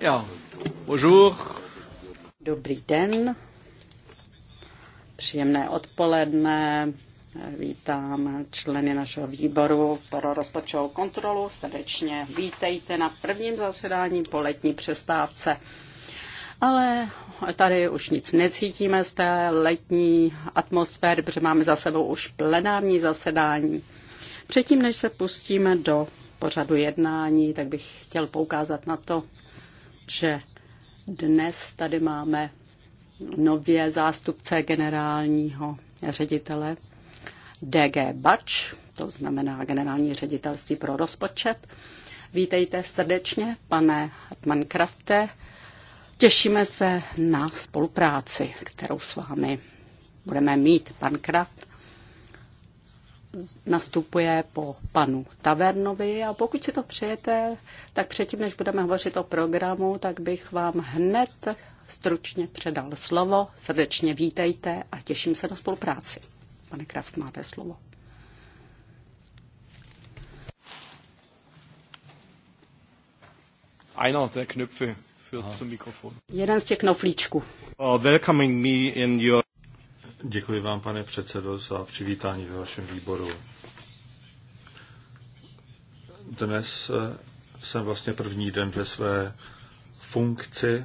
Ja, bonjour. Dobrý den. Příjemné odpoledne. Vítám členy našeho výboru pro rozpočtovou kontrolu. Srdečně vítejte na prvním zasedání po letní přestávce. Ale tady už nic necítíme z té letní atmosféry, protože máme za sebou už plenární zasedání. Předtím, než se pustíme do pořadu jednání, tak bych chtěl poukázat na to, že dnes tady máme nově zástupce generálního ředitele DG Bač, to znamená generální ředitelství pro rozpočet. Vítejte srdečně, pane Hartmann-Krafte. Těšíme se na spolupráci, kterou s vámi budeme mít. Pan Kraft nastupuje po panu Tavernovi a pokud si to přejete, tak předtím, než budeme hovořit o programu, tak bych vám hned stručně předal slovo. Srdečně vítejte a těším se na spolupráci. Pane Kraft, máte slovo. Einer der Knöpfe für zum Mikrofon. Jeden z těch knoflíčků. Uh, welcoming me in your Děkuji vám, pane předsedo, za přivítání ve vašem výboru. Dnes eh, jsem vlastně první den ve své funkci,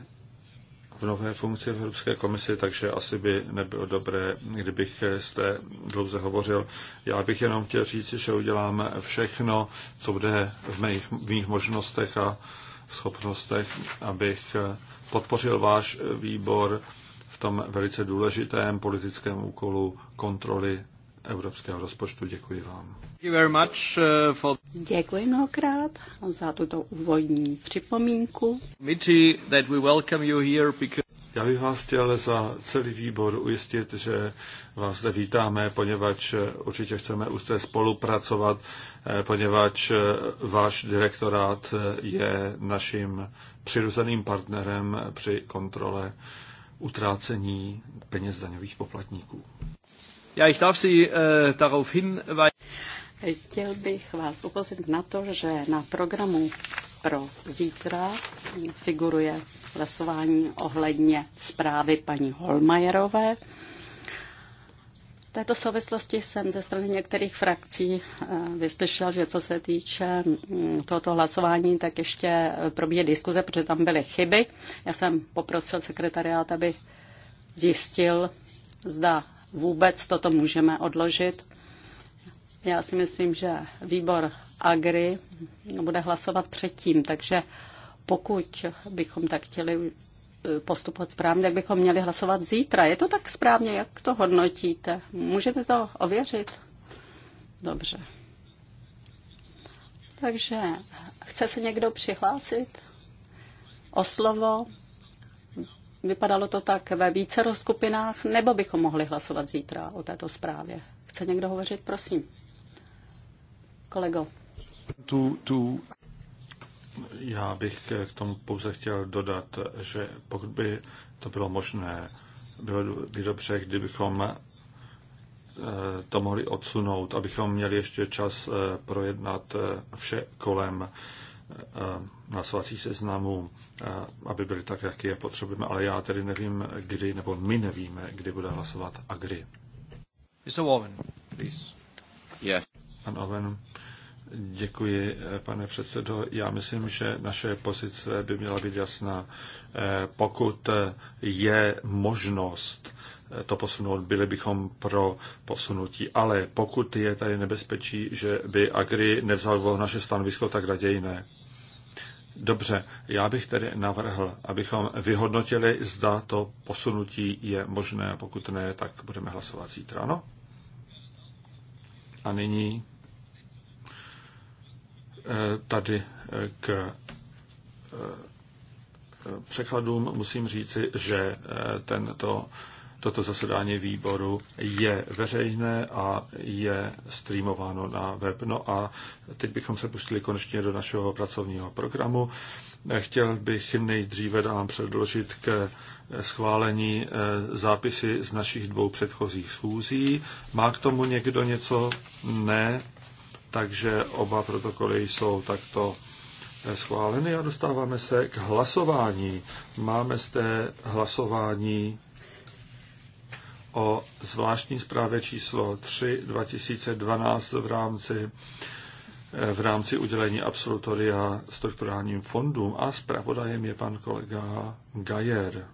v nové funkci v Evropské komisi, takže asi by nebylo dobré, kdybych jste dlouze hovořil. Já bych jenom chtěl říct, že udělám všechno, co bude v mých, v mých možnostech a schopnostech, abych podpořil váš výbor v tom velice důležitém politickém úkolu kontroly evropského rozpočtu. Děkuji vám. Uh, Děkuji mnohokrát za tuto úvodní připomínku. Já bych vás chtěl za celý výbor ujistit, že vás zde vítáme, poněvadž eh, určitě chceme už se spolupracovat, eh, poněvadž eh, váš direktorát je naším přirozeným partnerem při kontrole utrácení peněz daňových poplatníků. Já ich darf si uh, eh, darauf hinweisen. Chtěl bych vás upozornit na to, že na programu pro zítra figuruje hlasování ohledně zprávy paní Holmajerové této souvislosti jsem ze strany některých frakcí eh, vyslyšel, že co se týče mm, tohoto hlasování, tak ještě eh, probíhá diskuze, protože tam byly chyby. Já jsem poprosil sekretariát, aby zjistil, zda vůbec toto můžeme odložit. Já si myslím, že výbor Agri bude hlasovat předtím, takže pokud bychom tak chtěli postupovat správně, tak bychom měli hlasovat zítra. Je to tak správně, jak to hodnotíte? Můžete to ověřit? Dobře. Takže chce se někdo přihlásit o slovo? Vypadalo to tak ve více skupinách, nebo bychom mohli hlasovat zítra o této zprávě? Chce někdo hovořit? Prosím. Kolego. Tu, tu. Já bych k tomu pouze chtěl dodat, že pokud by to bylo možné, bylo by dobře, kdybychom eh, to mohli odsunout, abychom měli ještě čas eh, projednat eh, vše kolem hlasovacích seznamů, aby byly tak, jak je potřebujeme. Ale já tedy nevím, kdy, nebo my nevíme, kdy bude hlasovat a kdy. Mr. Owen, please. Yeah. Pan Owen. Děkuji, pane předsedo. Já myslím, že naše pozice by měla být jasná. Eh, pokud eh, je možnost eh, to posunout, byli bychom pro posunutí. Ale pokud je tady nebezpečí, že by Agri nevzal naše stanovisko, tak raději ne. Dobře, já bych tedy navrhl, abychom vyhodnotili, zda to posunutí je možné a pokud ne, tak budeme hlasovat zítra, ano? A nyní tady eh, k eh, eh, překladům musím říci, že tento, toto zasedání výboru je veřejné a je streamováno na web. No a teď bychom se pustili konečně do našeho pracovního programu. Chtěl bych nejdříve dám předložit k schválení zápisy z našich dvou předchozích schůzí. Má k tomu někdo něco? Ne takže oba protokoly jsou takto eh, schváleny a dostáváme se k hlasování. Máme zde hlasování o zvláštní zprávě číslo 3 2012 v rámci eh, v rámci udělení absolutoria strukturálním fondům a zpravodajem je pan kolega Gajer.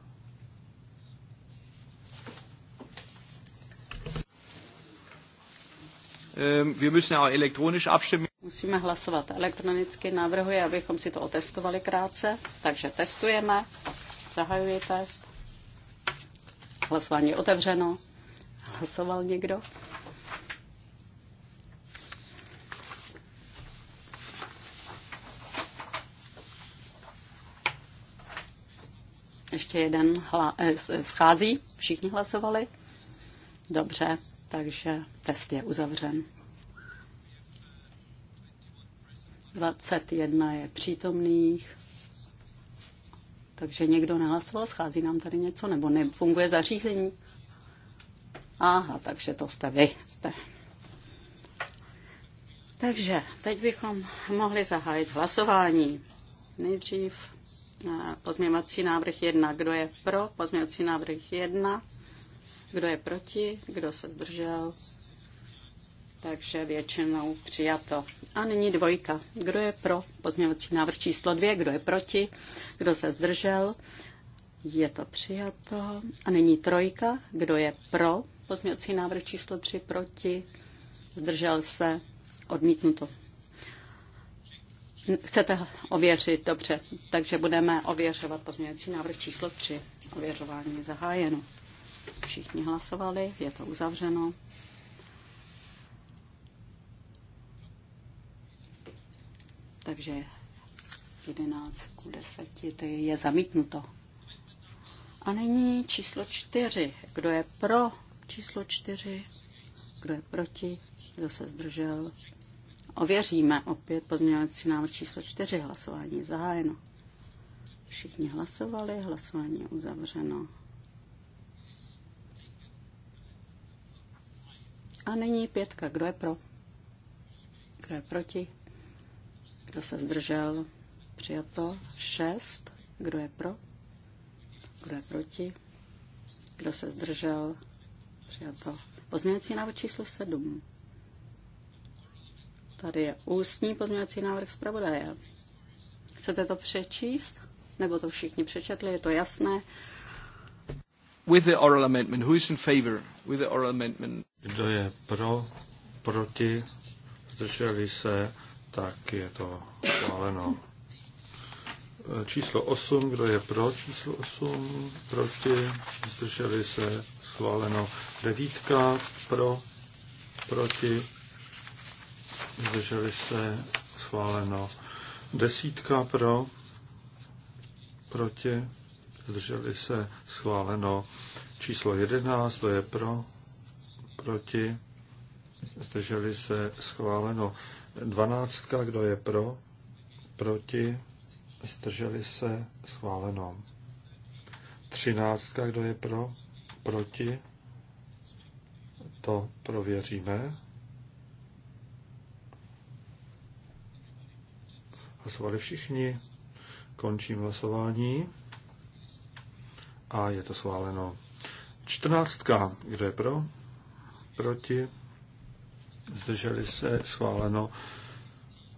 Ehm, wir müssen auch elektronisch abstimmen. Musíme hlasovat elektronicky. Navrhuji, abychom si to otestovali krátce. Takže testujeme. Zahajuji test. Hlasování je otevřeno. Hlasoval někdo? Ještě jeden hla- eh, schází. Všichni hlasovali? Dobře, takže test je uzavřen. 21 je přítomných, takže někdo nehlasoval, schází nám tady něco, nebo nefunguje zařízení. Aha, takže to jste vy. Jste. Takže teď bychom mohli zahájit hlasování. Nejdřív eh, pozměňovací návrh 1. Kdo je pro pozměňovací návrh 1? Kdo je proti? Kdo se zdržel? Takže většinou přijato. A nyní dvojka. Kdo je pro pozměňovací návrh číslo dvě? Kdo je proti? Kdo se zdržel? Je to přijato. A nyní trojka. Kdo je pro pozměňovací návrh číslo tři? Proti? Zdržel se? Odmítnuto. Chcete ověřit? Dobře. Takže budeme ověřovat pozměňovací návrh číslo 3. Ověřování zahájeno. Všichni hlasovali, je to uzavřeno. Takže 11 k 10 to je zamítnuto. A nyní číslo 4. Kdo je pro číslo 4? Kdo je proti? Kdo se zdržel? Ověříme opět pozměňovací návrh číslo 4. Hlasování je zahájeno. Všichni hlasovali, hlasování je uzavřeno. A není pětka. Kdo je pro? Kdo je proti? Kdo se zdržel? Přijato. Šest. Kdo je pro? Kdo je proti? Kdo se zdržel? Přijato. Pozměňovací návrh číslo sedm. Tady je ústní pozměňovací návrh zpravodaje. Chcete to přečíst? Nebo to všichni přečetli? Je to jasné? with the oral amendment. Who is in favor with the oral amendment? Kdo je pro, proti, zdrželi se, tak je to schváleno. E, číslo 8, kdo je pro číslo 8, proti, zdrželi se, schváleno. Devítka, pro, proti, zdrželi se, schváleno. Desítka pro, proti, zdrželi se, schváleno. Číslo 11, to je pro, proti, zdrželi se, schváleno. 12, kdo je pro, proti, zdrželi se, schváleno. 13, kdo je pro, proti, to prověříme. Hlasovali všichni. Končím hlasování a je to schváleno. Čtrnáctka, kdo je pro? Proti? Zdrželi se, schváleno.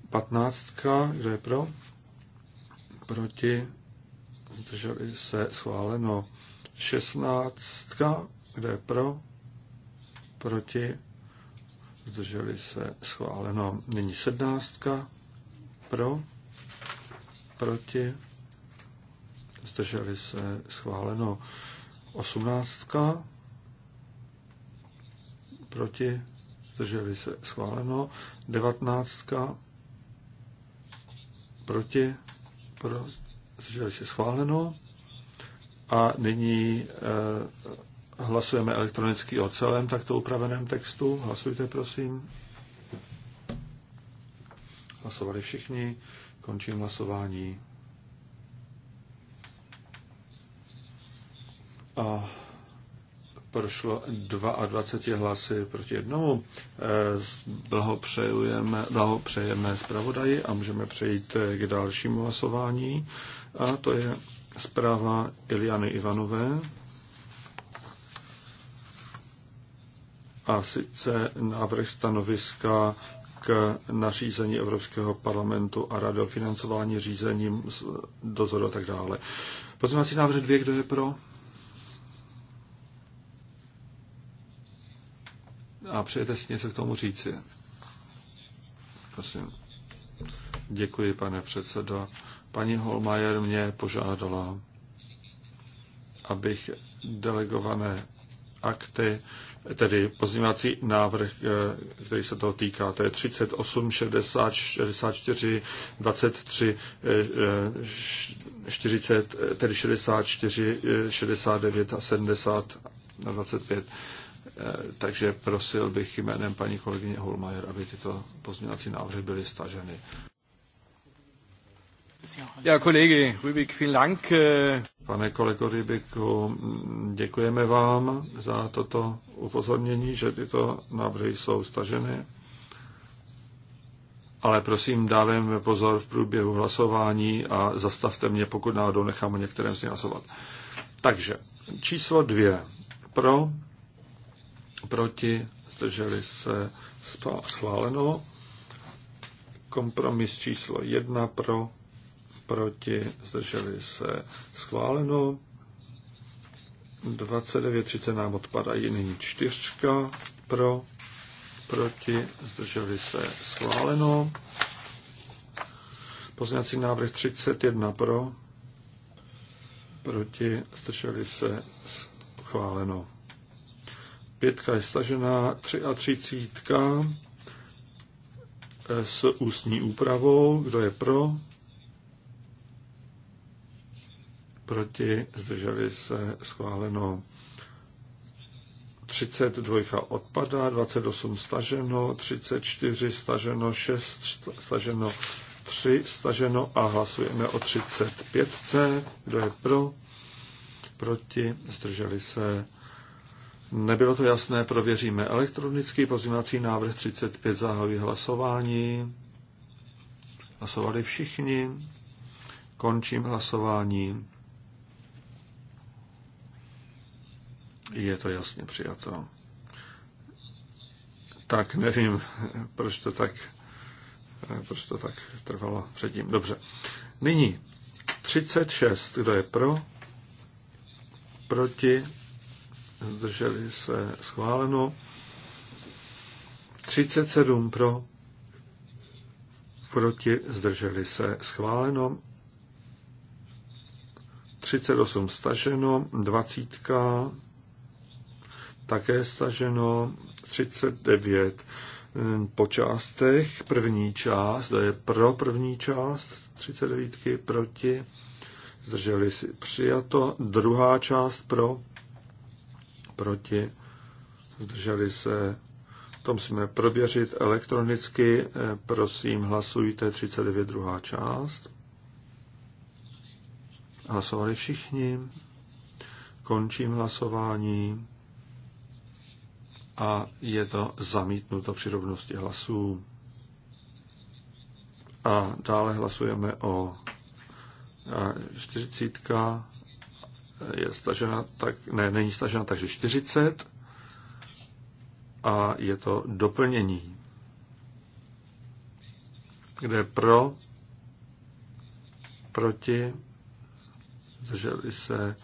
Patnáctka, kdo je pro? Proti? Zdrželi se, schváleno. Šestnáctka, kdo je pro? Proti? Zdrželi se, schváleno. Nyní sednáctka, pro? Proti? zdrželi se, schváleno. 18. Proti, zdrželi se, schváleno. 19. Proti, pro, zdrželi se, schváleno. A nyní eh, hlasujeme elektronicky o celém takto upraveném textu. Hlasujte, prosím. Hlasovali všichni. Končím hlasování. a prošlo 22 hlasy proti jednomu. Eh, blahopřejeme, blahopřejeme zpravodaji a můžeme přejít k dalšímu hlasování. A to je zpráva Iliany Ivanové. A sice návrh stanoviska k nařízení Evropského parlamentu a rady o financování řízením dozoru a tak dále. Pozměňovací návrh dvě, kdo je pro? a přejete si něco k tomu říci? Prosím. Děkuji, pane předsedo. Paní Holmajer mě požádala, abych delegované akty, tedy pozměňovací návrh, eh, který se toho týká, to je 38, 60, 64, 23, 40, tedy 64, 69 eh, a 70 a 25. Eh, takže prosil bych jménem paní kolegyně Holmajer, aby tyto pozměňovací návrhy byly staženy. Ja, kolegy Rübig, vielen Dank. Eh. Pane kolego Rybiku, děkujeme vám za toto upozornění, že tyto návrhy jsou staženy. Ale prosím, dávejme pozor v průběhu hlasování a zastavte mě, pokud náhodou nechám o některém z nich hlasovat. Takže číslo dvě. Pro proti, zdrželi se schváleno. Kompromis číslo 1 pro, proti, zdrželi se schváleno. 29.30 nám odpadají, nyní čtyřka pro, proti, zdrželi se schváleno. Pozněcí návrh 31 pro, proti, zdrželi se schváleno. Pětka je stažená, tři a třicítka eh, s ústní úpravou. Kdo je pro? Proti zdrželi se schváleno 32 odpadá, 28 staženo, 34 staženo, 6 staženo, 3 staženo a hlasujeme o 35 Kdo je pro? Proti? Zdrželi se Nebylo to jasné, prověříme elektronický pozměňovací návrh 35, záhavy hlasování. Hlasovali všichni. Končím hlasování. Je to jasně přijato. Tak nevím, proč to tak, proč to tak trvalo předtím. Dobře. Nyní 36. Kdo je pro? Proti? zdrželi se schváleno. 37 pro, proti, zdrželi se schváleno. 38 staženo, 20 také staženo, 39 hm, po částech, první část, to je pro první část, 39 proti, zdrželi si přijato, druhá část pro, proti, zdrželi se, To musíme prověřit elektronicky, eh, prosím hlasujte 39. druhá část. Hlasovali všichni, končím hlasování a je to zamítnuto při rovnosti hlasů. A dále hlasujeme o 40. Eh, je stažena, tak ne, není stažena, takže 40 a je to doplnění, kde pro, proti, zdrželi se,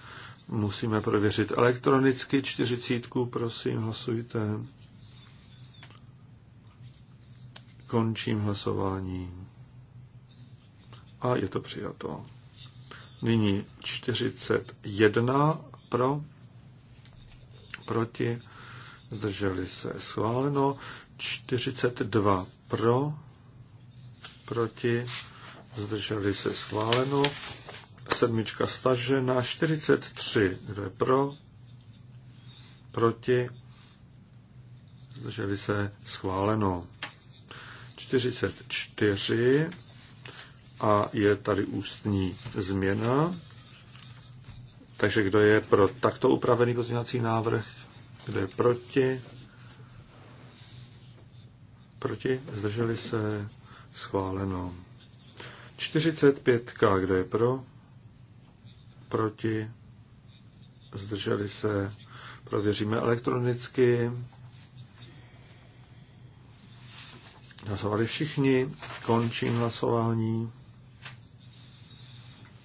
musíme prověřit elektronicky, čtyřicítku, prosím, hlasujte. Končím hlasování. A je to přijato. Nyní 41 pro, proti, zdrželi se schváleno, 42 pro, proti, zdrželi se schváleno, sedmička stažena, 43, kdo je pro, proti, zdrželi se schváleno, 44 a je tady ústní změna. Takže kdo je pro takto upravený pozměňovací návrh? Kdo je proti? Proti? Zdrželi se? Schváleno. 45. Kdo je pro? Proti? Zdrželi se? Prověříme elektronicky. Hlasovali všichni. Končím hlasování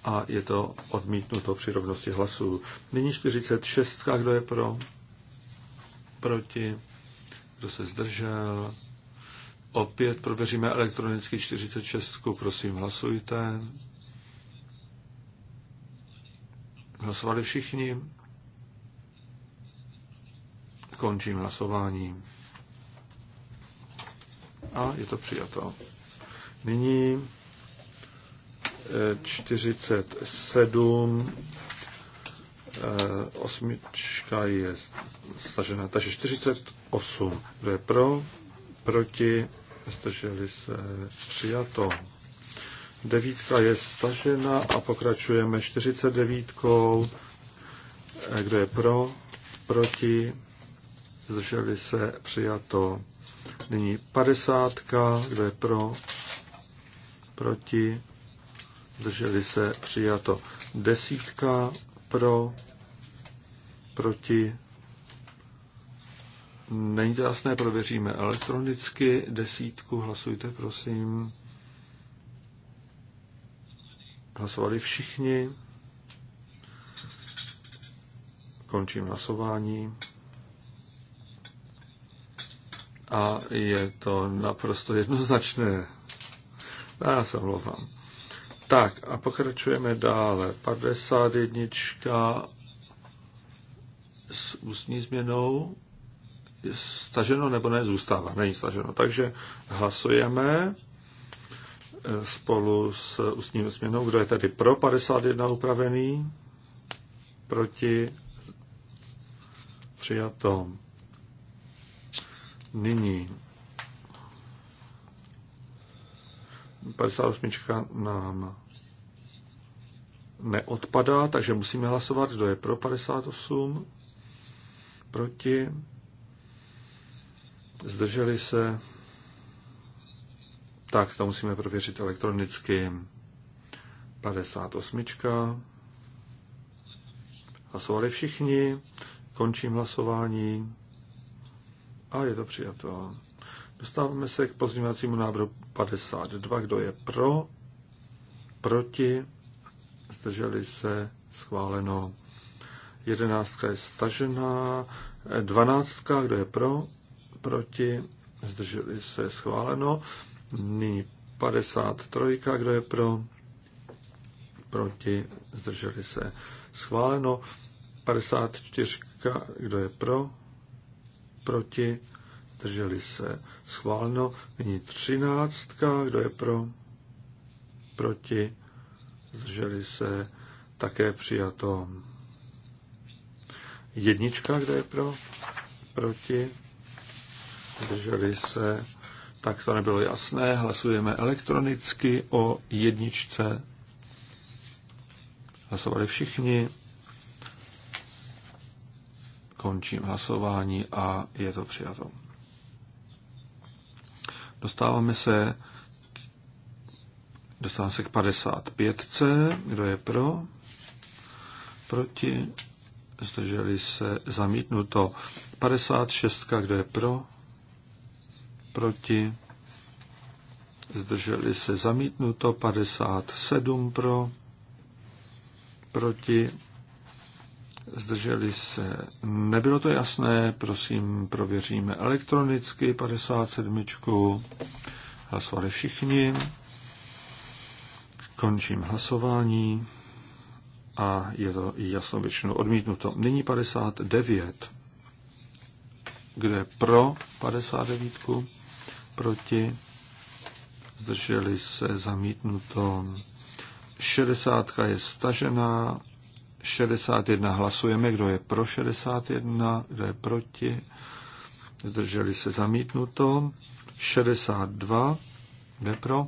a je to odmítnuto při rovnosti hlasů. Nyní 46. Kdo je pro? Proti? Kdo se zdržel? Opět prověříme elektronicky 46. Prosím, hlasujte. Hlasovali všichni? Končím hlasování. A je to přijato. Nyní 47, eh, osmička je stažená, takže 48, kdo je pro, proti, zdrželi se, přijato. Devítka je stažena a pokračujeme 49, eh, kdo je pro, proti, zdrželi se, přijato. Nyní 50. kdo je pro, proti, drželi se, přijato. Desítka pro, proti, není to jasné, prověříme elektronicky. Desítku, hlasujte, prosím. Hlasovali všichni. Končím hlasování. A je to naprosto jednoznačné. Já se omlouvám. Tak a pokračujeme dále. 51 s ústní změnou je staženo nebo ne, zůstává, není staženo. Takže hlasujeme eh, spolu s ústní změnou, kdo je tedy pro 51 upravený, proti přijatom. Nyní 58 nám neodpadá, takže musíme hlasovat, kdo je pro 58, proti, zdrželi se, tak to musíme prověřit elektronicky. 58. Hlasovali všichni, končím hlasování a je to přijato. Dostáváme se k pozměňovacímu návrhu 52. Kdo je pro? Proti? Zdrželi se? Schváleno. Jedenáctka je stažená. Dvanáctka, kdo je pro? Proti? Zdrželi se? Schváleno. Nyní 53. Kdo je pro? Proti? Zdrželi se? Schváleno. 54. Kdo je pro? Proti? zdrželi se, schváleno. Nyní třináctka, kdo je pro, proti, zdrželi se, také přijato. Jednička, kdo je pro, proti, zdrželi se, tak to nebylo jasné, hlasujeme elektronicky o jedničce. Hlasovali všichni končím hlasování a je to přijato. Dostáváme se dostáváme se k 55. Kdo je pro? Proti? Zdrželi se zamítnuto. 56. Kdo je pro? Proti? Zdrželi se zamítnuto. 57 pro? Proti? zdrželi se. Nebylo to jasné, prosím, prověříme elektronicky 57. Hlasovali všichni. Končím hlasování a je to jasnou většinou odmítnuto. Nyní 59. Kde je pro 59? Proti? Zdrželi se zamítnuto. 60 je stažená, 61 hlasujeme, kdo je pro 61, kdo je proti, zdrželi se zamítnuto, 62, kdo je pro,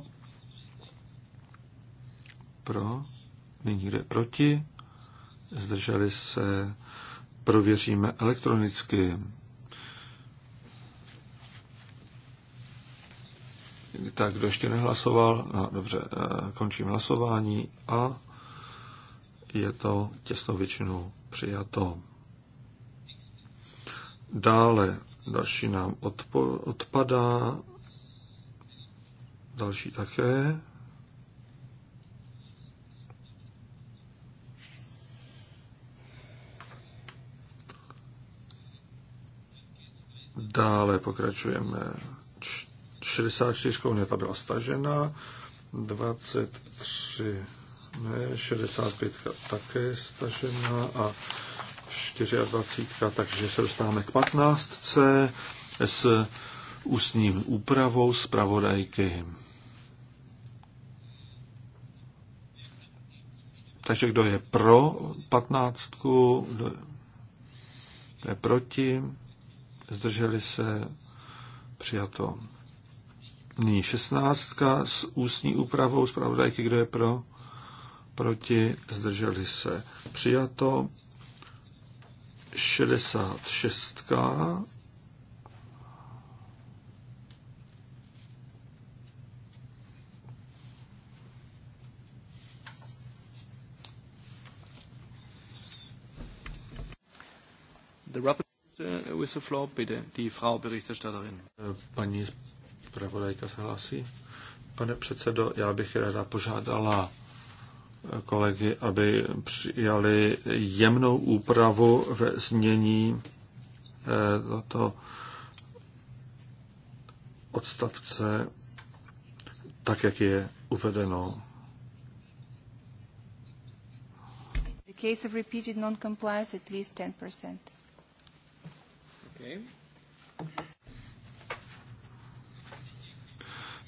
pro, nyní kdo je proti, zdrželi se, prověříme elektronicky. Tak, kdo ještě nehlasoval? No, dobře, eh, končím hlasování a je to těsnou většinou přijato. Dále další nám odpo- odpadá, další také. Dále pokračujeme 64, ne, ta byla stažena, 23 ne, 65 také stažená a 24, takže se dostáváme k 15 s ústním úpravou zpravodajky. Takže kdo je pro patnáctku, kdo je proti, zdrželi se, přijato. Nyní šestnáctka s ústní úpravou zpravodajky, kdo je pro, proti, zdrželi se přijato. 66. The rapporteur uh, with the floor, bitte, die Frau Berichterstatterin. Paní zpravodajka se hlásí. Pane předsedo, já bych ráda požádala kolegy, aby přijali jemnou úpravu ve znění eh, toto odstavce tak, jak je uvedeno. The case of repeated non-compliance at least 10%. Okay.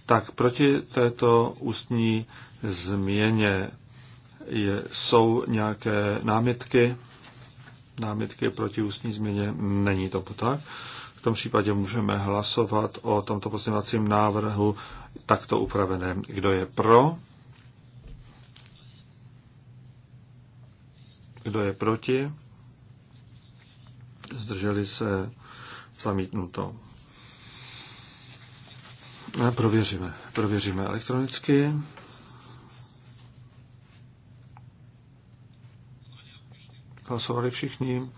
Tak proti této ústní změně je, jsou nějaké námitky? Námitky proti ústní změně? Není to tak. V tom případě můžeme hlasovat o tomto pozměňovacím návrhu takto upraveném. Kdo je pro? Kdo je proti? Zdrželi se zamítnuto. Prověříme. Prověříme elektronicky. Hlasovali všichni.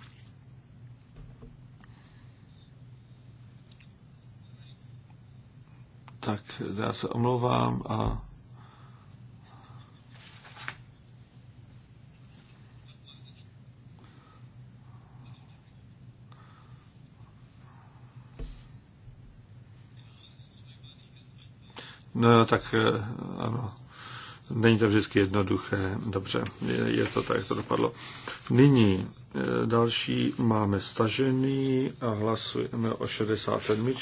Tak já se omlouvám a No, tak eh, ano. Není to vždycky jednoduché. Dobře, je, je to tak, jak to dopadlo. Nyní eh, další máme stažený a hlasujeme o 67.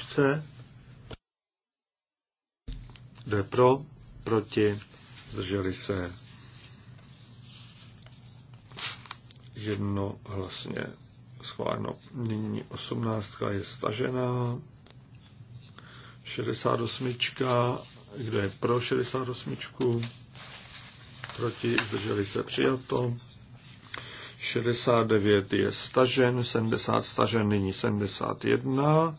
Jde pro, proti, zdrželi se jednohlasně schváleno. Nyní 18. je stažená. 68. Kdo je pro 68? proti, zdrželi se přijato. 69 je stažen, 70 stažen, nyní 71,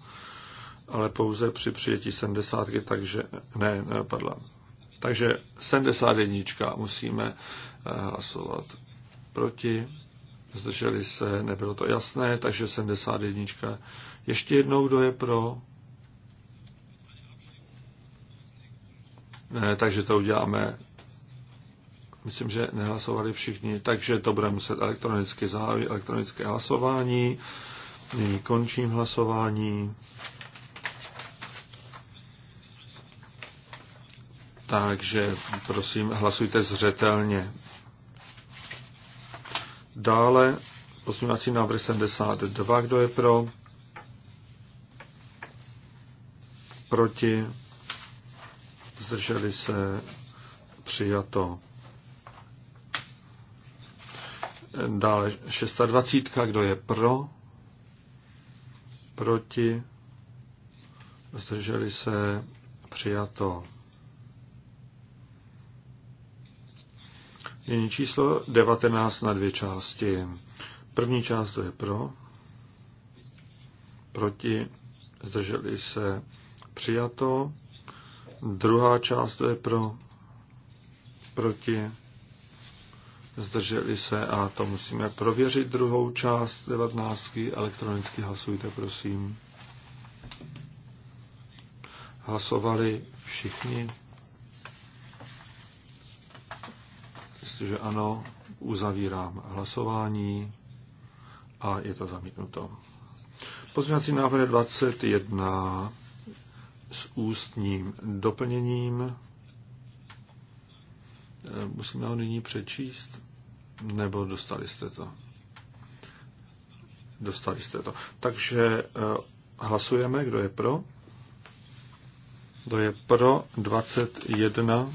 ale pouze při přijetí 70, takže ne, ne padla. Takže 71 musíme eh, hlasovat proti, zdrželi se, nebylo to jasné, takže 71. Ještě jednou, kdo je pro? Ne, takže to uděláme Myslím, že nehlasovali všichni, takže to bude muset elektronicky závěr, elektronické hlasování. Nyní končím hlasování. Takže prosím, hlasujte zřetelně. Dále pozměňovací návrh 72, kdo je pro? Proti? Zdrželi se? Přijato. Dále 620. Kdo je pro? Proti? Zdrželi se? Přijato. Nyní číslo 19 na dvě části. První část to je pro, proti, zdrželi se, přijato. Druhá část to je pro, proti, zdrželi se a to musíme prověřit druhou část 19. Elektronicky hlasujte, prosím. Hlasovali všichni. Jestliže ano, uzavírám hlasování a je to zamítnuto. Pozměňovací návrh 21 s ústním doplněním. Musíme ho nyní přečíst. Nebo dostali jste to? Dostali jste to. Takže eh, hlasujeme, kdo je pro. Kdo je pro 21?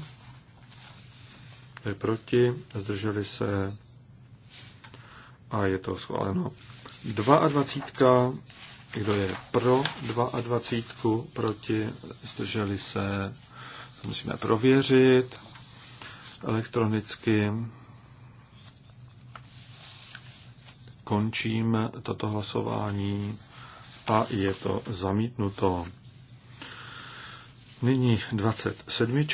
Kdo je proti? Zdrželi se? A je to schváleno. 22. Kdo je pro 22? Proti? Zdrželi se? To musíme prověřit elektronicky. končím toto hlasování a je to zamítnuto. Nyní 27.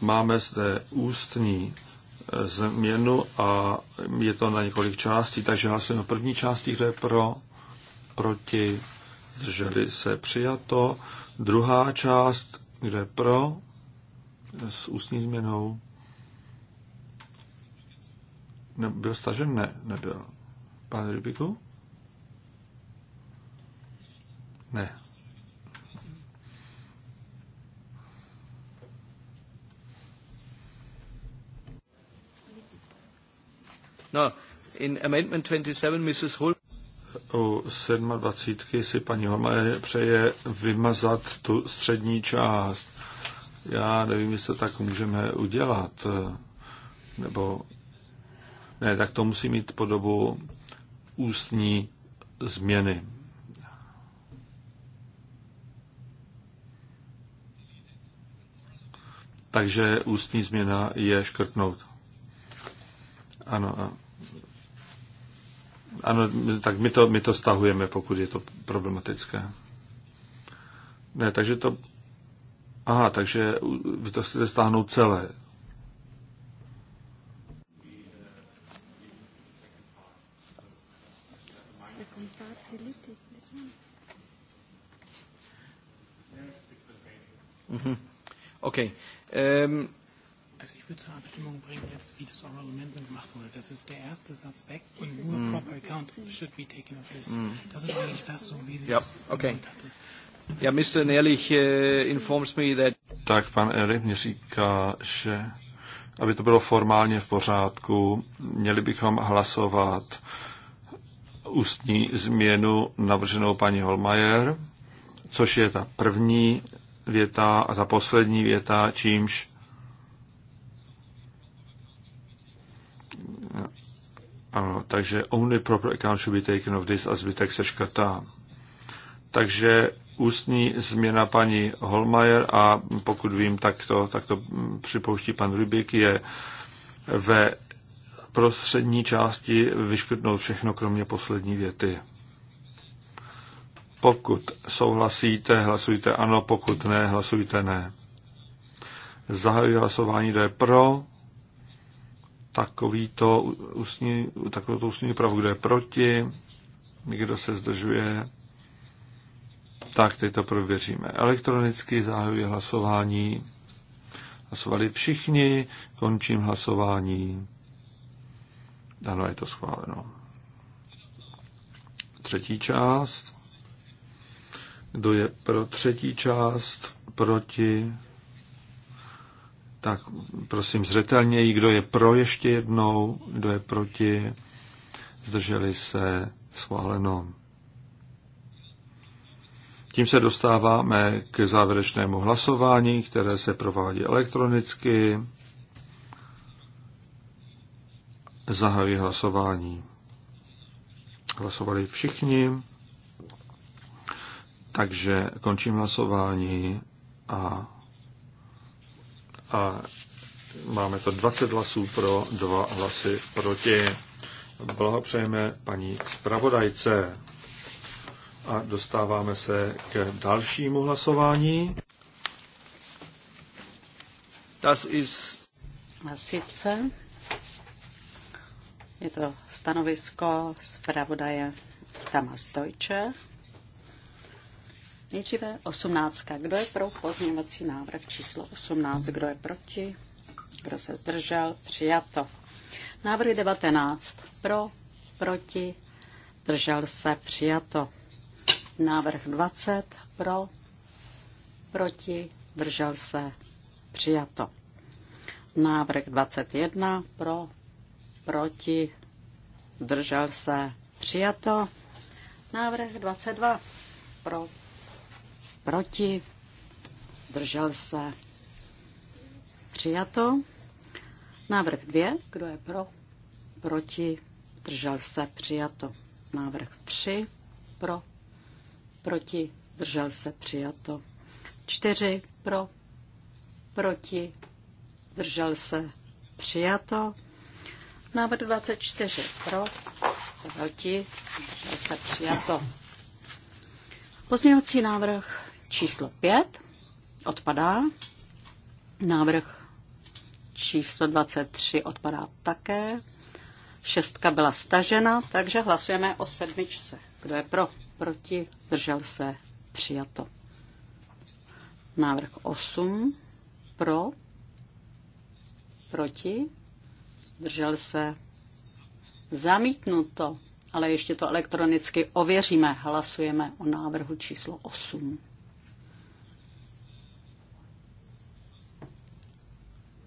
Máme zde ústní eh, změnu a je to na několik částí, takže hlasujeme o první části, kde je pro, proti, drželi se přijato. Druhá část, kde je pro, s ústní změnou. Ne, byl stažen? Ne, nebyl. Pane Rybiku? Ne. No, in Amendment 27, Mrs. Hol u 27 si paní Holma přeje vymazat tu střední část. Já nevím, jestli to tak můžeme udělat. Nebo ne, tak to musí mít podobu ústní změny. Takže ústní změna je škrtnout. Ano. Ano, tak my to, my to stahujeme, pokud je to problematické. Ne, takže to Aha, takže vy to chcete stáhnout celé. Mhm. Okay. Ähm, also ich würde zur Abstimmung bringen, jetzt wie das Oral Amendment gemacht wurde. Das ist der erste Satz weg und nur mm. proper account should be taken this. Mm. Das ist eigentlich das, so wie sie es hatte. Mr. Ehrlich, uh, informs me that... Tak pan Ehrlich mi říká, že aby to bylo formálně v pořádku, měli bychom hlasovat ústní změnu navrženou paní Holmajer, což je ta první věta a ta poslední věta, čímž Ano, takže only proper account should be taken of this a zbytek se škrtá. Takže ústní změna paní Holmajer a pokud vím, tak to, tak to připouští pan Rybik, je ve prostřední části vyškrtnout všechno, kromě poslední věty. Pokud souhlasíte, hlasujte ano, pokud ne, hlasujte ne. Zahajuji hlasování, kdo je pro takovýto ústní, takovýto ústní pravu, kdo je proti, kdo se zdržuje, tak, teď to prověříme. Elektronicky zahajuje hlasování. Hlasovali všichni, končím hlasování. Ano, je to schváleno. Třetí část. Kdo je pro třetí část? Proti? Tak prosím zřetelněji, kdo je pro ještě jednou, kdo je proti? Zdrželi se schváleno. Tím se dostáváme k závěrečnému hlasování, které se provádí elektronicky. Zahajuji hlasování. Hlasovali všichni, takže končím hlasování a, a máme to 20 hlasů pro, 2 hlasy proti. Blahopřejeme paní zpravodajce. A dostáváme se k dalšímu hlasování. Das ist... A sice je to stanovisko zpravodaje Tamas Deutsche. Nejdříve 18. Kdo je pro pozměňovací návrh číslo 18? Kdo je proti? Kdo se zdržel? Přijato. Návrh 19. Pro, proti, zdržel se, přijato. Návrh 20 pro, proti, držel se, přijato. Návrh 21 pro, proti, držel se, přijato. Návrh 22 pro, proti, držel se, přijato. Návrh 2, kdo je pro, proti, držel se, přijato. Návrh 3 pro, proti, držel se, přijato. 4 pro, proti, držel se, přijato. Návrh 24 pro, proti, držel se, přijato. Pozměňovací návrh číslo 5 odpadá. Návrh číslo 23 odpadá také. Šestka byla stažena, takže hlasujeme o sedmičce. Kdo je pro? proti, zdržel se, přijato. Návrh 8, pro, proti, zdržel se, zamítnuto, ale ještě to elektronicky ověříme. Hlasujeme o návrhu číslo 8.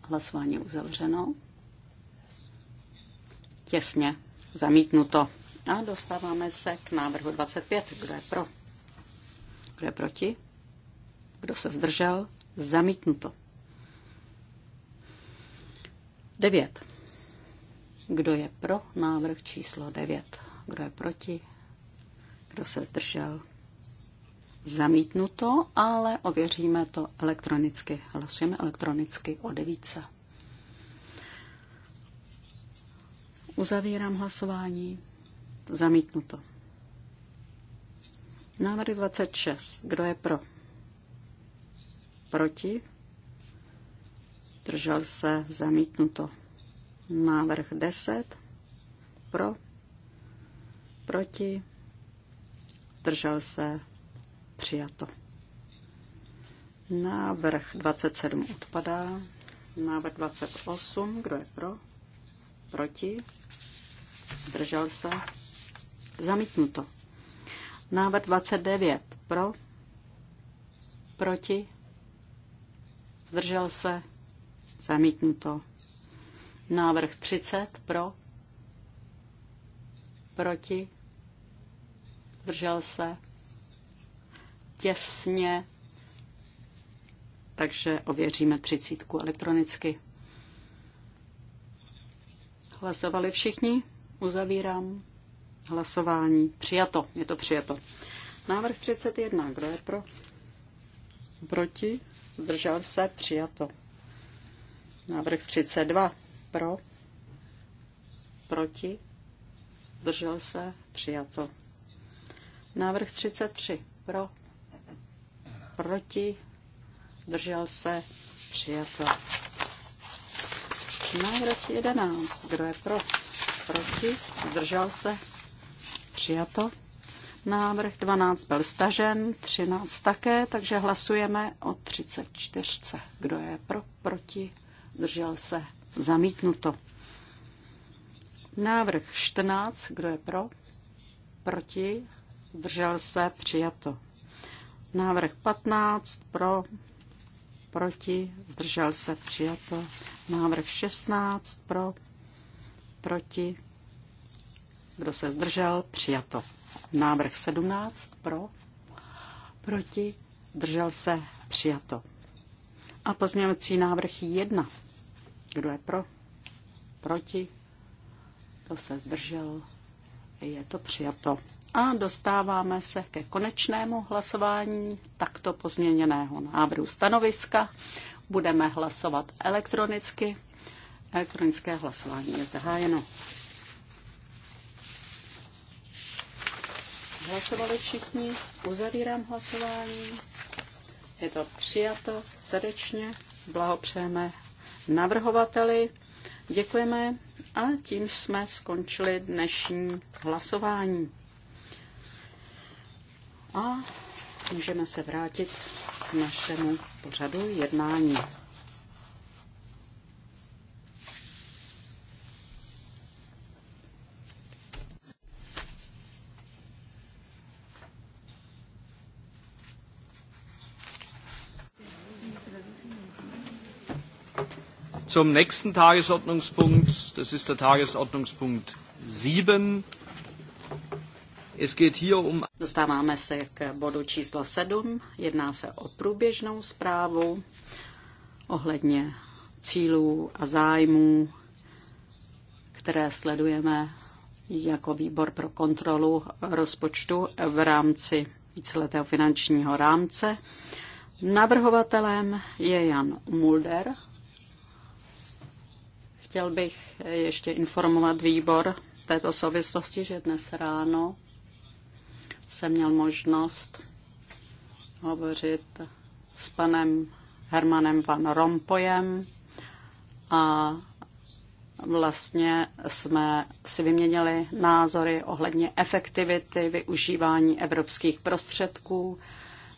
Hlasování uzavřeno. Těsně zamítnuto. A dostáváme se k návrhu 25. Kdo je pro? Kdo je proti? Kdo se zdržel? Zamítnuto. 9. Kdo je pro návrh číslo 9? Kdo je proti? Kdo se zdržel? Zamítnuto, ale ověříme to elektronicky. Hlasujeme elektronicky o devítce. Uzavírám hlasování. Zamítnuto. Návrh 26. Kdo je pro? Proti? Držel se zamítnuto. Návrh 10. Pro? Proti? Držel se přijato. Návrh 27 odpadá. Návrh 28. Kdo je pro? Proti? Držel se Zamítnuto. Návrh 29 pro, proti, zdržel se, zamítnuto. Návrh 30 pro, proti, zdržel se, těsně, takže ověříme třicítku elektronicky. Hlasovali všichni? Uzavírám. Hlasování. Přijato. Je to přijato. Návrh 31. Kdo je pro? Proti? Zdržel se? Přijato. Návrh 32. Pro? Proti? Zdržel se? Přijato. Návrh 33. Pro? Proti? Zdržel se? Přijato. Návrh 11. Kdo je pro? Proti? Zdržel se? Přijato. Návrh 12 byl stažen, 13 také, takže hlasujeme o 34. Kdo je pro, proti, zdržel se, zamítnuto. Návrh 14, kdo je pro, proti, zdržel se, přijato. Návrh 15, pro, proti, zdržel se, přijato. Návrh 16, pro, proti, kdo se zdržel? Přijato. Návrh 17 pro, proti, zdržel se, přijato. A pozměňovací návrh 1. Kdo je pro? Proti? Kdo se zdržel? Je to přijato. A dostáváme se ke konečnému hlasování takto pozměněného návrhu stanoviska. Budeme hlasovat elektronicky. Elektronické hlasování je zahájeno. Hlasovali všichni, uzavírám hlasování. Je to přijato srdečně, blahopřejeme navrhovateli, děkujeme a tím jsme skončili dnešní hlasování. A můžeme se vrátit k našemu pořadu jednání. zum nächsten Tagesordnungspunkt. Das ist der Tagesordnungspunkt 7. Es geht hier um... Dostáváme se k bodu číslo 7. Jedná se o průběžnou zprávu ohledně cílů a zájmů, které sledujeme jako výbor pro kontrolu rozpočtu v rámci víceletého finančního rámce. Navrhovatelem je Jan Mulder Chtěl bych ještě informovat výbor v této souvislosti, že dnes ráno jsem měl možnost hovořit s panem Hermanem Van Rompojem a vlastně jsme si vyměnili názory ohledně efektivity využívání evropských prostředků.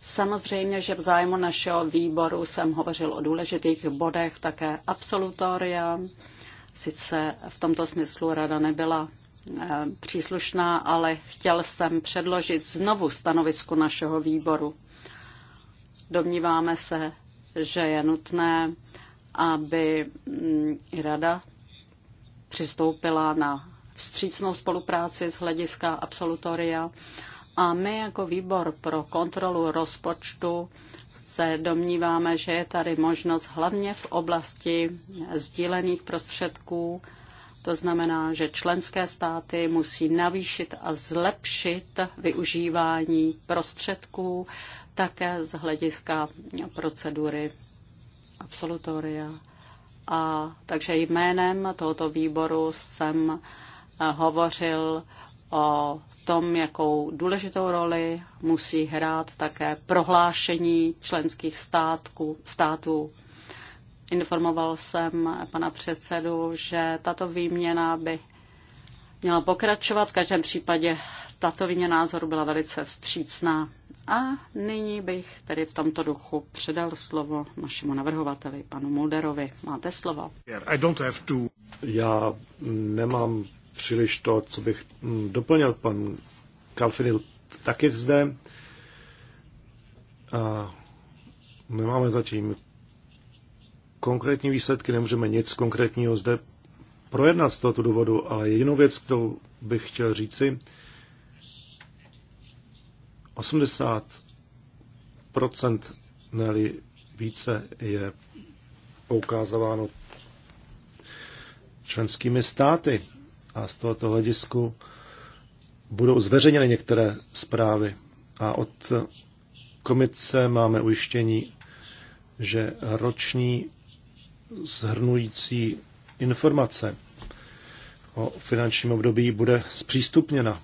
Samozřejmě, že v zájmu našeho výboru jsem hovořil o důležitých bodech také absolutoria Sice v tomto smyslu rada nebyla eh, příslušná, ale chtěl jsem předložit znovu stanovisku našeho výboru. Domníváme se, že je nutné, aby mm, i rada přistoupila na vstřícnou spolupráci z hlediska absolutoria a my jako výbor pro kontrolu rozpočtu se domníváme, že je tady možnost hlavně v oblasti sdílených prostředků. To znamená, že členské státy musí navýšit a zlepšit využívání prostředků také z hlediska procedury absolutoria. A takže jménem tohoto výboru jsem hovořil o tom, jakou důležitou roli musí hrát také prohlášení členských států. států. Informoval jsem pana předsedu, že tato výměna by měla pokračovat. V každém případě tato výměna názoru byla velice vstřícná. A nyní bych tedy v tomto duchu předal slovo našemu navrhovateli, panu Mulderovi. Máte slovo. Já nemám příliš to, co bych mm, doplnil. Pan Kalfinil taky zde. A nemáme zatím konkrétní výsledky, nemůžeme nic konkrétního zde projednat z tohoto důvodu, ale jedinou věc, kterou bych chtěl říci, 80% neli více je poukázováno členskými státy a z tohoto hledisku budou zveřejněny některé zprávy. A od komice máme ujištění, že roční zhrnující informace o finančním období bude zpřístupněna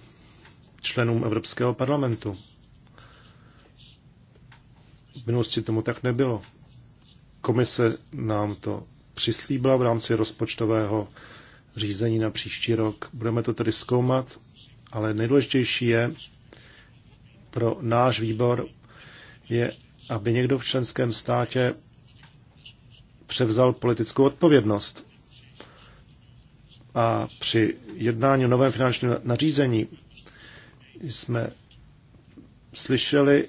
členům Evropského parlamentu. V minulosti tomu tak nebylo. Komise nám to přislíbila v rámci rozpočtového řízení na příští rok. Budeme to tedy zkoumat, ale nejdůležitější je pro náš výbor je, aby někdo v členském státě převzal politickou odpovědnost. A při jednání o novém finančním nařízení jsme slyšeli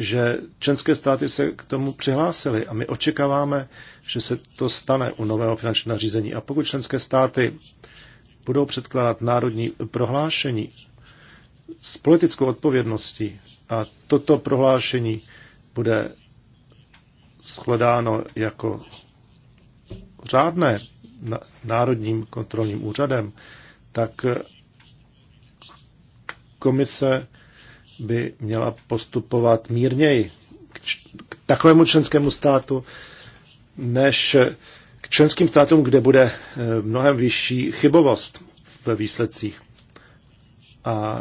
že členské státy se k tomu přihlásily a my očekáváme, že se to stane u nového finančního nařízení. A pokud členské státy budou předkládat národní prohlášení s politickou odpovědností a toto prohlášení bude shledáno jako řádné národním kontrolním úřadem, tak komise by měla postupovat mírněji k, k takovému členskému státu, než k členským státům, kde bude eh, mnohem vyšší chybovost ve výsledcích. A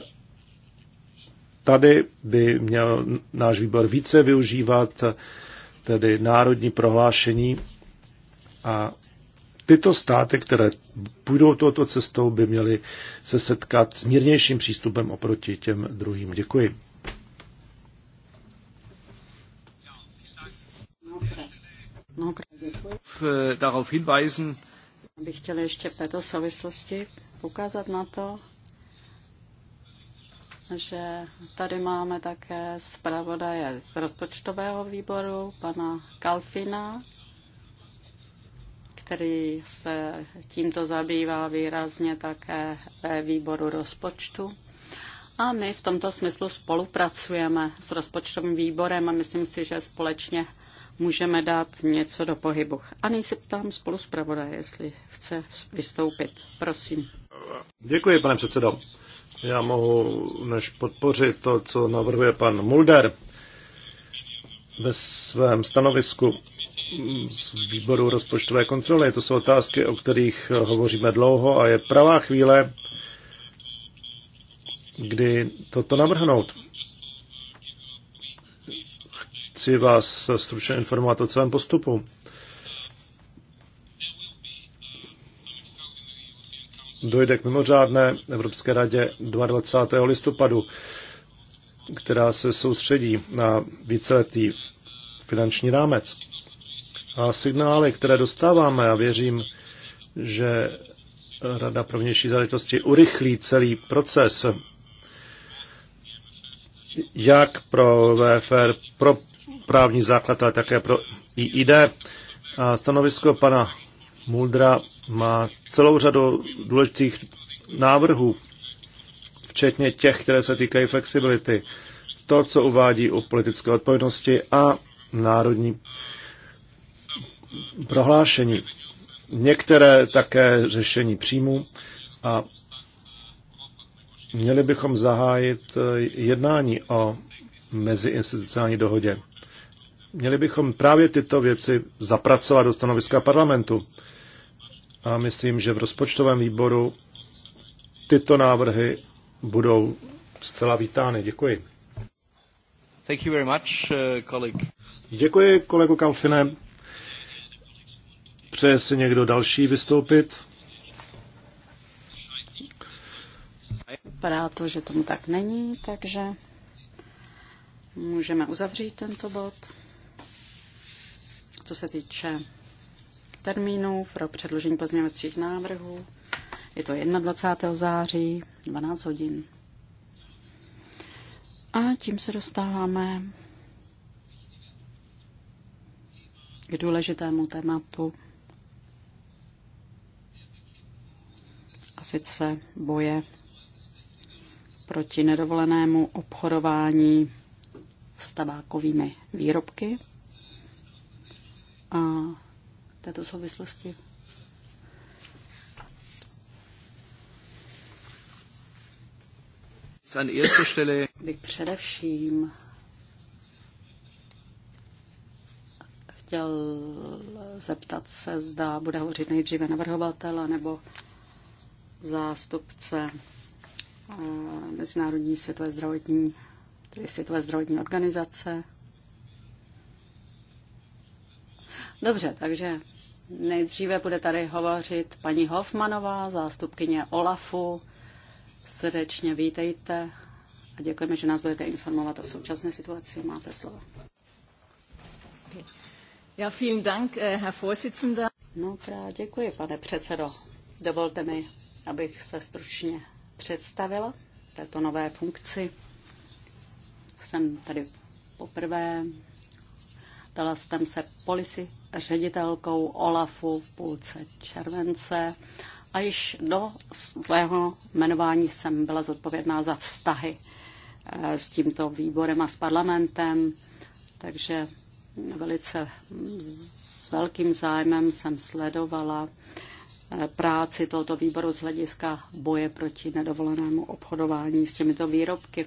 tady by měl náš výbor více využívat eh, tedy národní prohlášení a tyto státy, které půjdou touto cestou, by měly se setkat s mírnějším přístupem oproti těm druhým. Děkuji. Darauf hinweisen. Bych chtěl ještě v této souvislosti ukázat na to, že tady máme také zpravodaje z rozpočtového výboru, pana Kalfina, který se tímto zabývá výrazně také ve výboru rozpočtu. A my v tomto smyslu spolupracujeme s rozpočtovým výborem a myslím si, že společně můžeme dát něco do pohybu. A nyní se ptám spolu zpravodaje, jestli chce vystoupit. Prosím. Děkuji, pane předsedo. Já mohu než podpořit to, co navrhuje pan Mulder ve svém stanovisku z výboru rozpočtové kontroly. To jsou otázky, o kterých hovoříme dlouho a je pravá chvíle, kdy toto navrhnout. Chci vás stručně informovat o celém postupu. Dojde k mimořádné Evropské radě 22. listopadu, která se soustředí na víceletý finanční rámec a signály, které dostáváme, a věřím, že Rada pro vnější záležitosti urychlí celý proces, jak pro VFR, pro právní základ, ale také pro IID. A stanovisko pana Muldra má celou řadu důležitých návrhů, včetně těch, které se týkají flexibility, to, co uvádí o politické odpovědnosti a národní prohlášení. Některé také řešení příjmu a měli bychom zahájit eh, jednání o meziinstitucionální dohodě. Měli bychom právě tyto věci zapracovat do stanoviska parlamentu. A myslím, že v rozpočtovém výboru tyto návrhy budou zcela vítány. Děkuji. Thank you very much, uh, Děkuji, kolego Kalfine. Přeje si někdo další vystoupit? Vypadá to, že tomu tak není, takže můžeme uzavřít tento bod. Co se týče termínů pro předložení pozměňovacích návrhů, je to 21. září, 12 hodin. A tím se dostáváme k důležitému tématu a sice boje proti nedovolenému obchodování s tabákovými výrobky. A v této souvislosti bych především chtěl zeptat se, zda bude hovořit nejdříve navrhovatel, nebo zástupce eh, Mezinárodní světové zdravotní, tedy světové zdravotní organizace. Dobře, takže nejdříve bude tady hovořit paní Hofmanová, zástupkyně OLAFu. Srdečně vítejte a děkujeme, že nás budete informovat o současné situaci. Máte slovo. Ja, vielen Dank, eh, Herr Vorsitzender. No, děkuji, pane předsedo. Dovolte mi abych se stručně představila této nové funkci. Jsem tady poprvé, dala jsem se policy ředitelkou OLAFu v půlce července a již do svého jmenování jsem byla zodpovědná za vztahy eh, s tímto výborem a s parlamentem, takže velice s velkým zájmem jsem sledovala práci tohoto výboru z hlediska boje proti nedovolenému obchodování s těmito výrobky.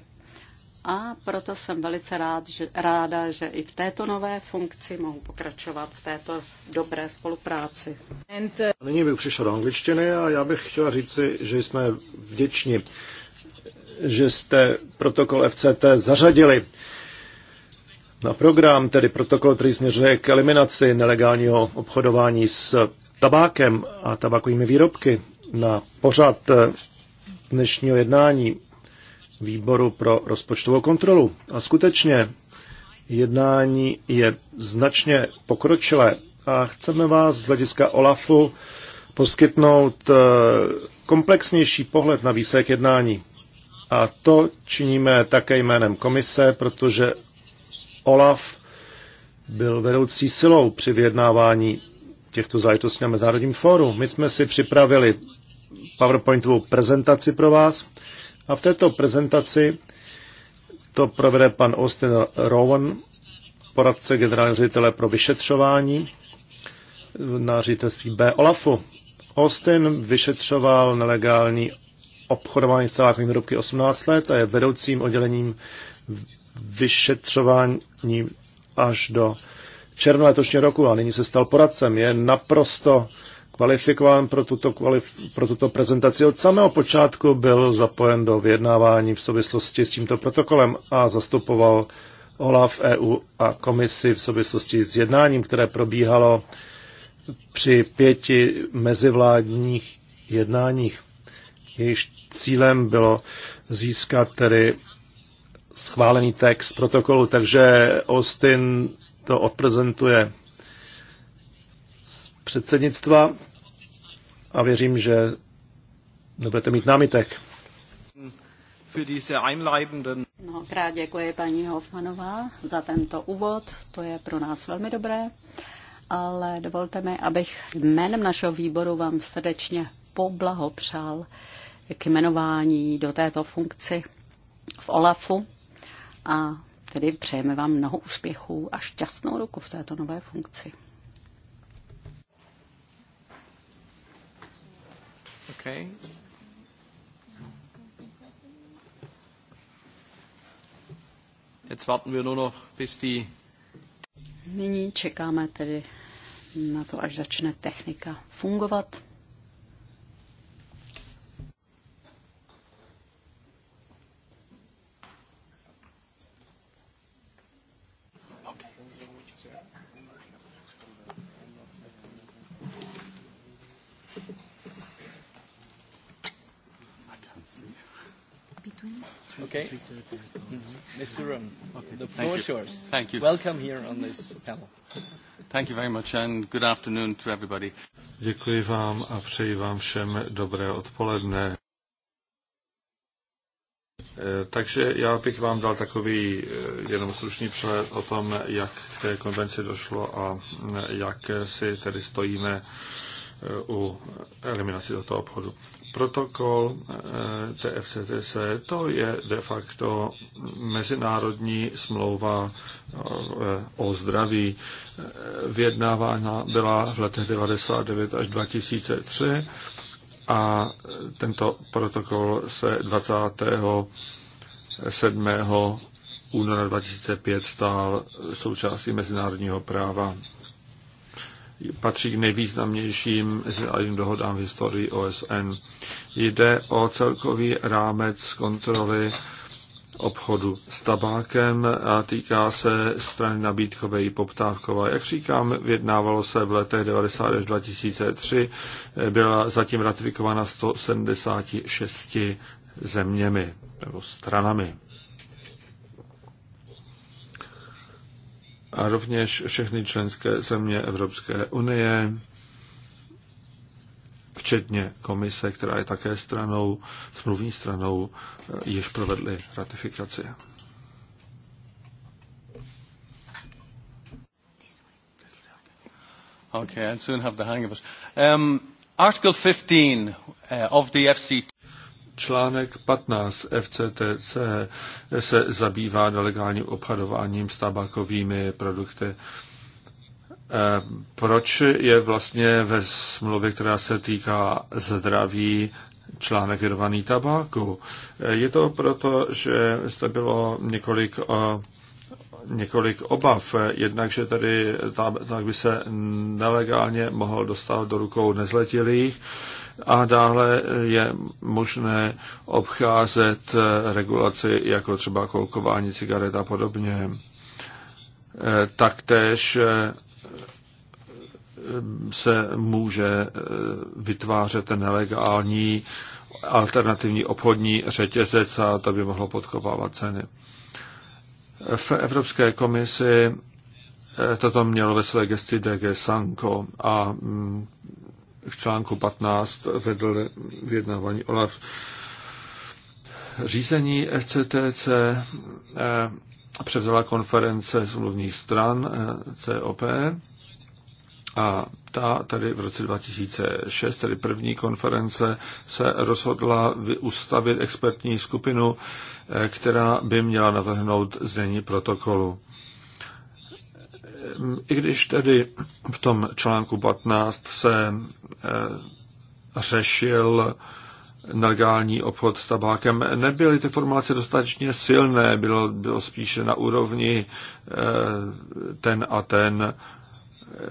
A proto jsem velice rád, že, ráda, že i v této nové funkci mohu pokračovat v této dobré spolupráci. Eh, nyní bych přišel do angličtiny a já bych chtěla říci, že jsme vděční, že jste protokol FCT zařadili na program, tedy protokol, který směřuje k eliminaci nelegálního obchodování s tabákem a tabakovými výrobky na pořad eh, dnešního jednání výboru pro rozpočtovou kontrolu. A skutečně jednání je značně pokročilé a chceme vás z hlediska OLAFu poskytnout eh, komplexnější pohled na výsledek jednání. A to činíme také jménem komise, protože OLAF byl vedoucí silou při vyjednávání těchto záležitostí na Mezinárodním fóru. My jsme si připravili PowerPointovou prezentaci pro vás a v této prezentaci to provede pan Austin Rowan, poradce generálního ředitele pro vyšetřování na ředitelství B. Olafu. Austin vyšetřoval nelegální obchodování s celákovými výrobky 18 let a je vedoucím oddělením vyšetřování až do červnu letošního roku a nyní se stal poradcem. Je naprosto kvalifikován pro tuto, kvalif- pro tuto prezentaci. Od samého počátku byl zapojen do vyjednávání v souvislosti s tímto protokolem a zastupoval OLAF EU a komisi v souvislosti s jednáním, které probíhalo při pěti mezivládních jednáních. Jejich cílem bylo získat tedy schválený text protokolu, takže Austin to odprezentuje z předsednictva a věřím, že nebudete mít námitek. Mnohokrát děkuji paní Hofmanová za tento úvod, to je pro nás velmi dobré, ale dovolte mi, abych jménem našeho výboru vám srdečně poblahopřál k jmenování do této funkci v OLAFu a Tedy přejeme vám mnoho úspěchů a šťastnou ruku v této nové funkci. Okay. Jetzt warten wir nur noch, bis die... Nyní čekáme tedy na to, až začne technika fungovat. Okay. Mr. Mm-hmm. Rum, okay. the floor is yours. Thank you. Welcome here on this panel. Thank you very much and good afternoon to everybody. Děkuji vám a přeji vám všem dobré odpoledne. E, takže já bych vám dal takový e, jenom slušný přehled o tom, jak k té konvenci došlo a e, jak si tedy stojíme u eliminaci toho obchodu protokol eh, TFCTC, to je de facto mezinárodní smlouva eh, o zdraví. Eh, vyjednávána byla v letech 99 až 2003 a tento protokol se 27. února 2005 stal součástí mezinárodního práva patří k nejvýznamnějším mezinárodním dohodám v historii OSN. Jde o celkový rámec kontroly obchodu s tabákem a týká se strany nabídkové i poptávkové. Jak říkám, vyjednávalo se v letech 90 až 2003, byla zatím ratifikována 176 zeměmi nebo stranami. a rovněž všechny členské země Evropské unie, včetně komise, která je také stranou, smluvní stranou, eh, již provedly ratifikaci. Okay, I'll soon have the hang of it. Um, Article 15 uh, of the FCT. Článek 15 FCTC se zabývá nelegálním obchodováním s tabakovými produkty. Eh, proč je vlastně ve smlouvě, která se týká zdraví, článek věnovaný tabáku? Eh, je to proto, že zde bylo několik eh, několik obav. Jednak, že tady tak by se nelegálně mohl dostat do rukou nezletilých a dále je možné obcházet eh, regulaci jako třeba kolkování cigaret a podobně. Eh, taktéž eh, se může vytvářet nelegální alternativní obchodní řetězec a to by mohlo podkopávat ceny. V Evropské komisi toto mělo ve své gesti DG Sanko a mm, v článku 15 vedl vyjednávání OLAF. Řízení FCTC eh, převzala konference smluvních stran eh, COP a ta tady v roce 2006, tedy první konference, se rozhodla ustavit expertní skupinu, eh, která by měla navrhnout znění protokolu i když tedy v tom článku 15 se eh, řešil nelegální obchod s tabákem. Nebyly ty formulace dostatečně silné, bylo, bylo spíše na úrovni eh, ten a ten eh,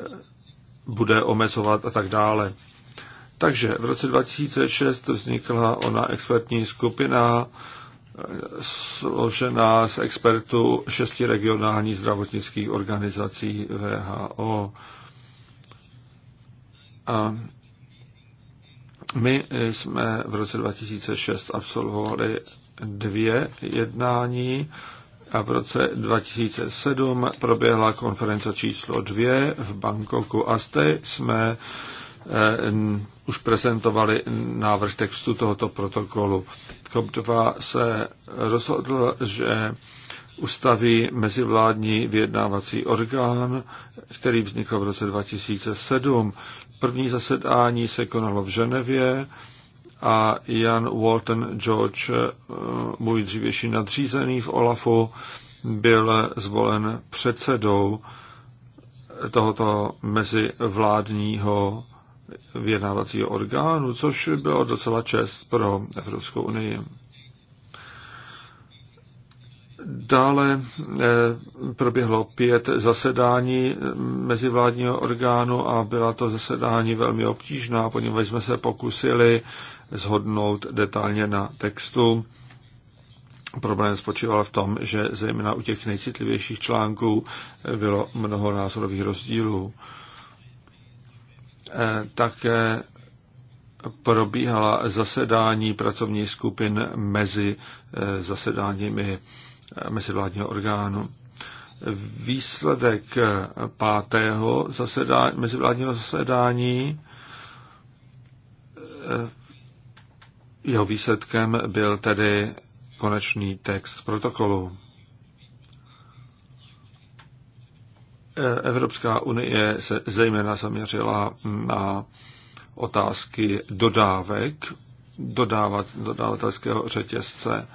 bude omezovat a tak dále. Takže v roce 2006 vznikla ona expertní skupina, složená z expertů šesti regionálních zdravotnických organizací VHO. A my jsme v roce 2006 absolvovali dvě jednání a v roce 2007 proběhla konference číslo dvě v Bangkoku a zde jsme eh, už prezentovali návrh textu tohoto protokolu. COP2 se rozhodl, že ustaví mezivládní vyjednávací orgán, který vznikl v roce 2007. První zasedání se konalo v Ženevě a Jan Walton George, eh, můj dřívější nadřízený v OLAFu, byl zvolen předsedou tohoto mezivládního vyjednávacího orgánu, což bylo docela čest pro Evropskou unii. Dále eh, proběhlo pět zasedání mezivládního orgánu a byla to zasedání velmi obtížná, poněvadž jsme se pokusili zhodnout detailně na textu. Problém spočíval v tom, že zejména u těch nejcitlivějších článků bylo mnoho názorových rozdílů. Eh, také probíhala zasedání pracovních skupin mezi eh, zasedáními eh, mezivládního orgánu. Výsledek pátého zasedání, mezivládního zasedání jeho výsledkem byl tedy konečný text protokolu. Evropská unie se zejména zaměřila na otázky dodávek, dodávat, dodavatelského řetězce,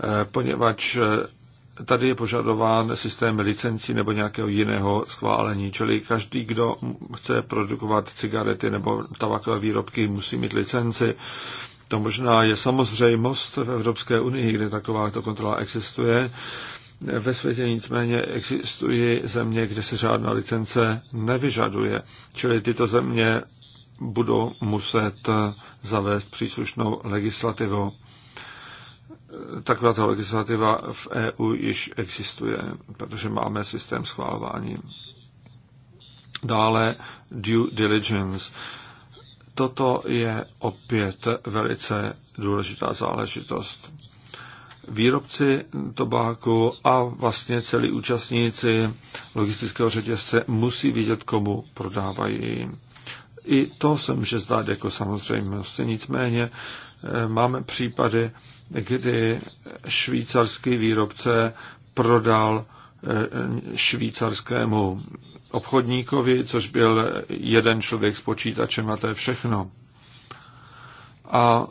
eh, poněvadž eh, tady je požadován systém licencí nebo nějakého jiného schválení. Čili každý, kdo chce produkovat cigarety nebo tabakové výrobky, musí mít licenci. To možná je samozřejmost v Evropské unii, kde takováto kontrola existuje, ve světě nicméně existují země, kde se žádná licence nevyžaduje, čili tyto země budou muset zavést příslušnou legislativu. Taková legislativa v EU již existuje, protože máme systém schválování. Dále due diligence. Toto je opět velice důležitá záležitost výrobci tobáku a vlastně celý účastníci logistického řetězce musí vidět, komu prodávají. I to se může zdát jako samozřejmost. Nicméně eh, máme případy, kdy švýcarský výrobce prodal eh, švýcarskému obchodníkovi, což byl jeden člověk s počítačem a to je všechno. A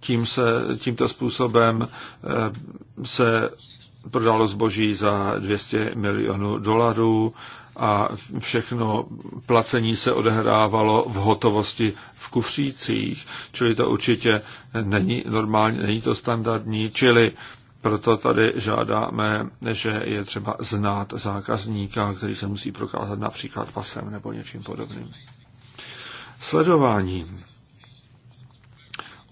tím se, tímto způsobem eh, se prodalo zboží za 200 milionů dolarů a všechno placení se odehrávalo v hotovosti v kufřících, čili to určitě není normální, není to standardní, čili proto tady žádáme, že je třeba znát zákazníka, který se musí prokázat například pasem nebo něčím podobným. Sledování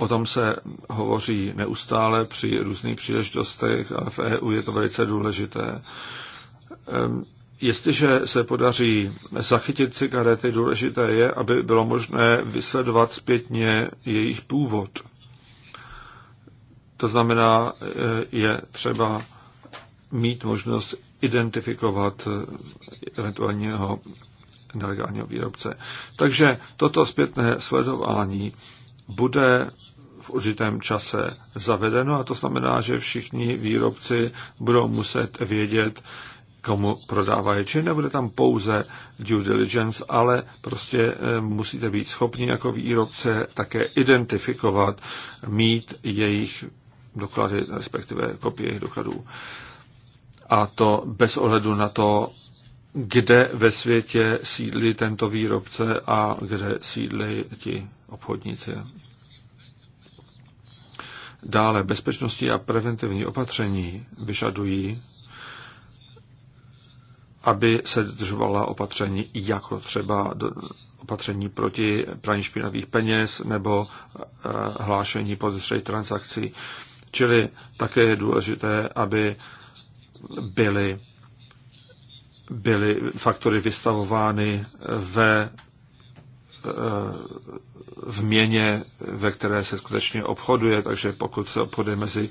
potom se hovoří neustále při různých příležitostech, ale v EU je to velice důležité. Ehm, jestliže se podaří zachytit cigarety, důležité je, aby bylo možné vysledovat zpětně jejich původ. To znamená, eh, je třeba mít možnost identifikovat eh, eventuálního nelegálního výrobce. Takže toto zpětné sledování bude v určitém čase zavedeno a to znamená, že všichni výrobci budou muset vědět, komu prodávají. Či nebude tam pouze due diligence, ale prostě eh, musíte být schopni jako výrobce také identifikovat, mít jejich doklady, respektive kopie jejich dokladů. A to bez ohledu na to, kde ve světě sídlí tento výrobce a kde sídlí ti obchodníci Dále bezpečnostní a preventivní opatření vyžadují, aby se držovala opatření jako třeba opatření proti praní špinavých peněz nebo eh, hlášení podezřelých transakcí. Čili také je důležité, aby byly, byly faktory vystavovány ve v měně, ve které se skutečně obchoduje, takže pokud se obchoduje mezi,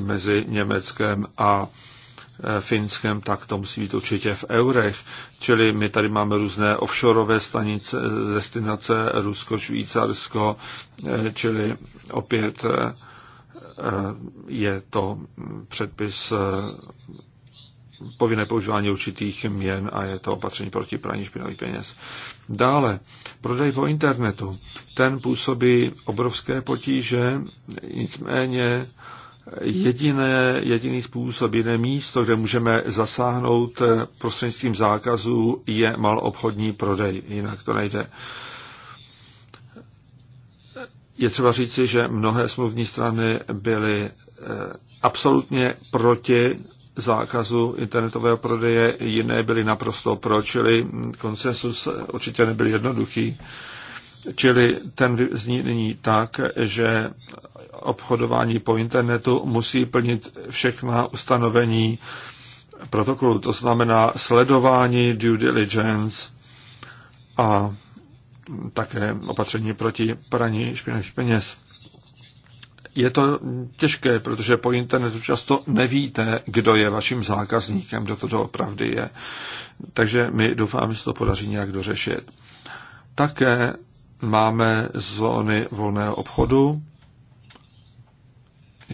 mezi Německem a e, Finskem, tak to musí být určitě v eurech. Čili my tady máme různé offshoreové stanice, destinace Rusko, Švýcarsko, e, čili opět e, je to předpis povinné používání určitých měn a je to opatření proti praní špinavých peněz. Dále, prodej po internetu. Ten působí obrovské potíže, nicméně jediné, jediný způsob, jediné místo, kde můžeme zasáhnout prostřednictvím zákazu, je malobchodní prodej, jinak to nejde. Je třeba říci, že mnohé smluvní strany byly eh, absolutně proti zákazu internetového prodeje, jiné byly naprosto pro, čili konsensus určitě nebyl jednoduchý. Čili ten zní nyní tak, že obchodování po internetu musí plnit všechna ustanovení protokolu, to znamená sledování due diligence a také opatření proti praní špinavých peněz je to těžké, protože po internetu často nevíte, kdo je vaším zákazníkem, kdo to opravdu je. Takže my doufáme, že se to podaří nějak dořešit. Také máme zóny volného obchodu,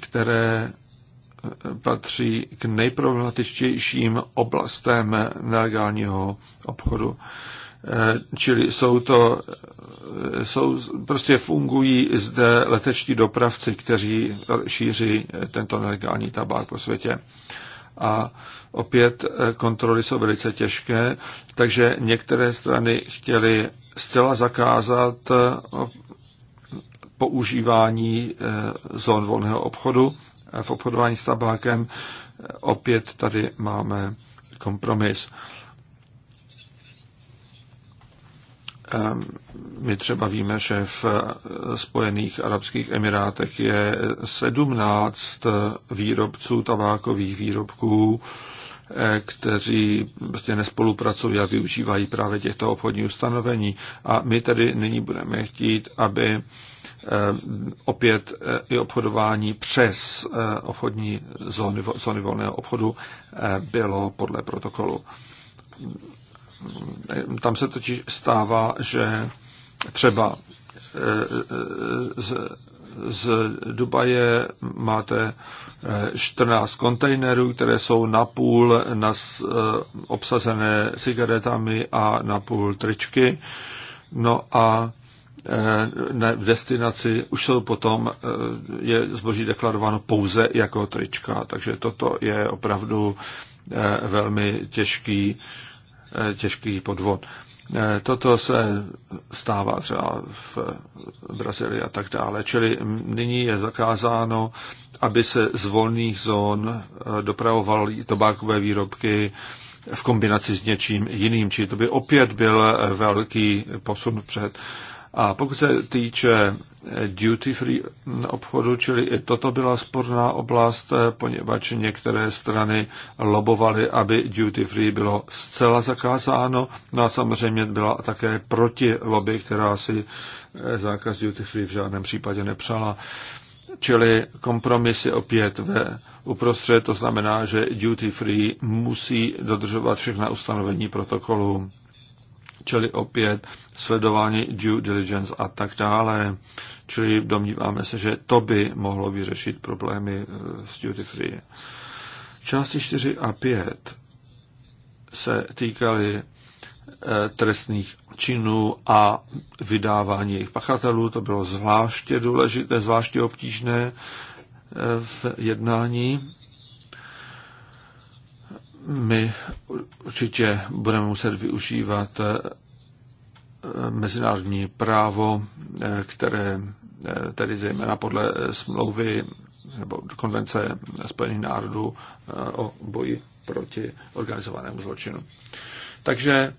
které eh, patří k nejproblematičtějším oblastem nelegálního obchodu. Eh, čili jsou to jsou, prostě fungují zde leteční dopravci, kteří šíří tento nelegální tabák po světě. A opět eh, kontroly jsou velice těžké, takže některé strany chtěly zcela zakázat eh, používání eh, zón volného obchodu v obchodování s tabákem. Opět tady máme kompromis. Ehm, my třeba víme, že v Spojených Arabských Emirátech je 17 výrobců tabákových výrobků, eh, kteří prostě nespolupracují a využívají právě těchto obchodních ustanovení. A my tedy nyní budeme chtít, aby ehm, opět eh, i obchodování přes eh, obchodní zóny, zóny volného obchodu bylo podle protokolu. Tam se totiž stává, že třeba e, e, z, z Dubaje máte 14 e, kontejnerů, které jsou napůl nas, obsazené cigaretami a napůl tričky. No a ne, v destinaci už jsou potom, je zboží deklarováno pouze jako trička, takže toto je opravdu velmi těžký Eh, těžký podvod. Eh, toto se stává třeba v Brazílii a tak dále. Čili nyní je zakázáno, aby se z volných zón eh, dopravovaly tobákové výrobky v kombinaci s něčím jiným. Čili to by opět byl velký posun vpřed. A pokud se týče eh, duty free obchodu, čili i toto byla sporná oblast, eh, poněvadž některé strany lobovaly, aby duty free bylo zcela zakázáno. No a samozřejmě byla také proti lobby, která si eh, zákaz duty free v žádném případě nepřala. Čili kompromis je opět ve uprostřed, to znamená, že duty free musí dodržovat všechna ustanovení protokolu čili opět sledování due diligence a tak dále. Čili domníváme se, že to by mohlo vyřešit problémy eh, s duty free. Části 4 a 5 se týkaly eh, trestných činů a vydávání jejich pachatelů. To bylo zvláště důležité, zvláště obtížné eh, v jednání my určitě budeme muset využívat eh, mezinárodní právo, eh, které eh, tedy zejména podle smlouvy nebo konvence Spojených národů o boji proti organizovanému zločinu. Takže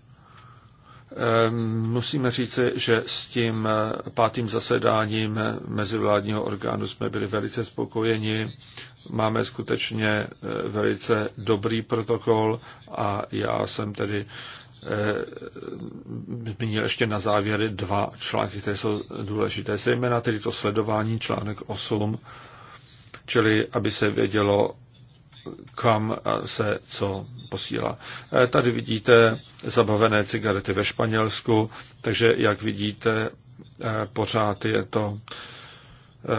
Ehm, musíme říci, že s tím eh, pátým zasedáním mezivládního orgánu jsme byli velice spokojeni. Máme skutečně eh, velice dobrý protokol a já jsem tedy eh, zmínil ještě na závěry dva články, které jsou důležité, zejména tedy to sledování článek 8, čili aby se vědělo, kam se co posílá. E, tady vidíte zabavené cigarety ve Španělsku, takže jak vidíte, e, pořád je to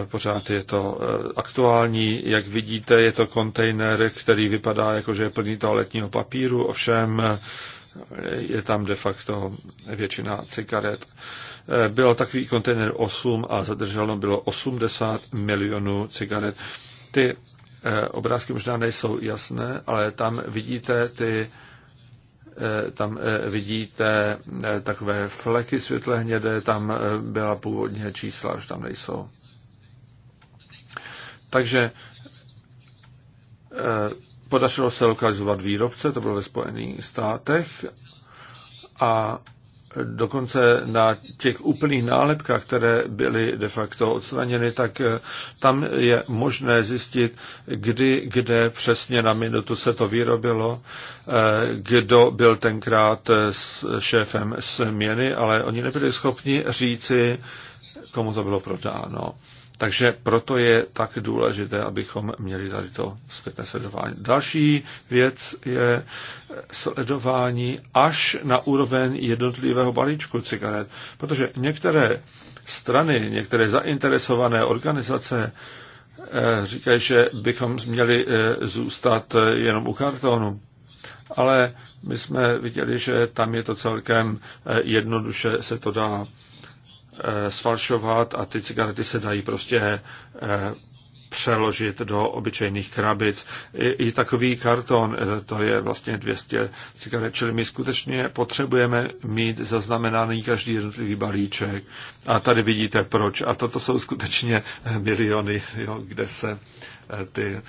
e, pořád je to aktuální. Jak vidíte, je to kontejner, který vypadá jako, že je plný toaletního papíru, ovšem je tam de facto většina cigaret. Byl takový kontejner 8 a zadrželo bylo 80 milionů cigaret. Ty Eh, obrázky možná nejsou jasné, ale tam vidíte ty eh, tam eh, vidíte takové fleky světle hnědé, tam byla původně čísla, už tam nejsou. Takže podařilo se lokalizovat výrobce, to bylo ve Spojených státech, a dokonce na těch úplných nálepkách, které byly de facto odstraněny, tak eh, tam je možné zjistit, kdy, kde přesně na minutu se to vyrobilo, eh, kdo byl tenkrát eh, s šéfem směny, ale oni nebyli schopni říci, komu to bylo prodáno. Takže proto je tak důležité, abychom měli tady to zpětné sledování. Další věc je sledování až na úroveň jednotlivého balíčku cigaret, protože některé strany, některé zainteresované organizace eh, říkají, že bychom měli eh, zůstat eh, jenom u kartonu. Ale my jsme viděli, že tam je to celkem jednoduše se to dá Eh, sfalšovat a ty cigarety se dají prostě eh, přeložit do obyčejných krabic. I, i takový karton, eh, to je vlastně 200 cigaret, čili my skutečně potřebujeme mít zaznamenaný každý jednotlivý balíček. A tady vidíte proč. A toto jsou skutečně miliony, jo, kde se ty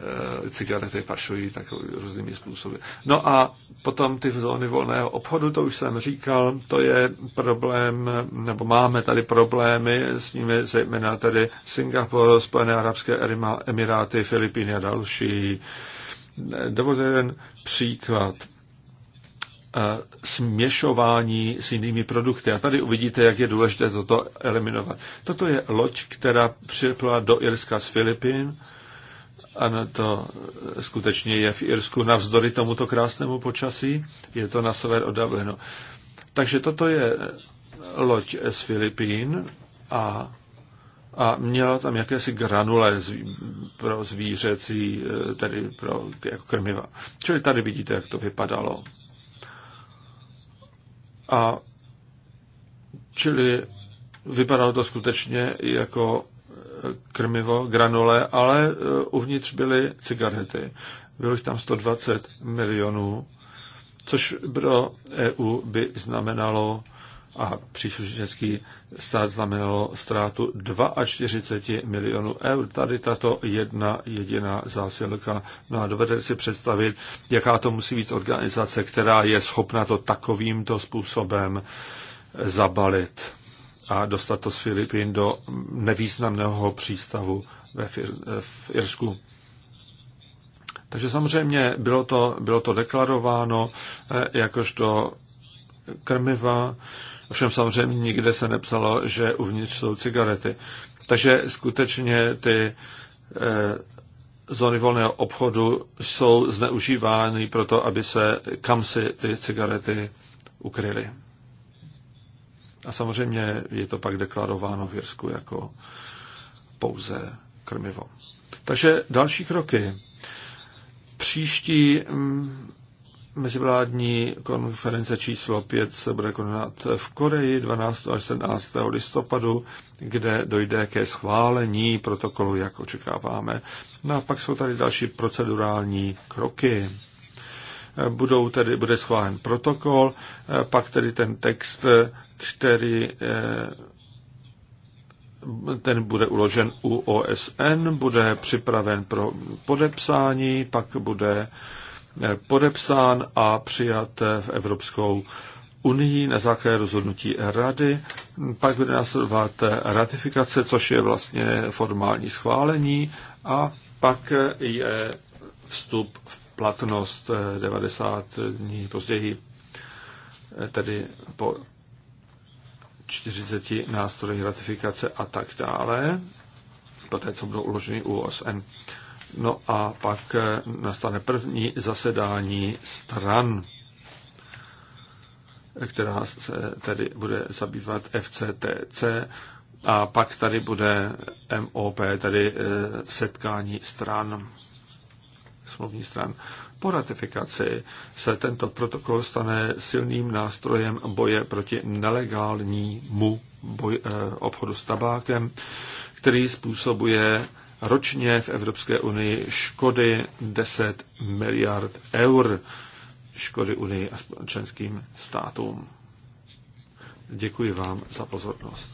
Eh, cigarety pašují tak různými způsoby. No a potom ty zóny volného obchodu, to už jsem říkal, to je problém, nebo máme tady problémy s nimi, zejména tady Singapur, Spojené arabské emiráty, Filipíny a další. Dovolte jeden příklad eh, směšování s jinými produkty. A tady uvidíte, jak je důležité toto eliminovat. Toto je loď, která připla do Irska z Filipín ano, to eh, skutečně je v Irsku navzdory tomuto krásnému počasí. Je to na sever od Dublinu. Takže toto je eh, loď z Filipín a, a měla tam jakési granule zví, pro zvířecí, eh, tedy pro jako krmiva. Čili tady vidíte, jak to vypadalo. A čili vypadalo to skutečně jako krmivo, granule, ale e, uvnitř byly cigarety. Bylo jich tam 120 milionů, což pro EU by znamenalo a příslušenský stát znamenalo ztrátu 42 milionů eur. Tady tato jedna jediná zásilka. No a dovedete si představit, jaká to musí být organizace, která je schopna to takovýmto způsobem zabalit a dostat to z Filipín do nevýznamného přístavu ve, v Irsku. Takže samozřejmě bylo to, bylo to deklarováno eh, jakožto krmiva, ovšem samozřejmě nikde se nepsalo, že uvnitř jsou cigarety. Takže skutečně ty eh, zóny volného obchodu jsou zneužívány pro to, aby se kam si ty cigarety ukryly. A samozřejmě je to pak deklarováno v Jirsku jako pouze krmivo. Takže další kroky. Příští mm, mezivládní konference číslo 5 se bude konat v Koreji 12. až 17. listopadu, kde dojde ke schválení protokolu, jak očekáváme. No a pak jsou tady další procedurální kroky. Budou tedy, bude schválen protokol, pak tedy ten text který eh, ten bude uložen u OSN, bude připraven pro podepsání, pak bude eh, podepsán a přijat eh, v Evropskou unii na základě rozhodnutí rady. Pak bude následovat ratifikace, což je vlastně formální schválení a pak je vstup v platnost 90 dní později, tedy po 40 nástrojích ratifikace a tak dále, poté co budou uloženy u OSN. No a pak eh, nastane první zasedání stran, eh, která se tedy bude zabývat FCTC a pak tady bude MOP, tedy eh, setkání stran, smluvní stran. Po ratifikaci se tento protokol stane silným nástrojem boje proti nelegálnímu boj, eh, obchodu s tabákem, který způsobuje ročně v Evropské unii škody 10 miliard eur škody Unii a členským státům. Děkuji vám za pozornost.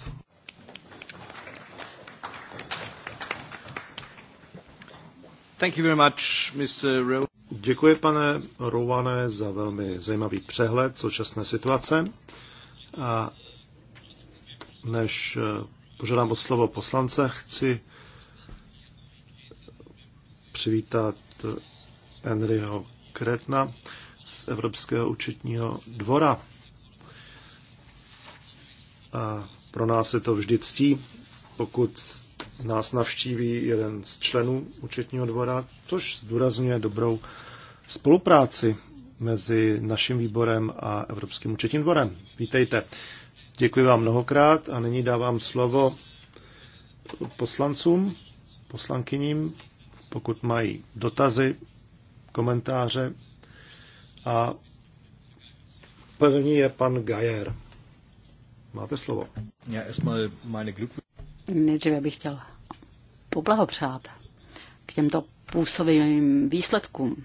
Thank you very much, Mr. Děkuji, pane Rouane, za velmi zajímavý přehled současné situace. A než eh, požádám o slovo poslance, chci přivítat Henryho eh, Kretna z Evropského účetního dvora. A pro nás je to vždy ctí, pokud nás navštíví jeden z členů účetního dvora, což zdůrazňuje dobrou spolupráci mezi naším výborem a Evropským účetním dvorem. Vítejte. Děkuji vám mnohokrát a nyní dávám slovo poslancům, poslankyním, pokud mají dotazy, komentáře. A první je pan Gajer. Máte slovo. Já esmal meine Glückwünsche. Nejdříve bych chtěl poblahopřát k těmto působivým výsledkům.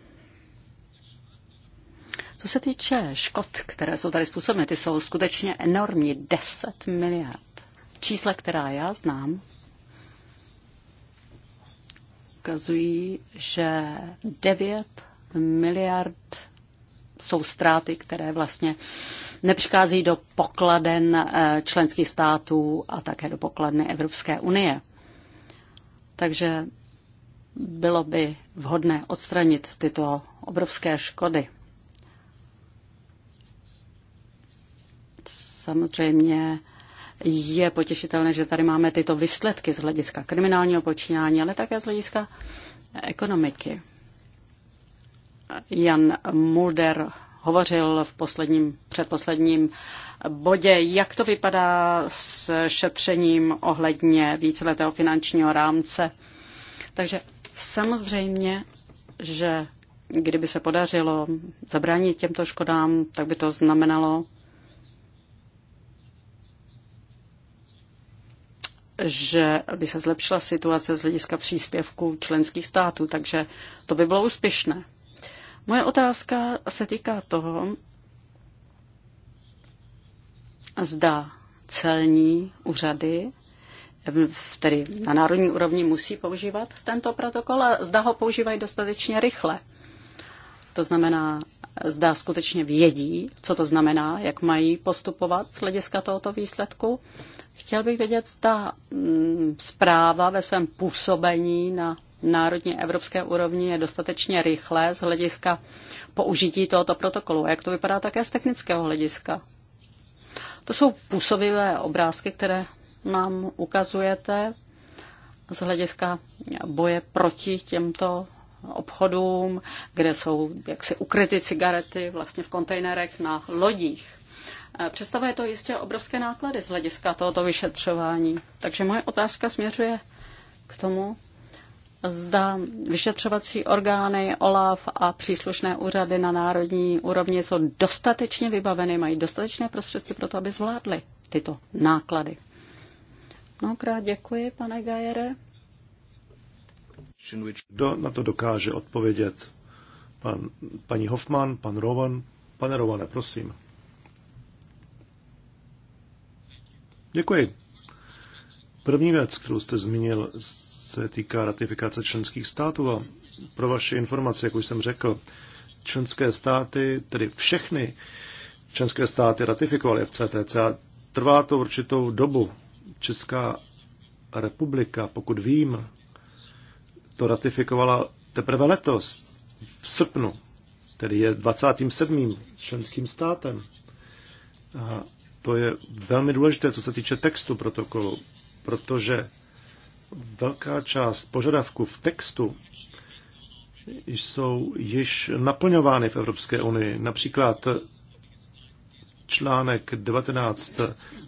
Co se týče škod, které jsou tady způsobeny, ty jsou skutečně enormní, 10 miliard. Čísla, která já znám, ukazují, že 9 miliard jsou ztráty, které vlastně nepřichází do pokladen eh, členských států a také do pokladny Evropské unie. Takže bylo by vhodné odstranit tyto obrovské škody. Samozřejmě je potěšitelné, že tady máme tyto výsledky z hlediska kriminálního počínání, ale také z hlediska ekonomiky. Jan Mulder hovořil v posledním, předposledním bodě. Jak to vypadá s šetřením ohledně víceletého finančního rámce? Takže samozřejmě, že kdyby se podařilo zabránit těmto škodám, tak by to znamenalo, že by se zlepšila situace z hlediska příspěvků členských států, takže to by bylo úspěšné. Moje otázka se týká toho, zda celní úřady tedy na národní úrovni musí používat tento protokol a zda ho používají dostatečně rychle. To znamená, zda skutečně vědí, co to znamená, jak mají postupovat z hlediska tohoto výsledku. Chtěl bych vědět, zda mm, zpráva ve svém působení na národní evropské úrovni je dostatečně rychlé z hlediska použití tohoto protokolu. A jak to vypadá také z technického hlediska? To jsou působivé obrázky, které nám ukazujete z hlediska boje proti těmto obchodům, kde jsou jaksi ukryty cigarety vlastně v kontejnerech na lodích. Eh, představuje to jistě obrovské náklady z hlediska tohoto vyšetřování. Takže moje otázka směřuje k tomu, zda vyšetřovací orgány OLAF a příslušné úřady na národní úrovni jsou dostatečně vybaveny, mají dostatečné prostředky pro to, aby zvládly tyto náklady. Mnohokrát děkuji, pane Gajere. Kdo na to dokáže odpovědět? Pan, paní Hoffman, pan Rovan. Pane Rovane, prosím. Děkuji. První věc, kterou jste zmínil, se týká ratifikace členských států a pro vaši informaci, jak už jsem řekl, členské státy, tedy všechny členské státy ratifikovaly FCTC a trvá to určitou dobu. Česká republika, pokud vím, to ratifikovala teprve letos, v srpnu, tedy je 27. členským státem. A to je velmi důležité, co se týče textu protokolu, protože velká část požadavků v textu jsou již naplňovány v Evropské unii. Například článek 19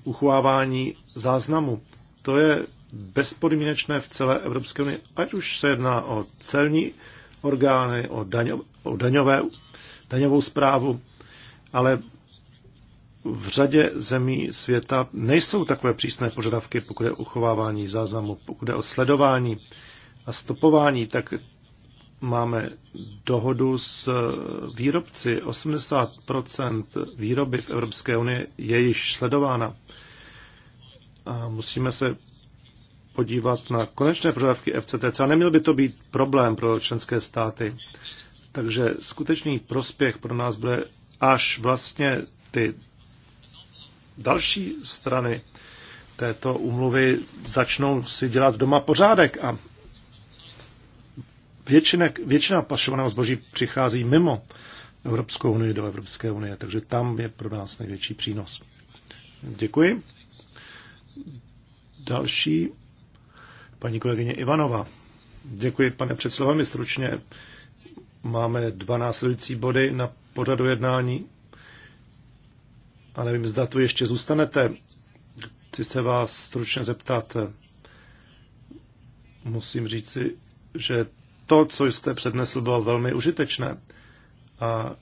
uchovávání záznamu. To je bezpodmínečné v celé Evropské unii, ať už se jedná o celní orgány, o, daňo, o daňové, daňovou zprávu, ale v řadě zemí světa nejsou takové přísné požadavky, pokud je uchovávání záznamu, pokud je o sledování a stopování, tak máme dohodu s eh, výrobci. 80% výroby v Evropské unii je již sledována. A musíme se podívat na konečné požadavky FCTC. A neměl by to být problém pro členské státy. Takže skutečný prospěch pro nás bude, až vlastně ty další strany této umluvy začnou si dělat doma pořádek a většina, většina pašovaného zboží přichází mimo Evropskou unii do Evropské unie, takže tam je pro nás největší přínos. Děkuji. Další paní kolegyně Ivanova. Děkuji, pane předsedo, velmi stručně. Máme dva následující body na pořadu jednání a nevím, zda tu ještě zůstanete. Chci se vás stručně zeptat. Musím říci, že to, co jste přednesl, bylo velmi užitečné. A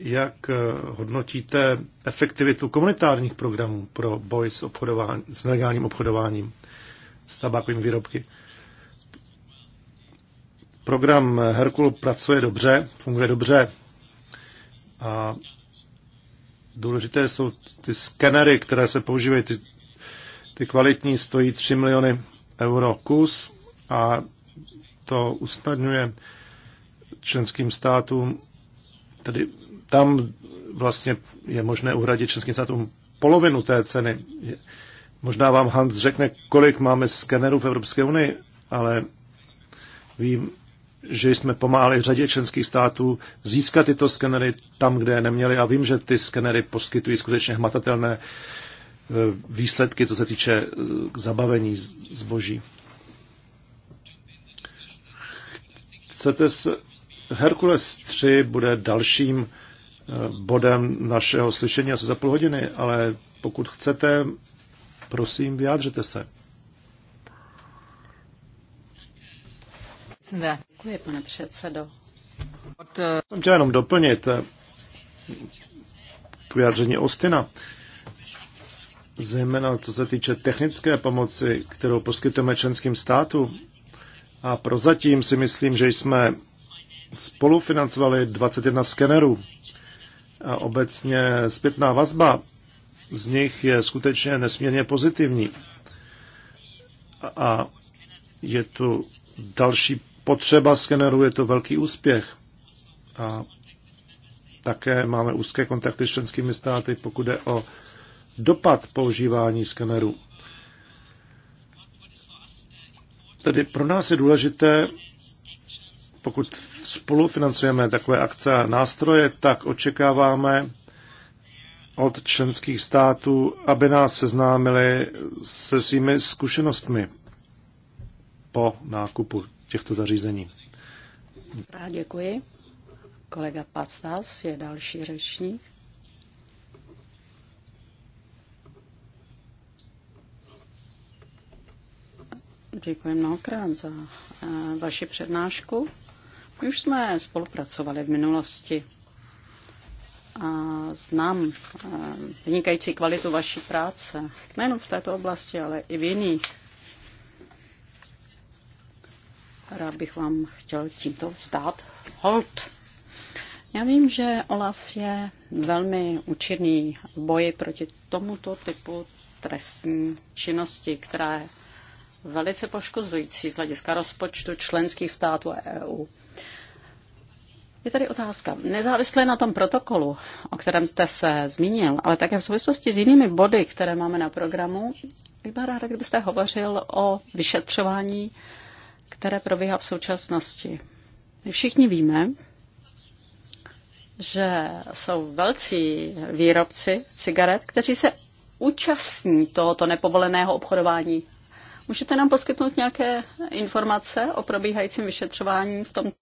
jak hodnotíte efektivitu komunitárních programů pro boj s, s nelegálním obchodováním s tabákovými výrobky? Program Herkul pracuje dobře, funguje dobře a Důležité jsou ty skenery, které se používají. Ty, ty kvalitní stojí 3 miliony euro kus a to usnadňuje členským státům, tedy tam vlastně je možné uhradit členským státům polovinu té ceny. Možná vám Hans řekne, kolik máme skenerů v Evropské unii, ale vím, že jsme pomáhali řadě členských států získat tyto skenery tam, kde je neměli a vím, že ty skenery poskytují skutečně hmatatelné e, výsledky, co se týče e, zabavení zboží. Chcete se... Herkules 3 bude dalším e, bodem našeho slyšení asi za půl hodiny, ale pokud chcete, prosím, vyjádřete se. Děkuji, pane předsedo. Jsem jenom doplnit k eh, vyjádření Ostina. Zejména co se týče technické pomoci, kterou poskytujeme členským státu. A prozatím si myslím, že jsme spolufinancovali 21 skenerů. A obecně zpětná vazba z nich je skutečně nesmírně pozitivní. A je tu další potřeba skenerů je to velký úspěch. A také máme úzké kontakty s členskými státy, pokud jde o dopad používání skenerů. Tedy pro nás je důležité, pokud spolufinancujeme takové akce a nástroje, tak očekáváme od členských států, aby nás seznámili se svými zkušenostmi po nákupu těchto zařízení. Rád děkuji. Kolega Pastas je další řečník. Děkuji mnohokrát za eh, vaši přednášku. My už jsme spolupracovali v minulosti a znám eh, vynikající kvalitu vaší práce, nejen v této oblasti, ale i v jiných. Rád bych vám chtěl tímto vzdát hold. Já vím, že Olaf je velmi účinný v boji proti tomuto typu trestní činnosti, která je velice poškozující z hlediska rozpočtu členských států a EU. Je tady otázka. Nezávisle na tom protokolu, o kterém jste se zmínil, ale také v souvislosti s jinými body, které máme na programu, bych byla ráda, kdybyste hovořil o vyšetřování které probíhá v současnosti. My všichni víme, že jsou velcí výrobci cigaret, kteří se účastní tohoto nepovoleného obchodování. Můžete nám poskytnout nějaké informace o probíhajícím vyšetřování v tom?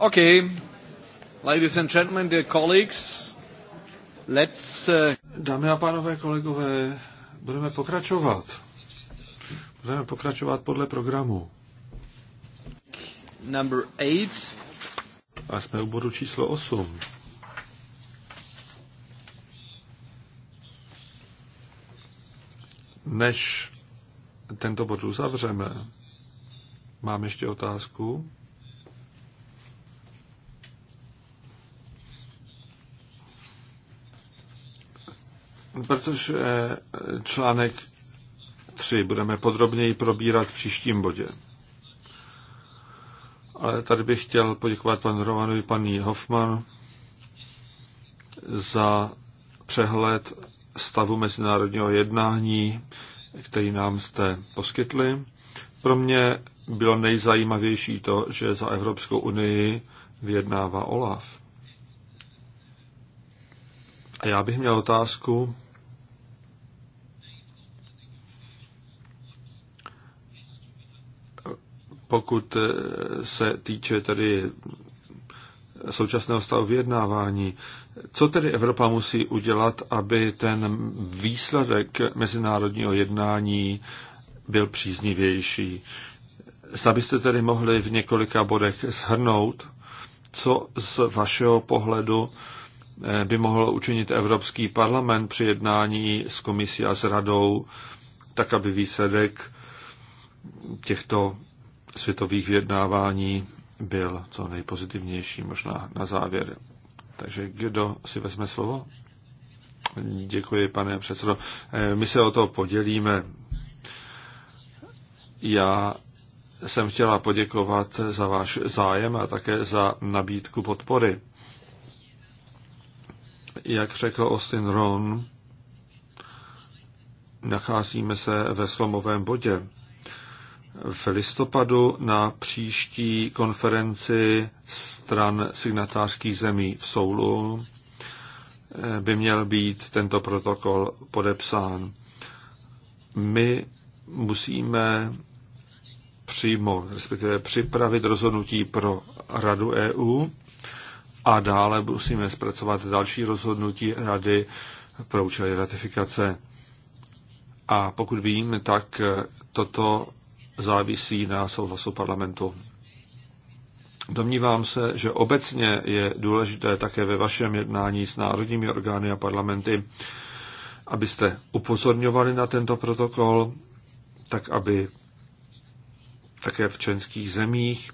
Okay. Ladies and gentlemen, dear colleagues, let's... Uh, Dámy a pánové, kolegové, budeme pokračovat. Budeme pokračovat podle programu. Number eight. A jsme u bodu číslo 8. Než tento bod uzavřeme, mám ještě otázku. protože eh, článek 3 budeme podrobněji probírat v příštím bodě. Ale tady bych chtěl poděkovat panu i paní Hoffman za přehled stavu mezinárodního jednání, který nám jste poskytli. Pro mě bylo nejzajímavější to, že za Evropskou unii vyjednává OLAF. A já bych měl otázku, pokud eh, se týče tedy současného stavu vyjednávání, co tedy Evropa musí udělat, aby ten výsledek mezinárodního jednání byl příznivější? Zda byste tedy mohli v několika bodech shrnout, co z vašeho pohledu eh, by mohl učinit Evropský parlament při jednání s komisí a s radou, tak aby výsledek těchto světových vyjednávání byl co nejpozitivnější možná na závěr. Takže kdo si vezme slovo? Děkuji, pane předsedo. Eh, my se o to podělíme. Já jsem chtěla poděkovat za váš zájem a také za nabídku podpory. Jak řekl Austin Ron, nacházíme se ve slomovém bodě v listopadu na příští konferenci stran signatářských zemí v Soulu eh, by měl být tento protokol podepsán. My musíme přijmout, respektive připravit rozhodnutí pro Radu EU a dále musíme zpracovat další rozhodnutí Rady pro účely ratifikace. A pokud vím, tak toto závisí na souhlasu parlamentu. Domnívám se, že obecně je důležité také ve vašem jednání s národními orgány a parlamenty, abyste upozorňovali na tento protokol, tak aby také v členských zemích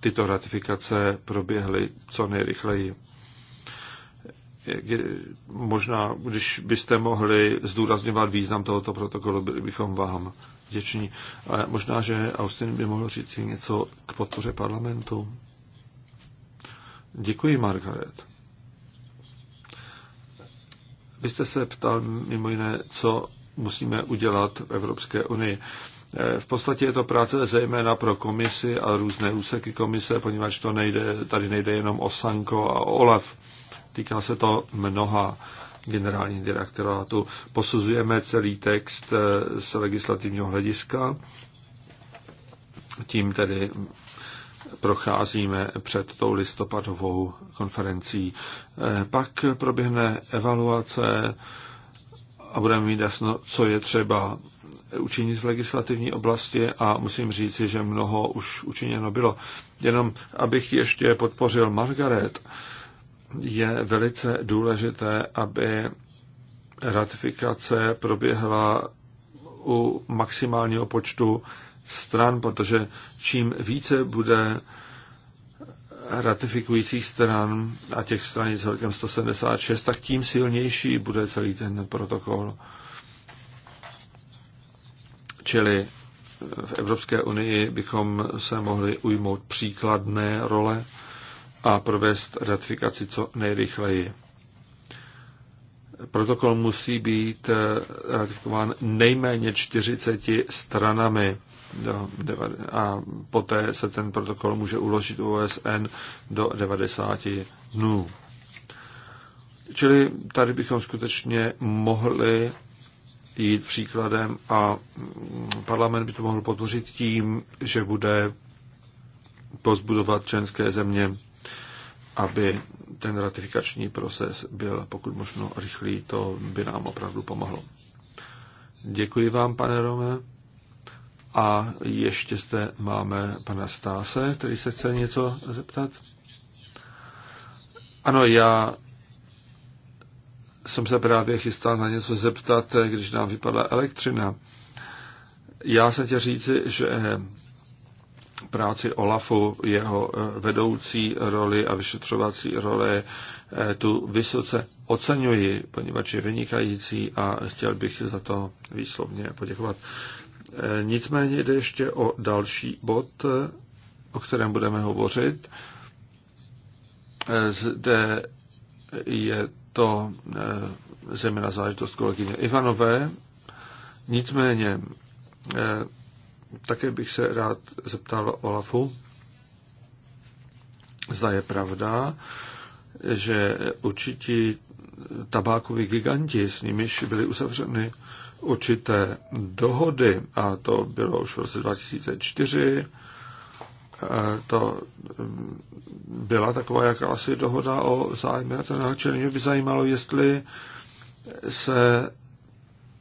tyto ratifikace proběhly co nejrychleji. Možná, když byste mohli zdůrazňovat význam tohoto protokolu, byli bychom vám vděční. A možná, že Austin by mohl říct něco k podpoře parlamentu. Děkuji, Margaret. Vy jste se ptal mimo jiné, co musíme udělat v Evropské unii. V podstatě je to práce zejména pro komisi a různé úseky komise, poněvadž to nejde, tady nejde jenom o Sanko a Olaf. Týká se to mnoha Generální direktorátu. Posuzujeme celý text eh, z legislativního hlediska. Tím tedy procházíme před tou listopadovou konferencí. Eh, pak proběhne evaluace a budeme mít jasno, co je třeba učinit v legislativní oblasti a musím říci, že mnoho už učiněno bylo. Jenom abych ještě podpořil Margaret, je velice důležité, aby ratifikace proběhla u maximálního počtu stran, protože čím více bude ratifikujících stran a těch stran je celkem 176, tak tím silnější bude celý ten protokol. Čili v Evropské unii bychom se mohli ujmout příkladné role a provést ratifikaci co nejrychleji. Protokol musí být eh, ratifikován nejméně 40 stranami a poté se ten protokol může uložit u OSN do 90 dnů. Čili tady bychom skutečně mohli jít příkladem a mm, parlament by to mohl podpořit tím, že bude pozbudovat členské země aby ten ratifikační proces byl pokud možno rychlý, to by nám opravdu pomohlo. Děkuji vám, pane Rome. A ještě zde máme pana Stáse, který se chce něco zeptat. Ano, já jsem se právě chystal na něco zeptat, když nám vypadla elektřina. Já jsem tě říci, že práci Olafu, jeho eh, vedoucí roli a vyšetřovací roli eh, tu vysoce oceňuji, poněvadž je vynikající a chtěl bych za to výslovně poděkovat. Eh, nicméně jde ještě o další bod, o kterém budeme hovořit. Zde je to zejména záležitost kolegyně Ivanové. Nicméně také bych se rád zeptal Olafu, zda je pravda, že určití tabákoví giganti, s nimiž byly uzavřeny určité dohody, a to bylo už v roce 2004, to mm, byla taková jakási dohoda o zájmy. A to by zajímalo, jestli se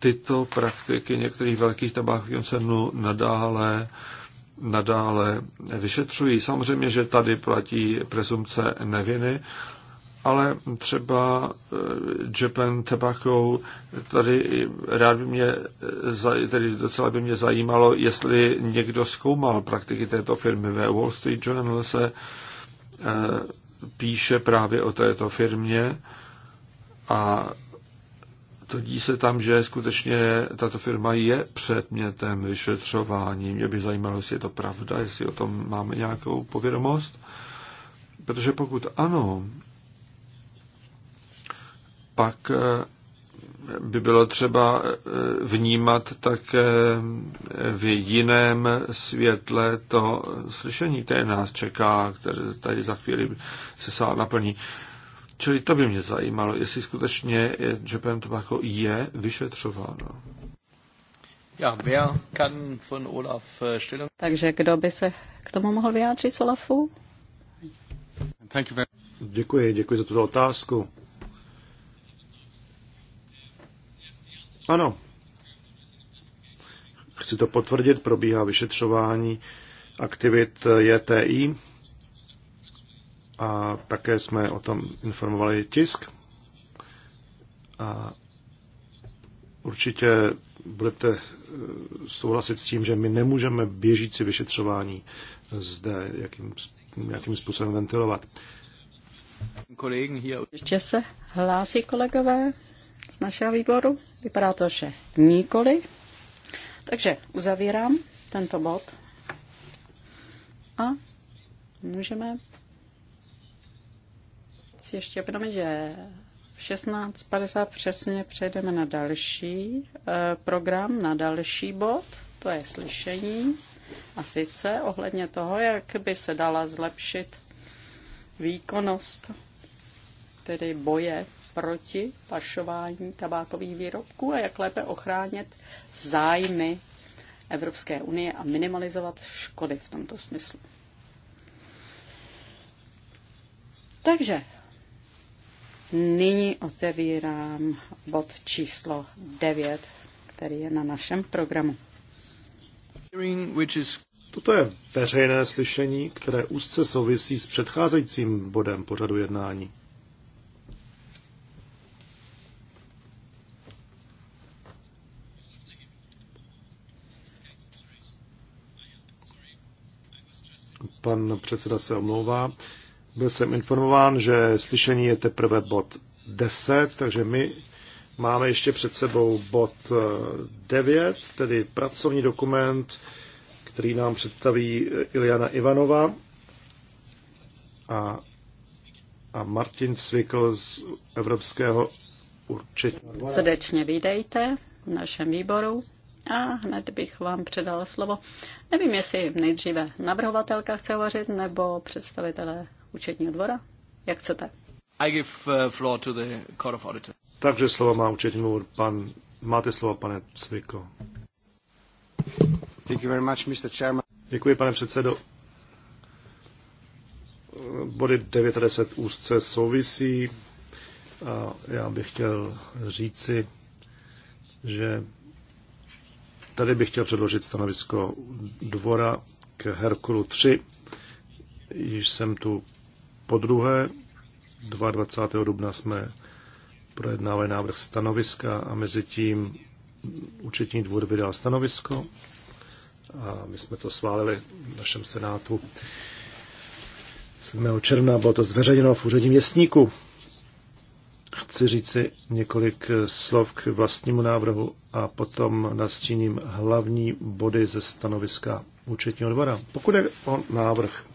tyto praktiky některých velkých tabákových koncernů nadále nadále vyšetřují. Samozřejmě, že tady platí prezumce neviny, ale třeba eh, Japan Tobacco, tady rád by mě, tady docela by mě zajímalo, jestli někdo zkoumal praktiky této firmy. Ve Wall Street Journal se eh, píše právě o této firmě a tvrdí se tam, že skutečně tato firma je předmětem vyšetřování. Mě by zajímalo, jestli je to pravda, jestli o tom máme nějakou povědomost. Protože pokud ano, pak eh, by bylo třeba eh, vnímat také v jiném světle to slyšení, které nás čeká, které tady za chvíli se sál naplní. Čili to by mě zajímalo, jestli skutečně Japan Tobacco je vyšetřováno. Ja, wer kann von Olaf äh, Takže kdo by se k tomu mohl vyjádřit Olafu? Děkuji, děkuji za tuto otázku. Ano. Chci to potvrdit, probíhá vyšetřování aktivit eh, JTI a také jsme o tom informovali tisk. A určitě budete eh, souhlasit s tím, že my nemůžeme běžící vyšetřování zde jakým, nějakým způsobem ventilovat. Ještě se hlásí kolegové z našeho výboru? Vypadá to, že nikoli. Takže uzavírám tento bod a můžeme si ještě uvědomit, že v 16.50 přesně přejdeme na další eh, program, na další bod, to je slyšení. A sice ohledně toho, jak by se dala zlepšit výkonnost, tedy boje proti pašování tabákových výrobků a jak lépe ochránit zájmy Evropské unie a minimalizovat škody v tomto smyslu. Takže Nyní otevírám bod číslo 9, který je na našem programu. Toto je veřejné slyšení, které úzce souvisí s předcházejícím bodem pořadu jednání. Pan předseda se omlouvá. Byl jsem informován, že slyšení je teprve bod 10, takže my máme ještě před sebou bod 9, eh, tedy pracovní dokument, který nám představí eh, Iliana Ivanova a, a Martin Cvikl z Evropského určitě. Srdečně vítejte v našem výboru a hned bych vám předala slovo. Nevím, jestli nejdříve navrhovatelka chce hovořit nebo představitelé účetního dvora? Jak chcete? I give uh, floor to the court of auditor. Takže slovo má účetní dvůr. Pan, máte slovo, pane Cviko. Thank you very much, Mr. Chairman. Děkuji, pane předsedo. Body 9 a 10 úzce souvisí. A já bych chtěl říci, že tady bych chtěl předložit stanovisko dvora k Herkulu 3. Již jsem tu po druhé, 22. dubna jsme projednávali návrh stanoviska a mezi tím účetní dvůr vydal stanovisko a my jsme to sválili v našem senátu 7. června, bylo to zveřejněno v úředním věstníku. Chci říci několik slov k vlastnímu návrhu a potom nastíním hlavní body ze stanoviska účetního dvora. Pokud je o návrh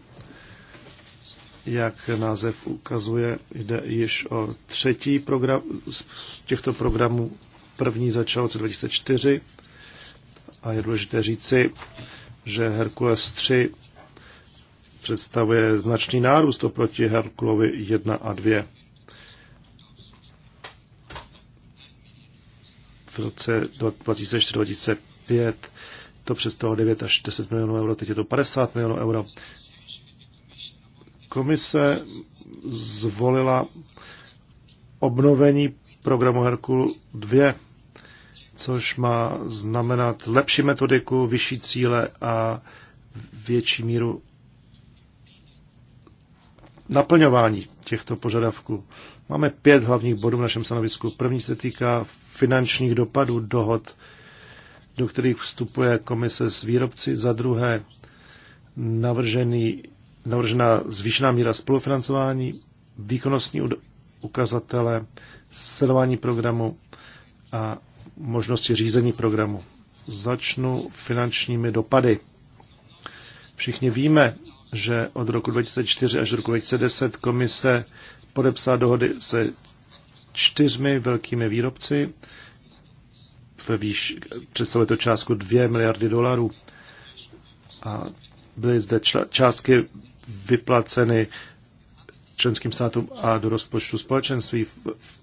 jak název ukazuje, jde již o třetí program z těchto programů. První začal v 2004 a je důležité říci, že Herkules 3 představuje značný nárůst oproti Herkulovi 1 a 2. V roce 2004-2005 to představilo 9 až 10 milionů euro, teď je to 50 milionů euro. Komise zvolila obnovení programu Herkul 2, což má znamenat lepší metodiku, vyšší cíle a větší míru naplňování těchto požadavků. Máme pět hlavních bodů v našem stanovisku. První se týká finančních dopadů dohod, do kterých vstupuje komise s výrobci. Za druhé, navržený navržena zvýšená míra spolufinancování, výkonnostní ukazatele, sledování programu a možnosti řízení programu. Začnu finančními dopady. Všichni víme, že od roku 2004 až do roku 2010 komise podepsala dohody se čtyřmi velkými výrobci ve výš, představuje to částku 2 miliardy dolarů. A byly zde částky vyplaceny členským státům a do rozpočtu společenství. V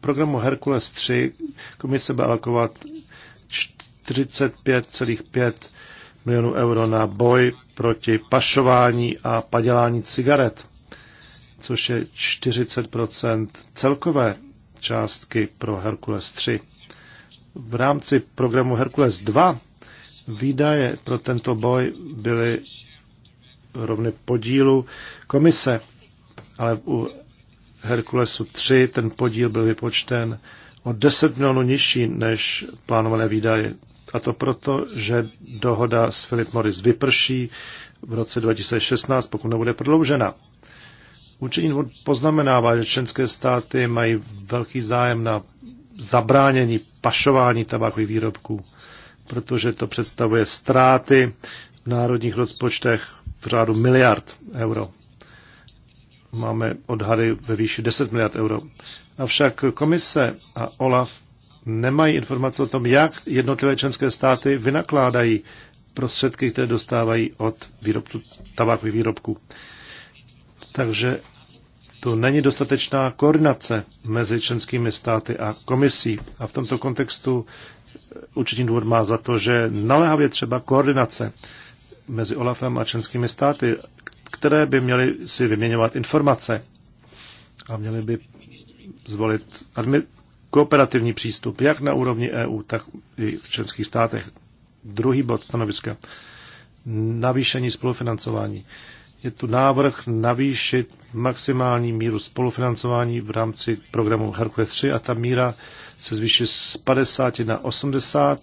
programu Herkules 3 komise bude alokovat 45,5 milionů euro na boj proti pašování a padělání cigaret, což je 40 celkové částky pro Herkules 3. V rámci programu Herkules 2 výdaje pro tento boj byly rovny podílu komise, ale u Herkulesu 3 ten podíl byl vypočten o 10 milionů nižší než plánované výdaje. A to proto, že dohoda s Philip Morris vyprší v roce 2016, pokud nebude prodloužena. Učení poznamenává, že členské státy mají velký zájem na zabránění pašování tabákových výrobků, protože to představuje ztráty v národních rozpočtech v řádu miliard euro. Máme odhady ve výši 10 miliard euro. Avšak komise a OLAF nemají informace o tom, jak jednotlivé členské státy vynakládají prostředky, které dostávají od výrobců tabákových výrobků. Takže tu není dostatečná koordinace mezi členskými státy a komisí. A v tomto kontextu určitý důvod má za to, že naléhavě třeba koordinace mezi OLAFem a členskými státy, které by měly si vyměňovat informace a měly by zvolit kooperativní přístup, jak na úrovni EU, tak i v členských státech. Druhý bod stanoviska. Navýšení spolufinancování. Je tu návrh navýšit maximální míru spolufinancování v rámci programu Hercules 3 a ta míra se zvýší z 50 na 80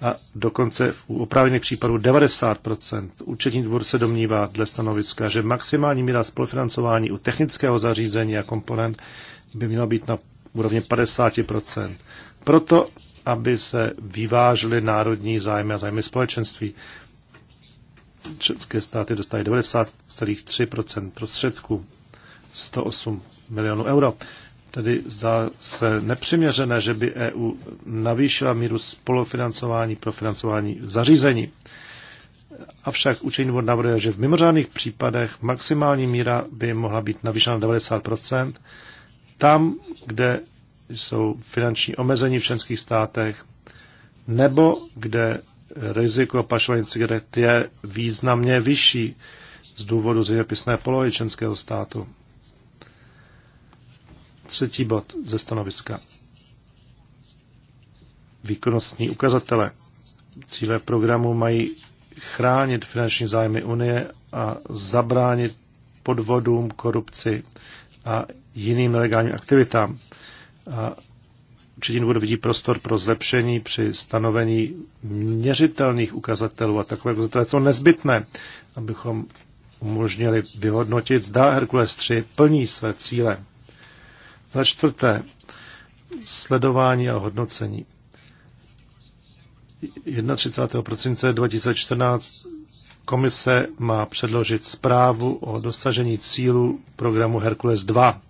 a dokonce v oprávněných případů 90%. Účetní dvůr se domnívá dle stanoviska, že maximální míra spolufinancování u technického zařízení a komponent by měla být na úrovni 50%. Proto, aby se vyvážily národní zájmy a zájmy společenství. České státy dostaly 90,3% prostředků, 108 milionů euro. Tedy zdá se nepřiměřené, že by EU navýšila míru spolufinancování pro financování zařízení. Avšak účetní bod navrhuje, že v mimořádných případech maximální míra by mohla být navýšena na 90 tam, kde jsou finanční omezení v členských státech nebo kde riziko pašování cigaret je významně vyšší z důvodu zeměpisné polohy členského státu. Třetí bod ze stanoviska. Výkonnostní ukazatele. Cíle programu mají chránit finanční zájmy Unie a zabránit podvodům, korupci a jiným nelegálním aktivitám. A určitě důvod vidí prostor pro zlepšení při stanovení měřitelných ukazatelů a takové ukazatele jsou nezbytné, abychom umožnili vyhodnotit, zda Herkules 3 plní své cíle. Za čtvrté, sledování a hodnocení. 31. prosince 2014 komise má předložit zprávu o dosažení cílu programu Herkules 2.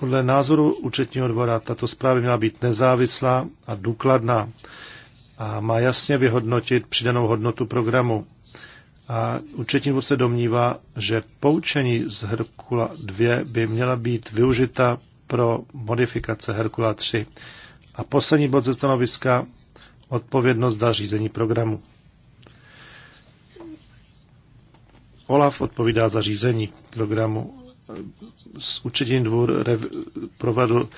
Podle názoru účetního dvora tato zpráva měla být nezávislá a důkladná a má jasně vyhodnotit přidanou hodnotu programu. A účetní dvor se domnívá, že poučení z Herkula 2 by měla být využita pro modifikace Herkula 3. A poslední bod ze stanoviska odpovědnost za řízení programu. Olaf odpovídá za řízení programu. S účetní dvůr rev, provedl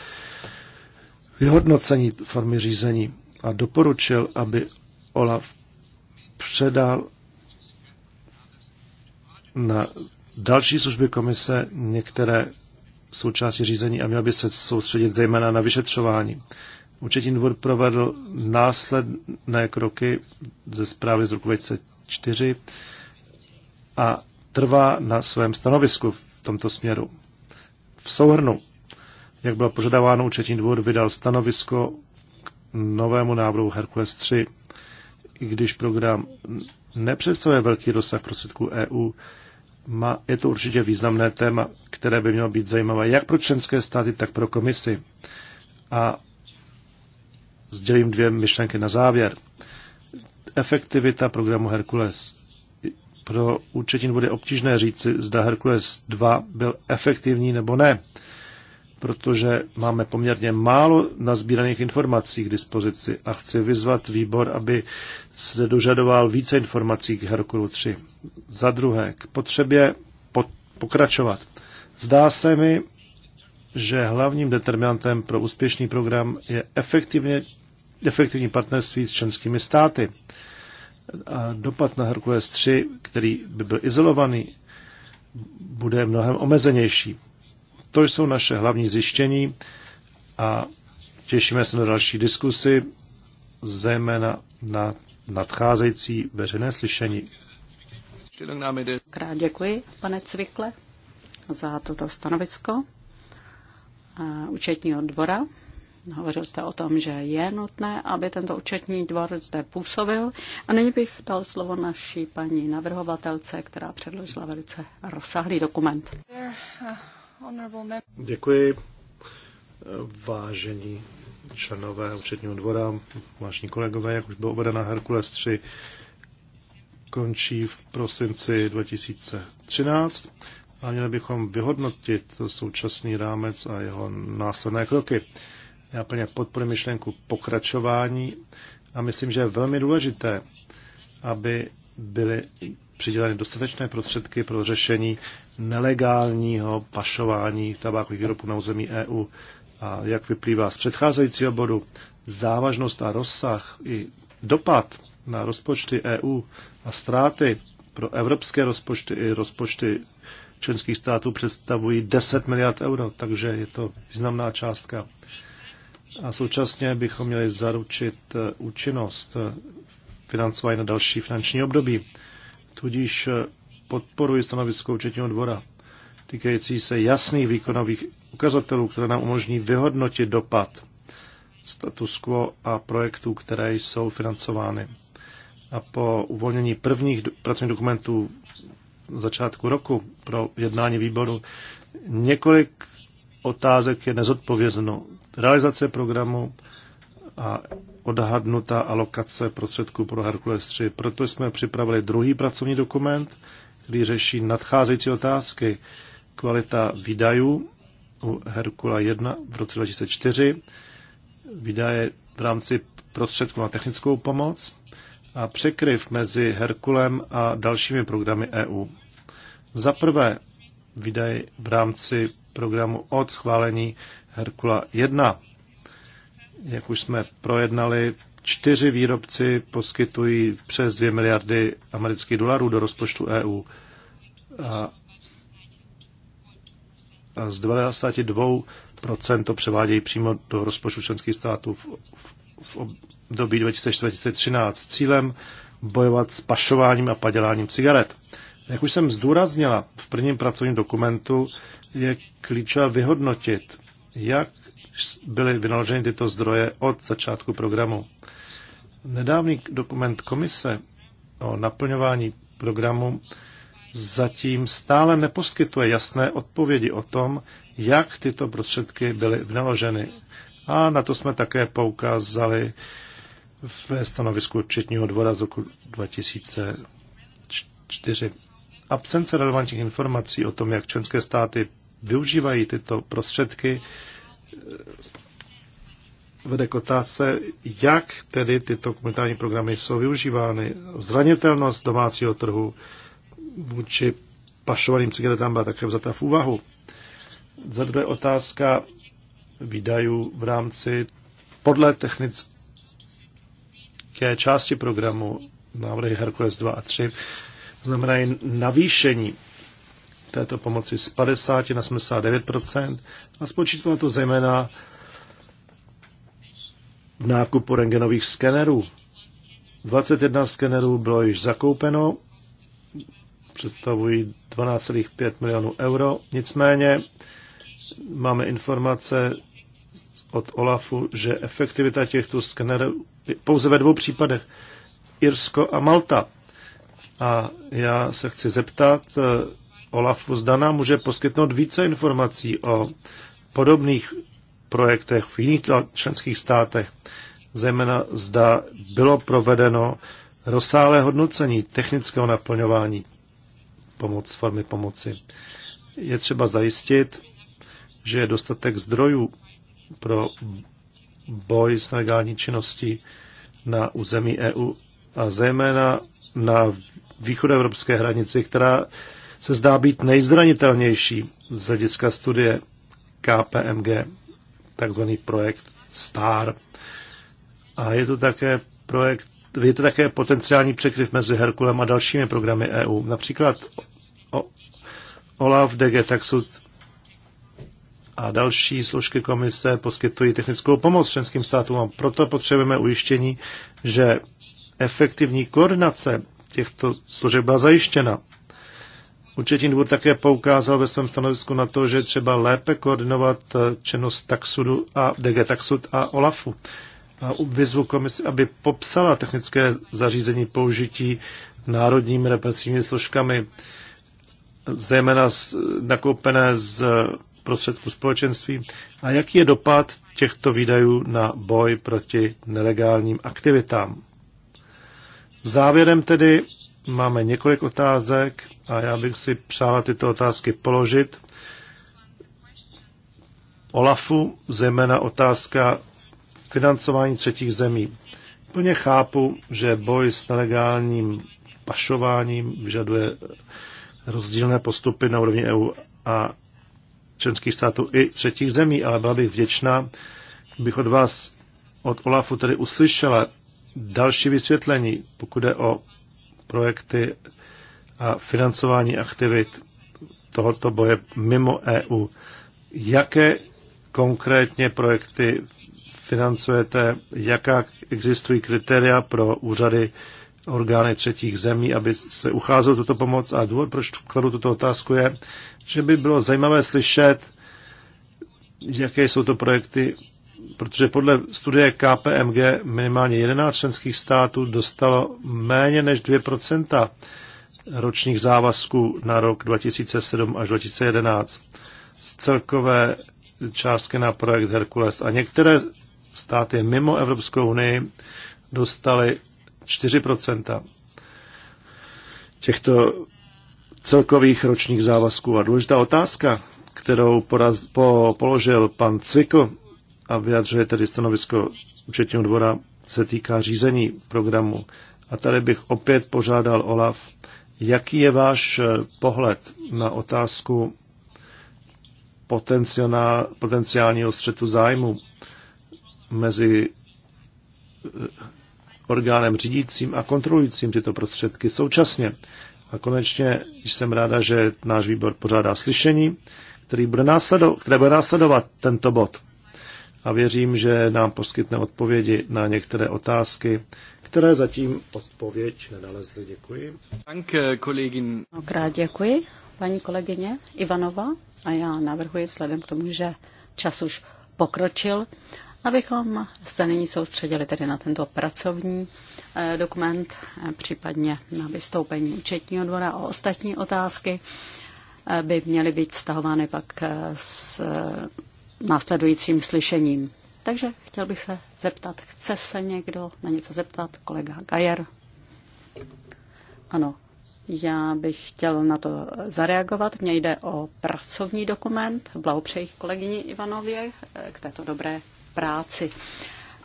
vyhodnocení formy řízení a doporučil, aby Olaf předal na další služby komise některé součástí řízení a měl by se soustředit zejména na vyšetřování. Účetní dvůr provedl následné kroky ze zprávy z roku 2004 a trvá na svém stanovisku v tomto směru. V souhrnu, jak bylo požadováno, účetní dvůr vydal stanovisko k novému návrhu Herkules 3. I když program nepředstavuje velký rozsah prostředků EU, má, je to určitě významné téma, které by mělo být zajímavé jak pro členské státy, tak pro komisi. A sdělím dvě myšlenky na závěr. Efektivita programu Herkules. Pro účetin bude obtížné říci, zda Herkules 2 byl efektivní nebo ne protože máme poměrně málo nazbíraných informací k dispozici a chci vyzvat výbor, aby se dožadoval více informací k Herkulu 3. Za druhé, k potřebě pokračovat. Zdá se mi, že hlavním determinantem pro úspěšný program je efektivně, efektivní partnerství s členskými státy. A dopad na Herkules 3, který by byl izolovaný, bude mnohem omezenější. To jsou naše hlavní zjištění a těšíme se na další diskusy, zejména na nadcházející veřejné slyšení. Krát děkuji, pane Cvikle, za toto stanovisko účetního dvora. Hovořil jste o tom, že je nutné, aby tento účetní dvor zde působil. A nyní bych dal slovo naší paní navrhovatelce, která předložila velice rozsáhlý dokument. Uh, Děkuji. Vážení členové účetního dvora, vážní kolegové, jak už bylo uvedeno, Herkules 3 končí v prosinci 2013 a měli bychom vyhodnotit současný rámec a jeho následné kroky. Já plně podporuji myšlenku pokračování a myslím, že je velmi důležité, aby byly přiděleny dostatečné prostředky pro řešení nelegálního pašování tabákových výrobků na území EU. A jak vyplývá z předcházejícího bodu, závažnost a rozsah i dopad na rozpočty EU a ztráty pro evropské rozpočty i rozpočty členských států představují 10 miliard euro, takže je to významná částka. A současně bychom měli zaručit účinnost financování na další finanční období. Tudíž eh, podporuji stanovisko účetního dvora týkající se jasných výkonových ukazatelů, které nám umožní vyhodnotit dopad status quo a projektů, které jsou financovány. A po uvolnění prvních pracovních dokumentů začátku roku pro jednání výboru několik otázek je nezodpovězeno. Realizace programu, a odhadnutá alokace prostředků pro Herkules 3. Proto jsme připravili druhý pracovní dokument, který řeší nadcházející otázky. Kvalita výdajů u Herkula 1 v roce 2004, výdaje v rámci prostředků na technickou pomoc a překryv mezi Herkulem a dalšími programy EU. Za prvé výdaje v rámci programu od schválení Herkula 1 jak už jsme projednali, čtyři výrobci poskytují přes 2 miliardy amerických dolarů do rozpočtu EU. A, a z 92% to převádějí přímo do rozpočtu členských států v, v, v období 2013 cílem bojovat s pašováním a paděláním cigaret. Jak už jsem zdůraznila v prvním pracovním dokumentu, je klíčové vyhodnotit, jak byly vynaloženy tyto zdroje od začátku programu. Nedávný dokument komise o naplňování programu zatím stále neposkytuje jasné odpovědi o tom, jak tyto prostředky byly vynaloženy. A na to jsme také poukázali ve stanovisku četního dvora z roku 2004. Absence relevantních informací o tom, jak členské státy využívají tyto prostředky, vede k otázce, jak tedy tyto komunitární programy jsou využívány. Zranitelnost domácího trhu vůči pašovaným cigaretám byla také vzata v úvahu. Za druhé otázka výdajů v rámci podle technické části programu návrhy Hercules 2 a 3 znamenají navýšení této pomoci z 50 na 79 a spočítalo to zejména v nákupu rengenových skenerů. 21 skenerů bylo již zakoupeno, představují 12,5 milionů euro. Nicméně máme informace od OLAFu, že efektivita těchto skenerů pouze ve dvou případech Irsko a Malta. A já se chci zeptat, Olafu Zdana může poskytnout více informací o podobných projektech v jiných členských státech, zejména zda bylo provedeno rozsáhlé hodnocení technického naplňování pomoc, formy pomoci. Je třeba zajistit, že je dostatek zdrojů pro boj s nelegální činností na území EU a zejména na východoevropské hranici, která se zdá být nejzranitelnější z hlediska studie KPMG, takzvaný projekt STAR. A je to také projekt, je to také potenciální překryv mezi Herkulem a dalšími programy EU. Například o, OLAF, DG Taxud a další složky komise poskytují technickou pomoc členským státům a proto potřebujeme ujištění, že efektivní koordinace těchto složek byla zajištěna Účetní dvůr také poukázal ve svém stanovisku na to, že je třeba lépe koordinovat eh, činnost Taxudu a DG Taxud a OLAFu. A vyzvu komisi, aby popsala technické zařízení použití národními represivními složkami, zejména nakoupené z prostředků společenství a jaký je dopad těchto výdajů na boj proti nelegálním aktivitám. Závěrem tedy máme několik otázek a já bych si přála tyto otázky položit. Olafu, zejména otázka financování třetích zemí. Plně chápu, že boj s nelegálním pašováním vyžaduje rozdílné postupy na úrovni EU a členských států i třetích zemí, ale byla bych vděčná, bych od vás, od Olafu tedy uslyšela další vysvětlení, pokud je o projekty a financování aktivit tohoto boje mimo EU. Jaké konkrétně projekty financujete, jaká existují kritéria pro úřady orgány třetích zemí, aby se ucházelo tuto pomoc. A důvod, proč kladu tuto otázku, je, že by bylo zajímavé slyšet, jaké jsou to projekty, protože podle studie KPMG minimálně 11 členských států dostalo méně než 2 ročních závazků na rok 2007 až 2011 z celkové částky na projekt Herkules a některé státy mimo Evropskou unii dostaly 4 těchto celkových ročních závazků. A důležitá otázka, kterou poraz, po, položil pan Cvikl a vyjadřuje tedy stanovisko účetního dvora, se týká řízení programu. A tady bych opět požádal Olaf, Jaký je váš eh, pohled na otázku potenciálního střetu zájmu mezi eh, orgánem řídícím a kontrolujícím tyto prostředky současně? A konečně jsem ráda, že náš výbor pořádá slyšení, který bude následo- které bude následovat tento bod. A věřím, že nám poskytne odpovědi na některé otázky, které zatím odpověď nenalezly. Děkuji. Danke, eh, kolegin. děkuji, paní kolegyně Ivanova. A já navrhuji vzhledem k tomu, že čas už pokročil, abychom se nyní soustředili tedy na tento pracovní eh, dokument, eh, případně na vystoupení účetního dvora o ostatní otázky by měly být vztahovány pak s následujícím slyšením. Takže chtěl bych se zeptat, chce se někdo na něco zeptat? Kolega Gajer. Ano, já bych chtěl na to zareagovat. Mně jde o pracovní dokument. Blahopřeji kolegyni Ivanově eh, k této dobré práci.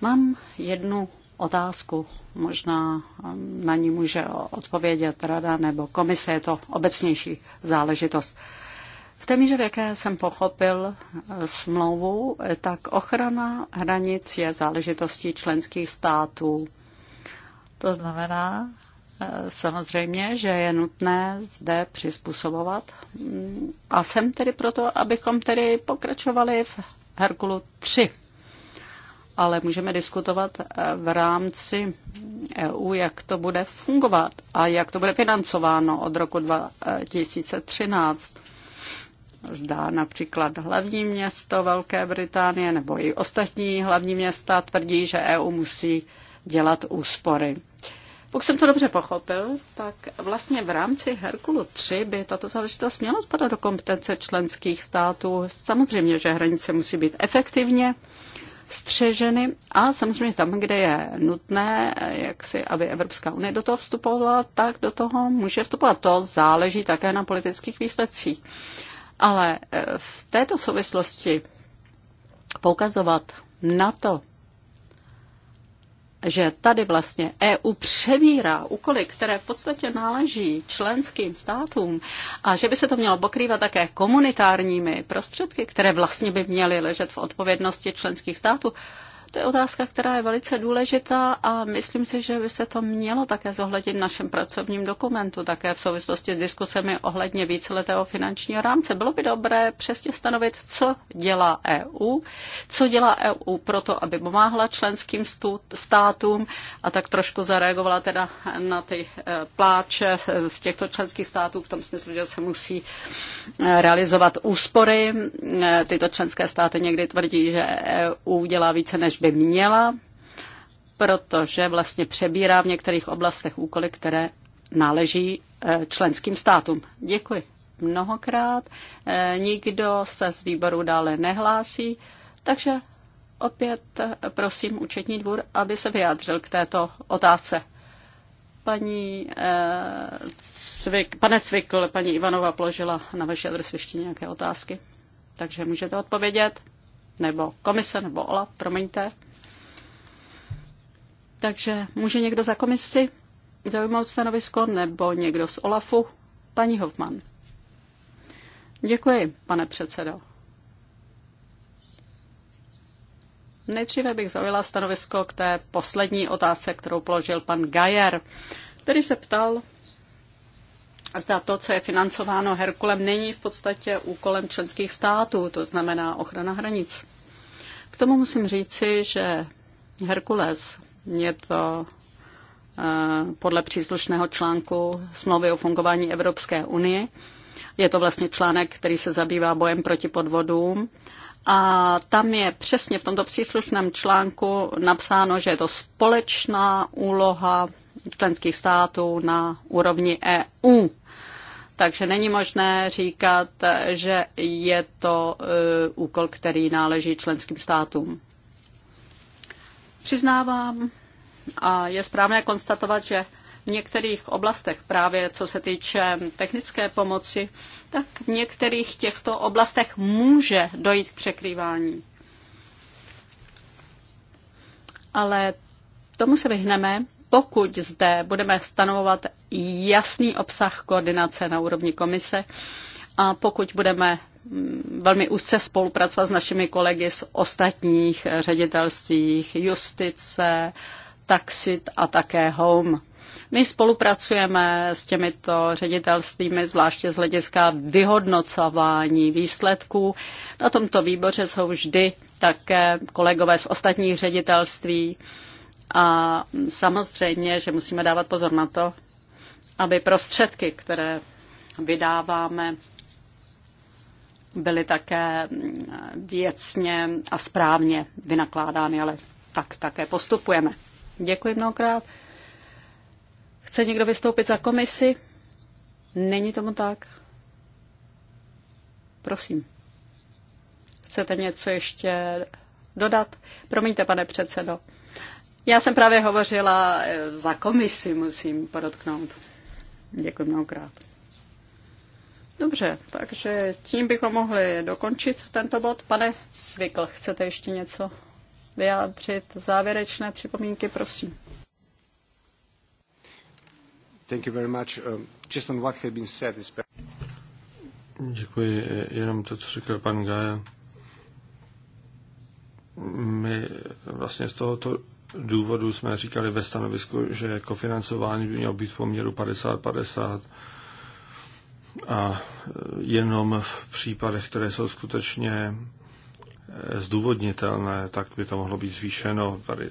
Mám jednu otázku. Možná ehm, na ní může odpovědět rada nebo komise. Je to obecnější záležitost. V té míře, v jaké jsem pochopil eh, smlouvu, tak ochrana hranic je záležitostí členských států. To znamená eh, samozřejmě, že je nutné zde přizpůsobovat. Mm, a jsem tedy proto, abychom tedy pokračovali v Herkulu 3 ale můžeme diskutovat eh, v rámci EU, jak to bude fungovat a jak to bude financováno od roku 2013. Zdá například hlavní město Velké Británie nebo i ostatní hlavní města tvrdí, že EU musí dělat úspory. Pokud jsem to dobře pochopil, tak vlastně v rámci Herkulu 3 by tato záležitost měla spadat do kompetence členských států. Samozřejmě, že hranice musí být efektivně střeženy a samozřejmě tam, kde je nutné, jak si, aby Evropská unie do toho vstupovala, tak do toho může vstupovat. To záleží také na politických výsledcích. Ale eh, v této souvislosti poukazovat na to, že tady vlastně EU převírá úkoly, které v podstatě náleží členským státům a že by se to mělo pokrývat také komunitárními prostředky, které vlastně by měly ležet v odpovědnosti členských států, to je otázka, která je velice důležitá a myslím si, že by se to mělo také zohlednit v našem pracovním dokumentu, také v souvislosti s diskusemi ohledně víceletého finančního rámce. Bylo by dobré přesně stanovit, co dělá EU, co dělá EU proto, aby pomáhla členským státům a tak trošku zareagovala teda na ty eh, pláče v těchto členských států v tom smyslu, že se musí eh, realizovat úspory. Eh, tyto členské státy někdy tvrdí, že EU dělá více než by měla, protože vlastně přebírá v některých oblastech úkoly, které náleží eh, členským státům. Děkuji mnohokrát. Eh, nikdo se z výboru dále nehlásí, takže opět eh, prosím účetní dvůr, aby se vyjádřil k této otázce. Paní, eh, Cvik, pane Cvikl, paní Ivanova položila na vaše adresu ještě nějaké otázky, takže můžete odpovědět nebo komise, nebo OLAF, promiňte. Takže může někdo za komisi zaujmout stanovisko, nebo někdo z OLAFu? Paní Hofman. Děkuji, pane předsedo. Nejdříve bych zaujala stanovisko k té poslední otázce, kterou položil pan Gajer, který se ptal, zda to, co je financováno Herkulem, není v podstatě úkolem členských států, to znamená ochrana hranic. K tomu musím říci, že Herkules je to eh, podle příslušného článku smlouvy o fungování Evropské unie. Je to vlastně článek, který se zabývá bojem proti podvodům. A tam je přesně v tomto příslušném článku napsáno, že je to společná úloha členských států na úrovni EU. Takže není možné říkat, že je to uh, úkol, který náleží členským státům. Přiznávám a je správné konstatovat, že v některých oblastech, právě co se týče technické pomoci, tak v některých těchto oblastech může dojít k překrývání. Ale tomu se vyhneme, pokud zde budeme stanovovat jasný obsah koordinace na úrovni komise a pokud budeme mm, velmi úzce spolupracovat s našimi kolegy z ostatních ředitelství justice, taxit a také home. My spolupracujeme s těmito ředitelstvími, zvláště z hlediska vyhodnocování výsledků. Na tomto výboře jsou vždy také kolegové z ostatních ředitelství. A samozřejmě, že musíme dávat pozor na to, aby prostředky, které vydáváme, byly také věcně a správně vynakládány, ale tak také postupujeme. Děkuji mnohokrát. Chce někdo vystoupit za komisi? Není tomu tak? Prosím. Chcete něco ještě dodat? Promiňte, pane předsedo. Já jsem právě hovořila eh, za komisi, musím podotknout. Děkuji mnohokrát. Dobře, takže tím bychom mohli dokončit tento bod. Pane Svikl, chcete ještě něco vyjádřit? Závěrečné připomínky, prosím. Thank you very much. Um, just on what had been said is... Děkuji. Jenom to, co říkal pan Gaja. My vlastně z tohoto důvodů jsme říkali ve stanovisku, že kofinancování by mělo být v poměru 50-50 a e, jenom v případech, které jsou skutečně e, zdůvodnitelné, tak by to mohlo být zvýšeno. Tady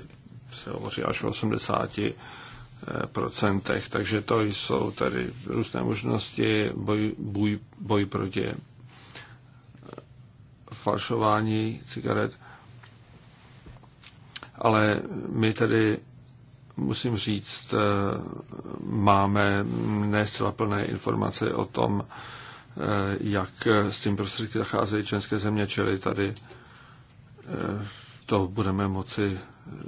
se hovoří až o 80 e, procentech, takže to jsou tady různé možnosti boj, boj, boj proti falšování cigaret ale my tedy musím říct, eh, máme ne plné informace o tom, eh, jak s tím prostředky zacházejí členské země, čili tady eh, to budeme moci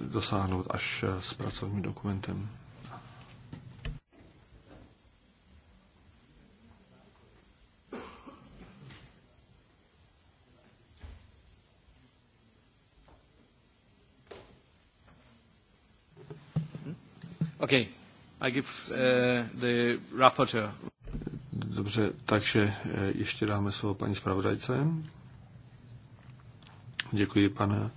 dosáhnout až s pracovním dokumentem. Okay. I give uh, the rapporteur. Dobře, takže eh, ještě dáme slovo paní zpravodajce. Děkuji, pane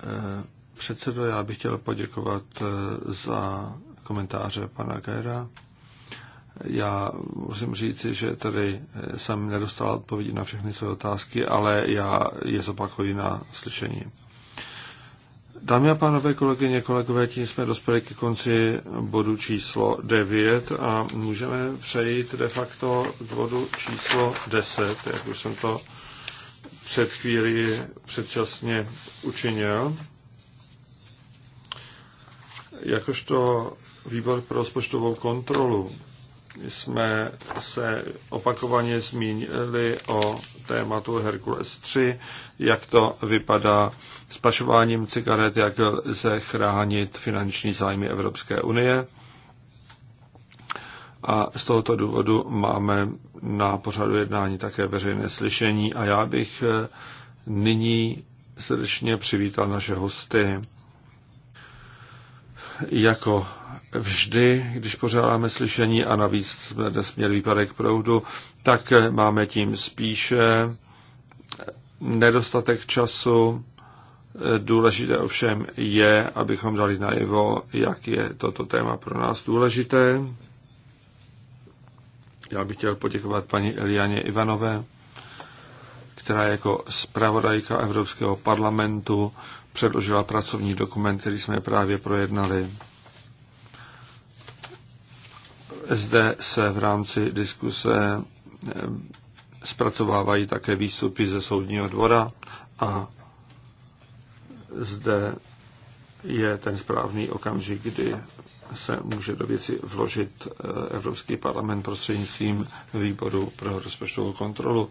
eh, předsedo. Já bych chtěl poděkovat eh, za komentáře pana Gajera. Já musím říci, že tady jsem nedostal odpovědi na všechny své otázky, ale já je zopakuji na slyšení. Dámy a pánové, kolegyně, kolegové, tím jsme dospěli ke konci bodu číslo 9 a můžeme přejít de facto k bodu číslo 10, jak už jsem to před chvíli předčasně učinil. Jakožto výbor pro rozpočtovou kontrolu jsme se opakovaně zmínili o tématu Herkules 3, jak to vypadá s pašováním cigaret, jak lze chránit finanční zájmy Evropské unie. A z tohoto důvodu máme na pořadu jednání také veřejné slyšení a já bych eh, nyní srdečně přivítal naše hosty. Jako vždy, když pořádáme slyšení a navíc jsme dnes měli výpadek proudu, tak máme tím spíše nedostatek času. Důležité ovšem je, abychom dali najevo, jak je toto téma pro nás důležité. Já bych chtěl poděkovat paní Elianě Ivanové, která jako zpravodajka Evropského parlamentu předložila pracovní dokument, který jsme právě projednali. Zde se v rámci diskuse eh, zpracovávají také výstupy ze soudního dvora a zde je ten správný okamžik, kdy se může do věci vložit eh, Evropský parlament prostřednictvím výboru pro rozpočtovou kontrolu.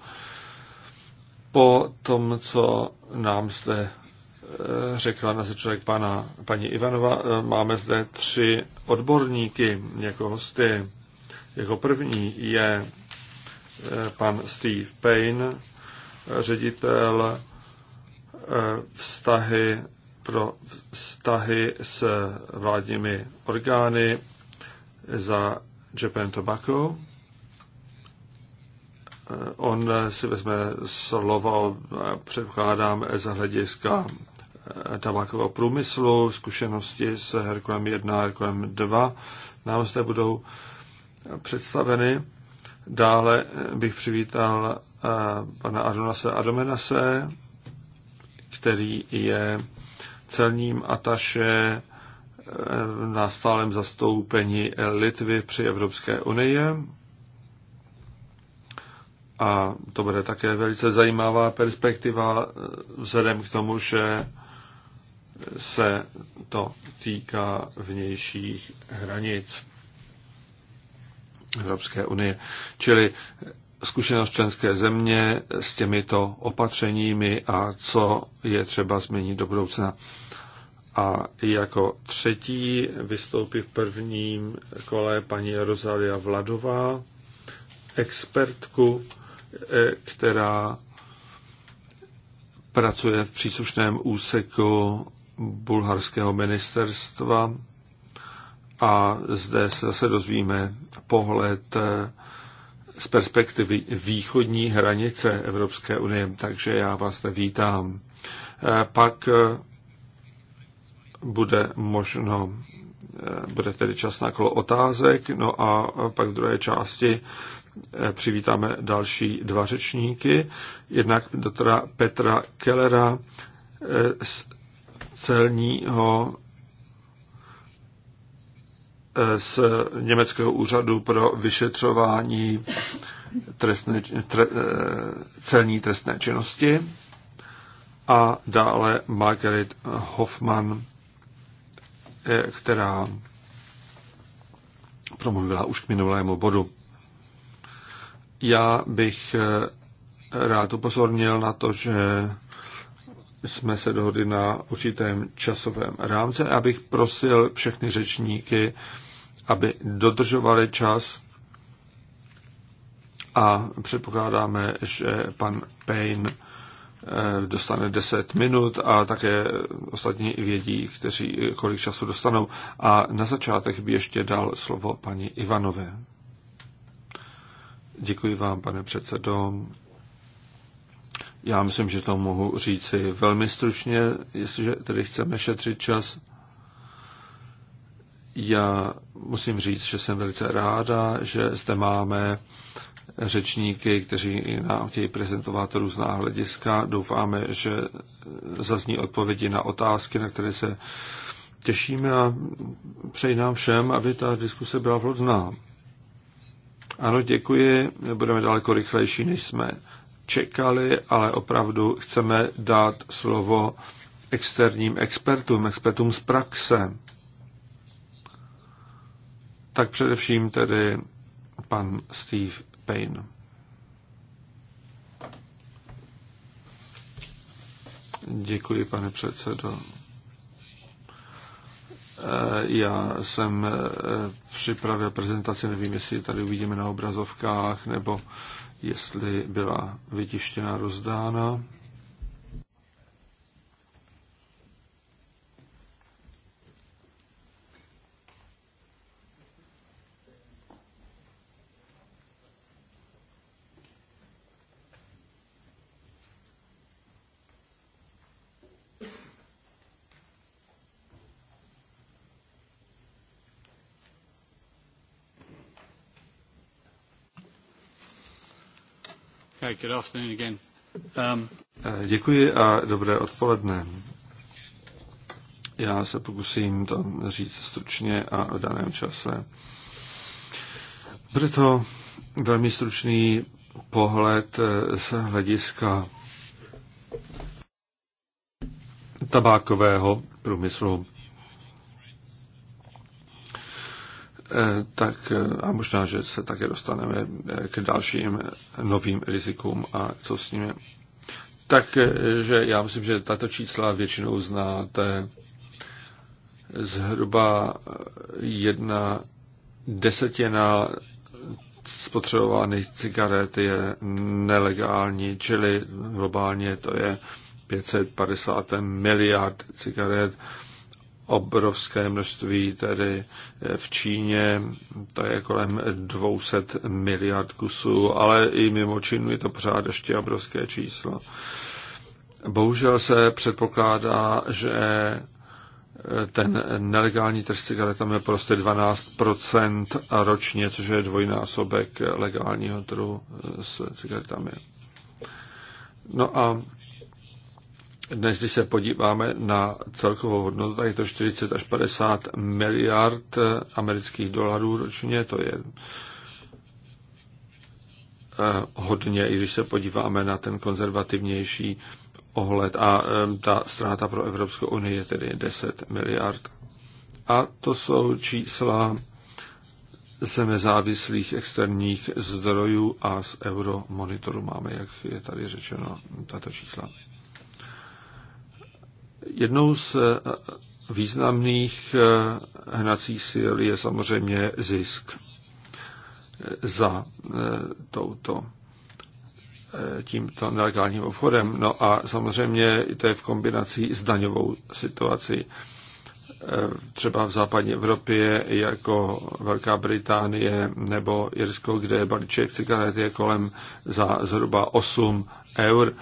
Po tom, co nám zde Eh, řekla na začátek pana, paní Ivanova, eh, máme zde tři odborníky jako hosty. Jako první je eh, pan Steve Payne, ředitel vztahy pro vztahy s vládními orgány za Japan Tobacco. On si vezme slovo, předkládám, z hlediska tabákového průmyslu, zkušenosti s Herkulem 1 a Herkulem 2 nám zde budou představeny. Dále bych přivítal eh, pana Arnase Adomenase, který je celním ataše eh, na stálem zastoupení Litvy při Evropské unii. A to bude také velice zajímavá perspektiva eh, vzhledem k tomu, že se to týká vnějších hranic Evropské unie. Čili zkušenost členské země s těmito opatřeními a co je třeba změnit do budoucna. A jako třetí vystoupí v prvním kole paní Rozalia Vladová, expertku, e, která pracuje v příslušném úseku bulharského ministerstva a zde se zase dozvíme pohled eh, z perspektivy východní hranice Evropské unie, takže já vás zde vítám. Eh, pak eh, bude možno, bude tedy čas na kolo otázek, no a pak v druhé části přivítáme další dva řečníky, jednak doktora Petra Kellera z celního eh, z Německého úřadu pro vyšetřování trestné, tre, eh, celní trestné činnosti a dále Margaret Hoffman, eh, která promluvila už k minulému bodu. Já bych rád upozornil na to, že jsme se dohodli na určitém časovém rámce. bych prosil všechny řečníky, aby dodržovali čas a předpokládáme, že pan Payne eh, dostane 10 minut a také ostatní vědí, kteří kolik času dostanou. A na začátek by ještě dal slovo paní Ivanové. Děkuji vám, pane předsedo. Já myslím, že to mohu říci velmi stručně, jestliže tedy chceme šetřit čas. Já musím říct, že jsem velice ráda, že zde máme řečníky, kteří nám chtějí prezentovat různá hlediska. Doufáme, že zazní odpovědi na otázky, na které se těšíme a přeji nám všem, aby ta diskuse byla vhodná. Ano, děkuji. Budeme daleko rychlejší, než jsme čekali, ale opravdu chceme dát slovo externím expertům, expertům z praxe. Tak především tedy pan Steve Payne. Děkuji, pane předsedo. Eh, já jsem eh, připravil prezentaci, nevím, jestli tady uvidíme na obrazovkách, nebo jestli byla vytištěna rozdána. good afternoon again. Um... Eh, děkuji a dobré odpoledne. Já se pokusím to říct stručně a v daném čase. Bude to velmi stručný pohled eh, z hlediska tabákového průmyslu. Eh, tak eh, a možná, že se také dostaneme eh, k dalším novým rizikům a co s nimi. Takže já myslím, že tato čísla většinou znáte zhruba jedna desetina spotřebovaných cigaret je nelegální, čili globálně to je 550 miliard cigaret obrovské množství tedy v Číně, to je kolem 200 miliard kusů, ale i mimo Čínu je to pořád ještě obrovské číslo. Bohužel se předpokládá, že ten nelegální trh s cigaretami prostě 12% ročně, což je dvojnásobek legálního trhu s cigaretami. No a dnes, když se podíváme na celkovou hodnotu, tak je to 40 až 50 miliard amerických dolarů ročně, to je eh, hodně, i když se podíváme na ten konzervativnější ohled. A eh, ta ztráta pro Evropskou unii je tedy 10 miliard. A to jsou čísla ze nezávislých externích zdrojů a z Euromonitoru máme, jak je tady řečeno, tato čísla. Jednou z eh, významných eh, hnacích sil je samozřejmě zisk eh, za touto tímto nelegálním obchodem. No a samozřejmě to je v kombinaci s daňovou situací. Třeba v západní Evropě jako Velká Británie nebo Irsko, kde balíček cigaret je kolem za zhruba 8 eur,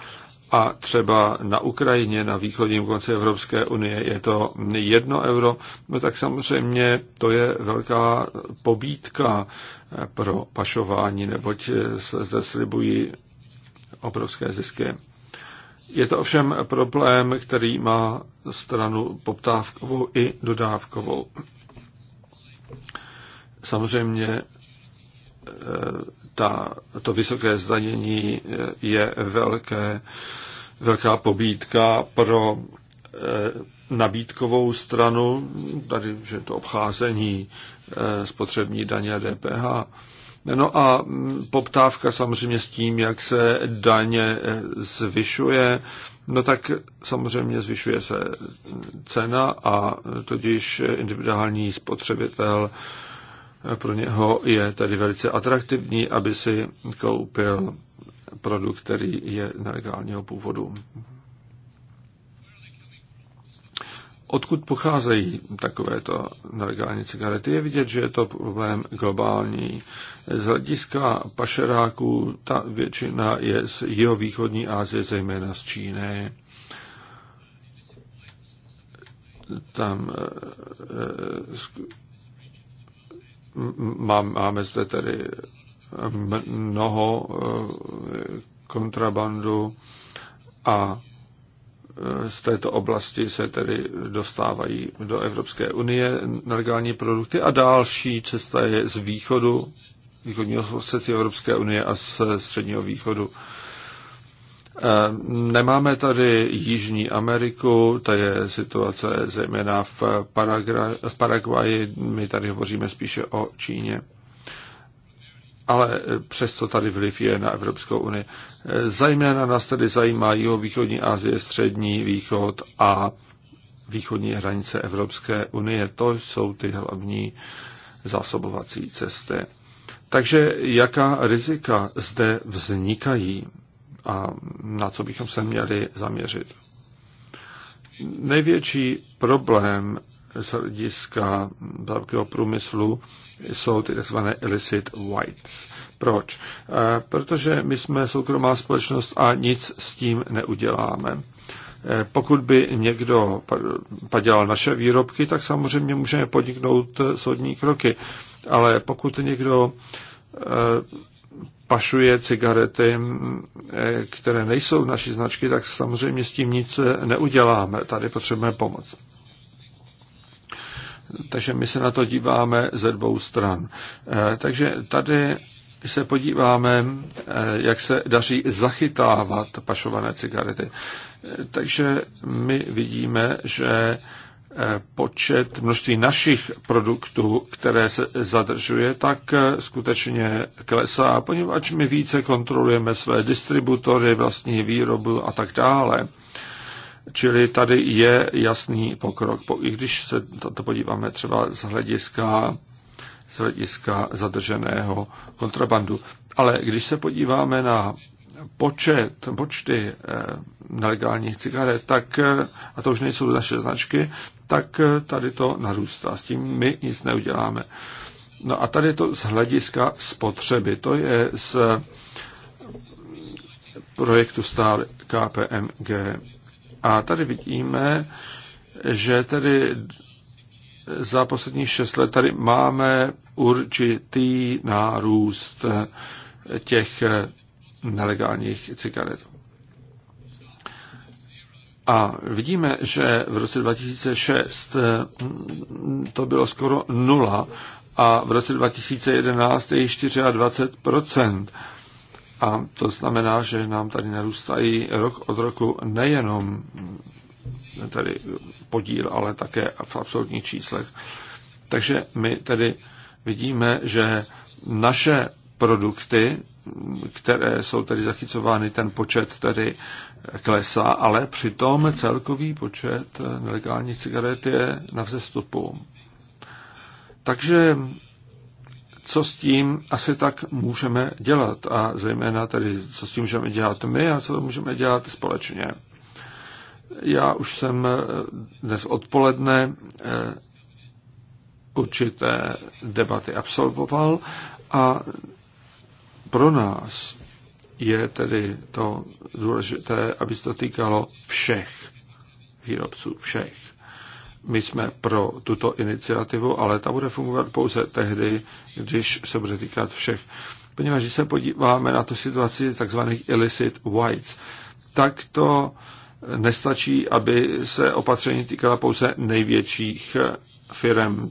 a třeba na Ukrajině, na východním konci Evropské unie, je to jedno euro, no tak samozřejmě to je velká pobídka pro pašování, neboť se zde slibují obrovské zisky. Je to ovšem problém, který má stranu poptávkovou i dodávkovou. Samozřejmě ta, to vysoké zdanění je velké, velká pobídka pro e, nabídkovou stranu, tady, že to obcházení e, spotřební daně a DPH. No a mm, poptávka samozřejmě s tím, jak se daně eh, zvyšuje, no tak samozřejmě zvyšuje se cena a tudíž individuální spotřebitel e, pro něho je tedy velice atraktivní, aby si koupil produkt, který je nelegálního původu. Odkud pocházejí takovéto nelegální cigarety? Je vidět, že je to problém globální. Z hlediska pašeráků ta většina je z jihovýchodní Asie, zejména z Číny. Tam eh, eh, Máme zde tedy mnoho eh, kontrabandu a eh, z této oblasti se tedy dostávají do Evropské unie nelegální produkty a další cesta je z východu, východního sousedství Evropské unie a z středního východu. Nemáme tady Jižní Ameriku, to je situace zejména v, Paragra- v Paraguaji, my tady hovoříme spíše o Číně. Ale přesto tady vliv je na Evropskou unii. Zajména nás tedy zajímá jeho východní Asie, střední východ a východní hranice Evropské unie. To jsou ty hlavní zásobovací cesty. Takže jaká rizika zde vznikají? a na co bychom se měli zaměřit. Největší problém z hlediska velkého průmyslu jsou ty tzv. illicit whites. Proč? E, protože my jsme soukromá společnost a nic s tím neuděláme. E, pokud by někdo padělal naše výrobky, tak samozřejmě můžeme podniknout soudní kroky. Ale pokud někdo e, pašuje cigarety, e, které nejsou v naší značky, tak samozřejmě s tím nic e, neuděláme. Tady potřebujeme pomoc. Takže my se na to díváme ze dvou stran. E, takže tady se podíváme, jak se daří zachytávat pašované cigarety. Takže my vidíme, že Eh, počet, množství našich produktů, které se zadržuje, tak eh, skutečně klesá, poněvadž my více kontrolujeme své distributory, vlastní výrobu a tak dále. Čili tady je jasný pokrok. I když se to, to podíváme třeba z hlediska, z hlediska zadrženého kontrabandu. Ale když se podíváme na počet, počty eh, nelegálních cigaret, tak, eh, a to už nejsou naše značky, tak eh, tady to narůstá. S tím my nic neuděláme. No a tady to z hlediska spotřeby. To je z projektu stále KPMG. A tady vidíme, že tedy za posledních šest let tady máme určitý nárůst těch nelegálních cigaret. A vidíme, že v roce 2006 mm, to bylo skoro nula a v roce 2011 je 24%. A to znamená, že nám tady narůstají rok od roku nejenom tady podíl, ale také v absolutních číslech. Takže my tady vidíme, že naše produkty které jsou tedy zachycovány, ten počet tedy klesá, ale přitom celkový počet nelegálních cigaret je na vzestupu. Takže co s tím asi tak můžeme dělat a zejména tedy, co s tím můžeme dělat my a co můžeme dělat společně. Já už jsem dnes odpoledne eh, určité debaty absolvoval a pro nás je tedy to důležité, aby se to týkalo všech výrobců, všech. My jsme pro tuto iniciativu, ale ta bude fungovat pouze tehdy, když se bude týkat všech. Poněvadž, když se podíváme na tu situaci tzv. illicit whites, tak to nestačí, aby se opatření týkala pouze největších firm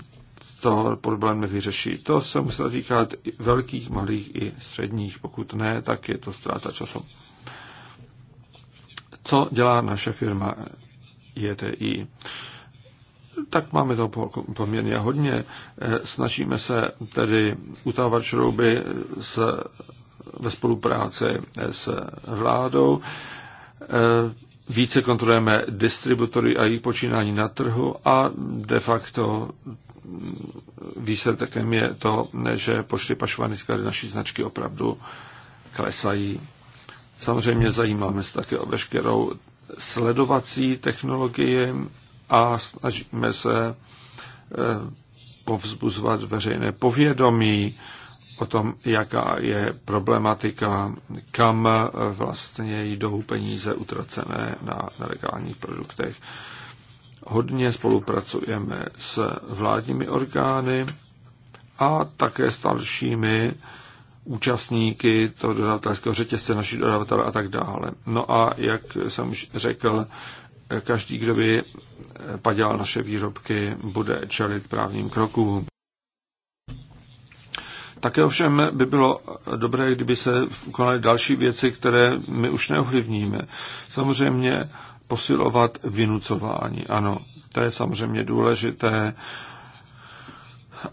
to problém nevyřeší. To se musí týkat velkých, malých i středních. Pokud ne, tak je to ztráta času. Co dělá naše firma JTI? Tak máme to poměrně hodně. Eh, snažíme se tedy utávat šrouby s, ve spolupráci s vládou. Eh, více kontrolujeme distributory a jejich počínání na trhu a de facto výsledkem je to, že pošty pašované sklady naší značky opravdu klesají. Samozřejmě zajímáme se také o veškerou sledovací technologii a snažíme se eh, povzbuzovat veřejné povědomí o tom, jaká je problematika, kam eh, vlastně jdou peníze utracené na nelegálních produktech hodně spolupracujeme s vládními orgány a také s dalšími účastníky toho dodavatelského řetězce, naši dodavatele a tak dále. No a jak jsem už řekl, každý, kdo by padělal naše výrobky, bude čelit právním krokům. Také ovšem by bylo dobré, kdyby se konaly další věci, které my už neovlivníme. Samozřejmě posilovat vynucování. Ano, to je samozřejmě důležité,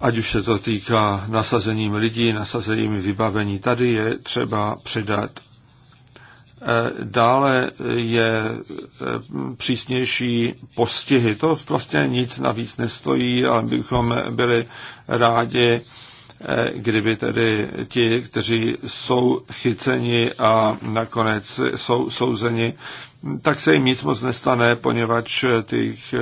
ať už se to týká nasazením lidí, nasazením vybavení. Tady je třeba přidat. E, dále je e, přísnější postihy. To vlastně nic navíc nestojí, ale bychom byli rádi, e, kdyby tedy ti, kteří jsou chyceni a nakonec jsou souzeni, tak se jim nic moc nestane, poněvadž těch,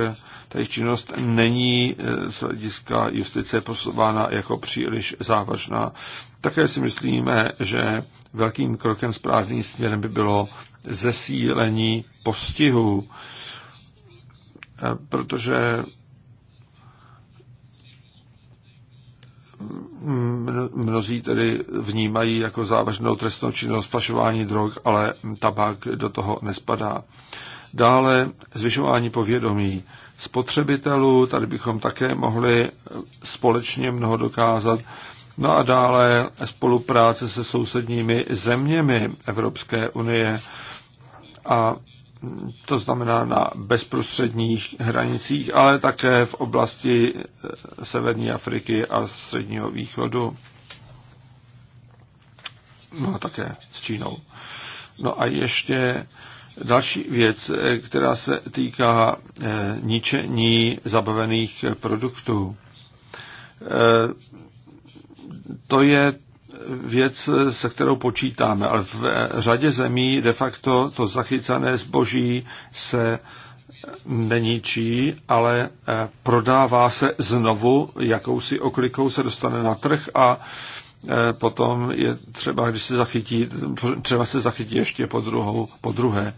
těch činnost není eh, z hlediska justice posuvána jako příliš závažná. Také si myslíme, že velkým krokem správným směrem by bylo zesílení postihu, eh, protože mnozí tedy vnímají jako závažnou trestnou činnost pašování drog, ale tabák do toho nespadá. Dále zvyšování povědomí spotřebitelů, tady bychom také mohli společně mnoho dokázat. No a dále spolupráce se sousedními zeměmi Evropské unie a to znamená na bezprostředních hranicích, ale také v oblasti eh, severní Afriky a středního východu. No a také s Čínou. No a ještě další věc, eh, která se týká eh, ničení zabavených produktů. To je věc, se kterou počítáme, ale v řadě zemí de facto to zachycené zboží se neníčí, ale eh, prodává se znovu, jakousi oklikou se dostane na trh a eh, potom je třeba, když se zachytí, třeba se zachytí ještě po, druhou, po druhé.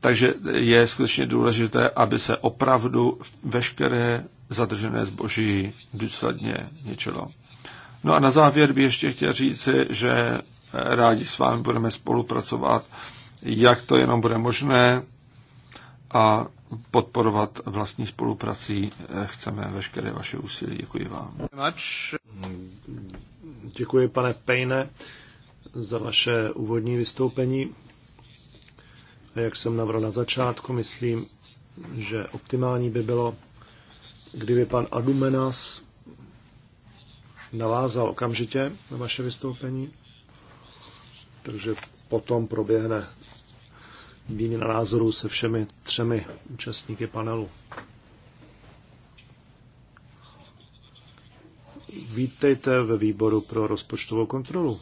Takže je skutečně důležité, aby se opravdu veškeré zadržené zboží důsledně ničilo. No a na závěr bych ještě chtěl říci, že rádi s vámi budeme spolupracovat, jak to jenom bude možné a podporovat vlastní spoluprací eh, chceme veškeré vaše úsilí. Děkuji vám. Děkuji, pane Pejne, za vaše úvodní vystoupení. A jak jsem navrhl na začátku, myslím, že optimální by bylo, kdyby pan Adumenas navázal okamžitě na vaše vystoupení, takže potom proběhne výměna názorů se všemi třemi účastníky panelu. Vítejte ve výboru pro rozpočtovou kontrolu.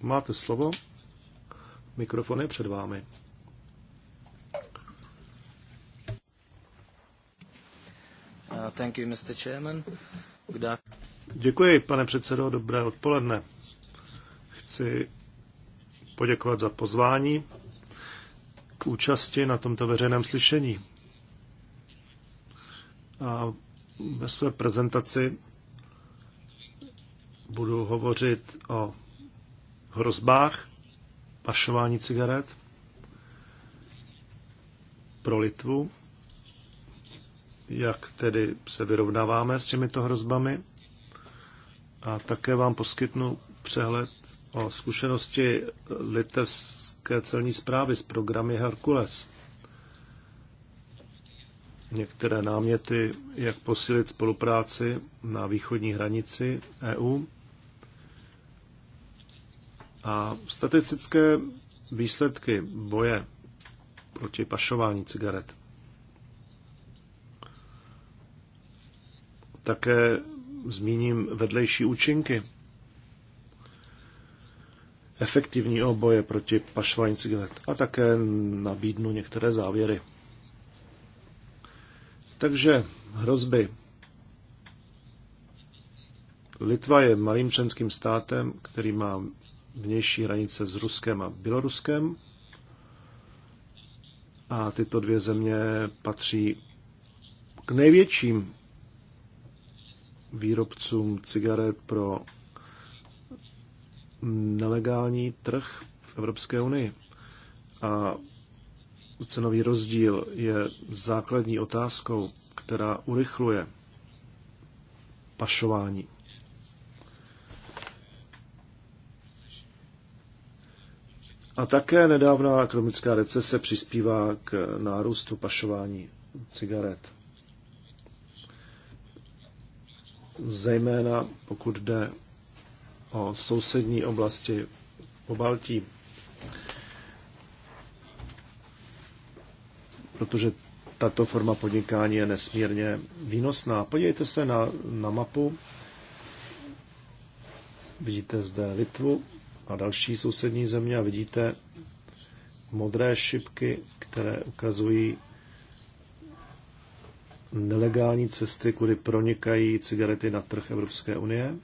Máte slovo. Mikrofon je před vámi. Uh, thank you, Mr. Chairman. Good afternoon. Děkuji, pane předsedo, dobré odpoledne. Chci poděkovat za pozvání k účasti na tomto veřejném slyšení. A ve své prezentaci budu hovořit o hrozbách pašování cigaret pro Litvu, jak tedy se vyrovnáváme s těmito hrozbami a také vám poskytnu přehled o zkušenosti litevské celní zprávy z programy Herkules. Některé náměty, jak posílit spolupráci na východní hranici EU. A statistické výsledky boje proti pašování cigaret. Také zmíním vedlejší účinky. Efektivní oboje proti pašování cigaret a také nabídnu některé závěry. Takže hrozby. Litva je malým členským státem, který má vnější hranice s Ruskem a Běloruskem. A tyto dvě země patří k největším výrobcům cigaret pro nelegální trh v Evropské unii. A cenový rozdíl je základní otázkou, která urychluje pašování. A také nedávná ekonomická recese přispívá k nárůstu pašování cigaret. zejména pokud jde o sousední oblasti po Baltí, protože tato forma podnikání je nesmírně výnosná. Podívejte se na, na mapu. Vidíte zde Litvu a další sousední země a vidíte modré šipky, které ukazují nelegální cesty, kudy pronikají cigarety na trh Evropské unie.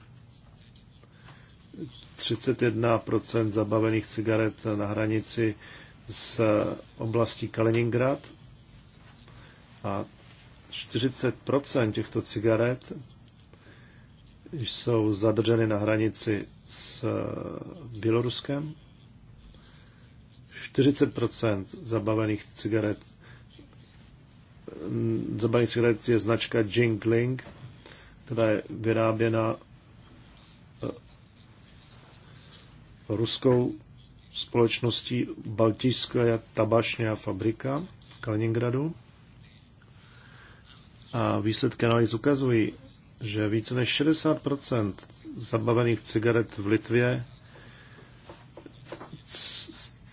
31% zabavených cigaret na hranici z oblasti Kaliningrad a 40% těchto cigaret jsou zadrženy na hranici s Běloruskem. 40% zabavených cigaret Ehm, za cigaret je značka Jingling, která je vyráběna eh, ruskou společností Baltijská tabašná fabrika v Kaliningradu. A výsledky analýz ukazují, že více než 60 zabavených cigaret v Litvě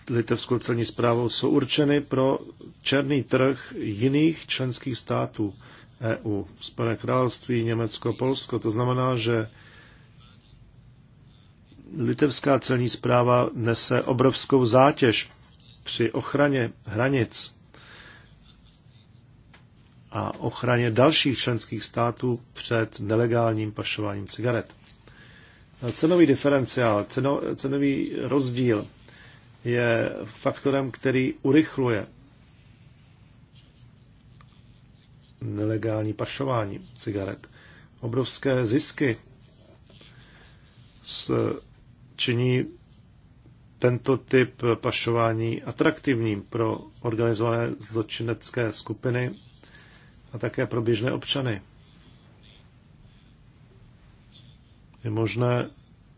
litevskou celní zprávou jsou určeny pro černý trh jiných členských států EU. Spojené království, Německo, Polsko. To znamená, že litevská celní zpráva nese obrovskou zátěž při ochraně hranic a ochraně dalších členských států před nelegálním pašováním cigaret. Cenový diferenciál, cenový rozdíl je faktorem, který urychluje nelegální pašování cigaret. Obrovské zisky činí tento typ pašování atraktivním pro organizované zločinecké skupiny a také pro běžné občany. Je možné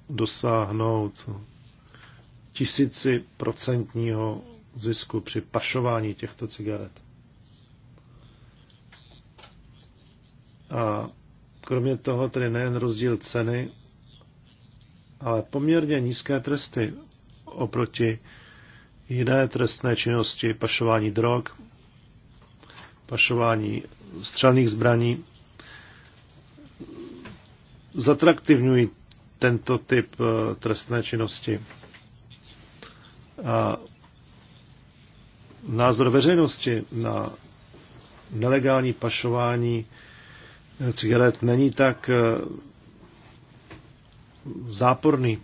dosáhnout tisíci procentního zisku při pašování těchto cigaret. A kromě toho tedy nejen rozdíl ceny, ale poměrně nízké tresty oproti jiné trestné činnosti, pašování drog, pašování střelných zbraní, zatraktivňují tento typ eh, trestné činnosti. A názor veřejnosti na nelegální pašování eh, cigaret není tak eh, záporný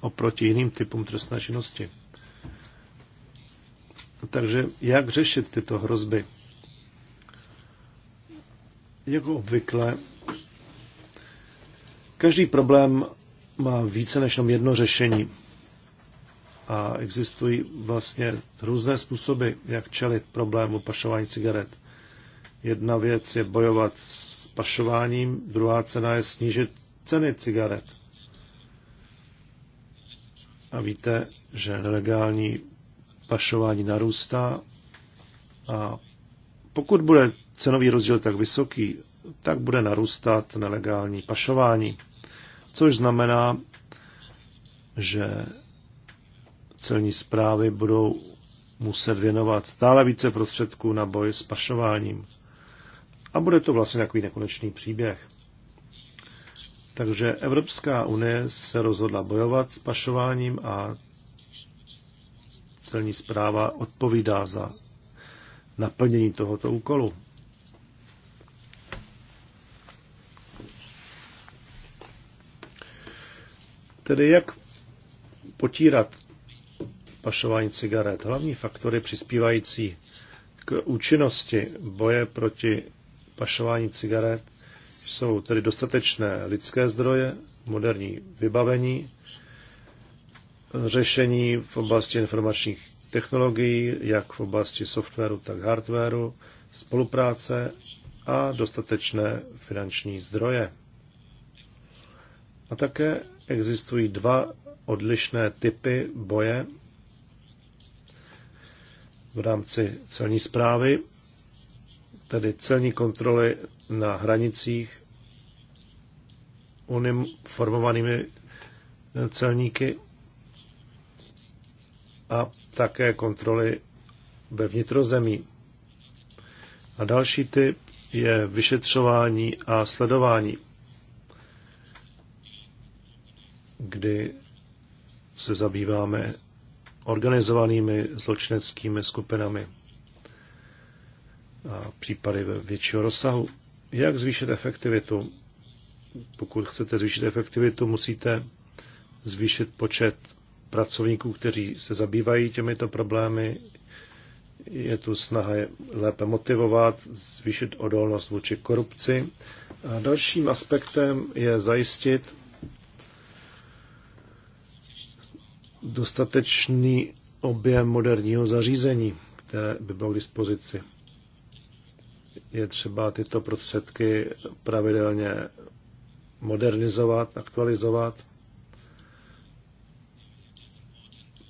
oproti jiným typům trestné činnosti. Takže jak řešit tyto hrozby? Jako obvykle, každý problém má více než jenom jedno řešení a existují vlastně různé způsoby, jak čelit problému pašování cigaret. Jedna věc je bojovat s pašováním, druhá cena je snížit ceny cigaret. A víte, že nelegální pašování narůstá a pokud bude cenový rozdíl tak vysoký, tak bude narůstat nelegální pašování. Což znamená, že celní zprávy budou muset věnovat stále více prostředků na boj s pašováním. A bude to vlastně takový nekonečný příběh. Takže Evropská unie se rozhodla bojovat s pašováním a celní zpráva odpovídá za naplnění tohoto úkolu. Tedy jak potírat pašování cigaret. Hlavní faktory přispívající k účinnosti boje proti pašování cigaret jsou tedy dostatečné lidské zdroje, moderní vybavení, řešení v oblasti informačních technologií, jak v oblasti softwaru, tak hardwaru, spolupráce a dostatečné finanční zdroje. A také existují dva odlišné typy boje v rámci celní zprávy, tedy celní kontroly na hranicích uniformovanými eh, celníky a také kontroly ve vnitrozemí. A další typ je vyšetřování a sledování, kdy se zabýváme organizovanými zločineckými skupinami a případy ve většího rozsahu. Jak zvýšit efektivitu? Pokud chcete zvýšit efektivitu, musíte zvýšit počet pracovníků, kteří se zabývají těmito problémy. Je tu snaha je lépe motivovat, zvýšit odolnost vůči korupci. A dalším aspektem je zajistit, dostatečný objem moderního zařízení, které by bylo k dispozici. Je třeba tyto prostředky pravidelně modernizovat, aktualizovat.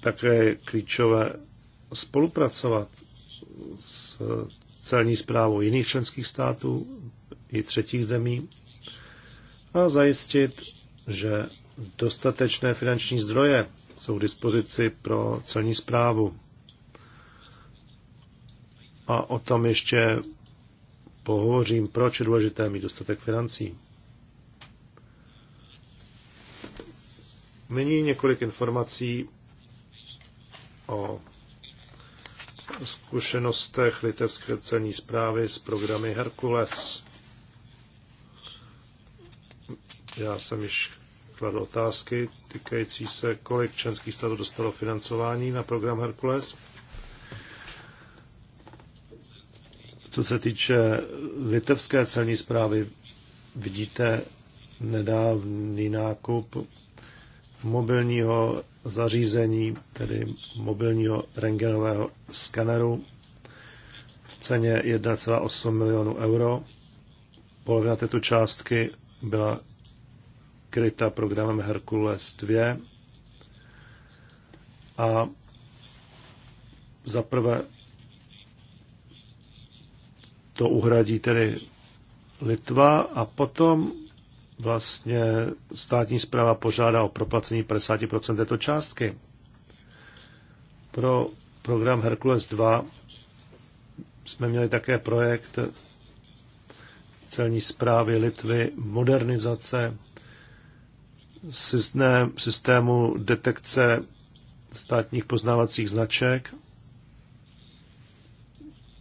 Také je klíčové spolupracovat s celní zprávou jiných členských států i třetích zemí a zajistit, že dostatečné finanční zdroje jsou k dispozici pro celní zprávu. A o tom ještě pohovořím, proč je důležité mít dostatek financí. Nyní několik informací o zkušenostech litevské celní zprávy z programy Herkules. Já jsem již kladl otázky týkající se, kolik členských států dostalo financování na program Herkules. Co se týče litevské celní zprávy, vidíte nedávný nákup mobilního zařízení, tedy mobilního rengenového skaneru v ceně 1,8 milionu euro. Polovina této částky byla kryta programem Hercules 2. A zaprvé to uhradí tedy Litva a potom vlastně státní zpráva požádá o proplacení 50% této částky. Pro program Hercules 2 jsme měli také projekt celní zprávy Litvy modernizace systém, systému detekce státních poznávacích značek,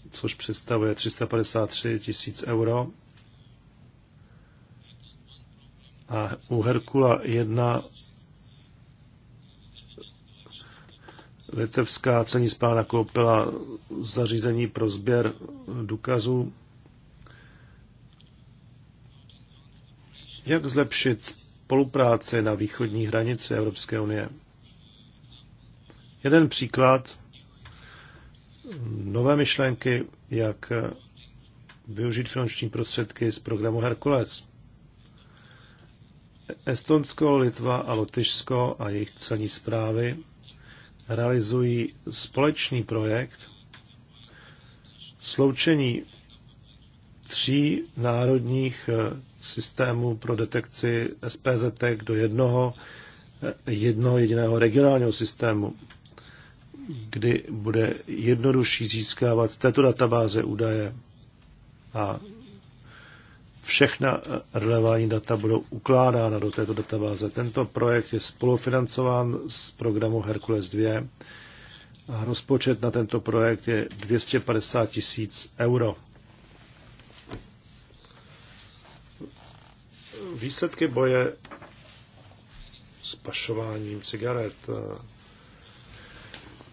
což představuje 353 tisíc euro. A u Herkula 1 litevská cení spána koupila zařízení pro sběr důkazů. Jak zlepšit spolupráce na východní hranici Evropské unie. Jeden příklad nové myšlenky, jak využít finanční prostředky z programu Herkules. Estonsko, Litva a Lotyšsko a jejich celní zprávy realizují společný projekt sloučení tří národních eh, systémů pro detekci SPZT do jednoho, eh, jednoho jediného regionálního systému, kdy bude jednodušší získávat z této databáze údaje a všechna eh, relevantní data budou ukládána do této databáze. Tento projekt je spolufinancován z programu Hercules 2 a rozpočet na tento projekt je 250 tisíc euro. výsledky boje s pašováním cigaret.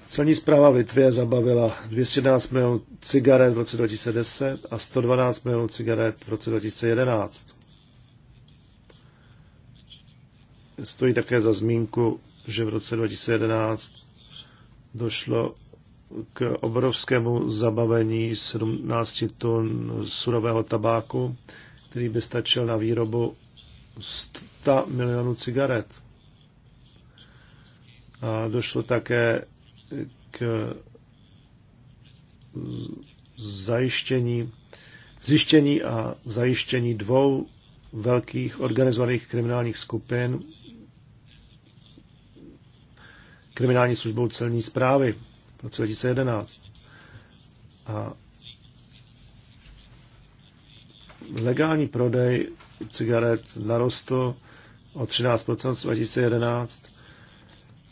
Celní zpráva v Litvě zabavila 211 milionů cigaret v roce 2010 a 112 milionů cigaret v roce 2011. Stojí také za zmínku, že v roce 2011 došlo k obrovskému zabavení 17 tun surového tabáku, který by stačil na výrobu 100 milionů cigaret. A došlo také k zajištění, zjištění a zajištění dvou velkých organizovaných kriminálních skupin kriminální službou celní zprávy v roce 2011. A legální prodej cigaret narostl o 13% v 2011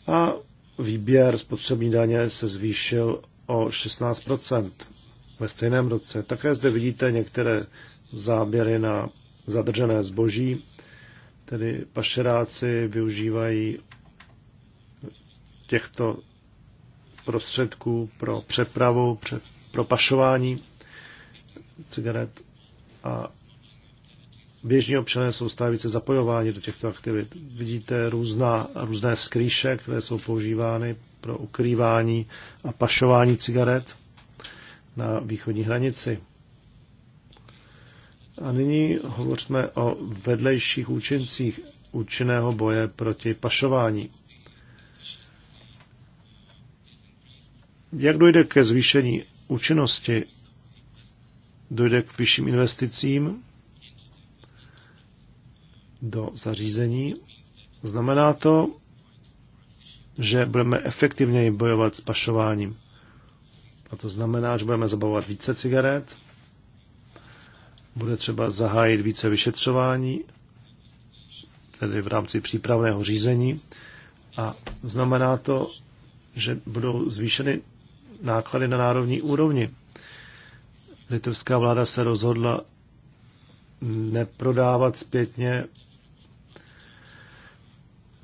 a výběr spotřební daně se zvýšil o 16% ve stejném roce. Také zde vidíte některé záběry na zadržené zboží, tedy pašeráci využívají těchto prostředků pro přepravu, pro pašování cigaret a běžní občané jsou stále více zapojováni do těchto aktivit. Vidíte různá, různé skrýše, které jsou používány pro ukrývání a pašování cigaret na východní hranici. A nyní hovoříme o vedlejších účincích účinného boje proti pašování. Jak dojde ke zvýšení účinnosti? Dojde k vyšším investicím do zařízení. Znamená to, že budeme efektivněji bojovat s pašováním. A to znamená, že budeme zabavovat více cigaret, bude třeba zahájit více vyšetřování, tedy v rámci přípravného řízení. A znamená to, že budou zvýšeny náklady na národní úrovni. Litevská vláda se rozhodla neprodávat zpětně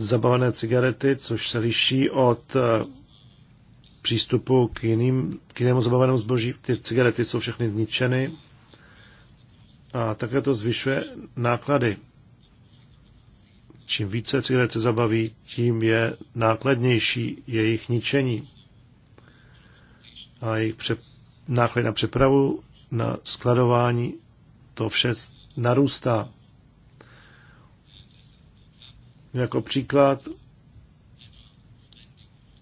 zabavené cigarety, což se liší od eh, přístupu k, jiným, k jinému zabavenému zboží. Ty cigarety jsou všechny zničeny a také to zvyšuje náklady. Čím více cigaret se zabaví, tím je nákladnější jejich ničení a jejich pře- náklady na přepravu, na skladování, to vše narůstá. Jako příklad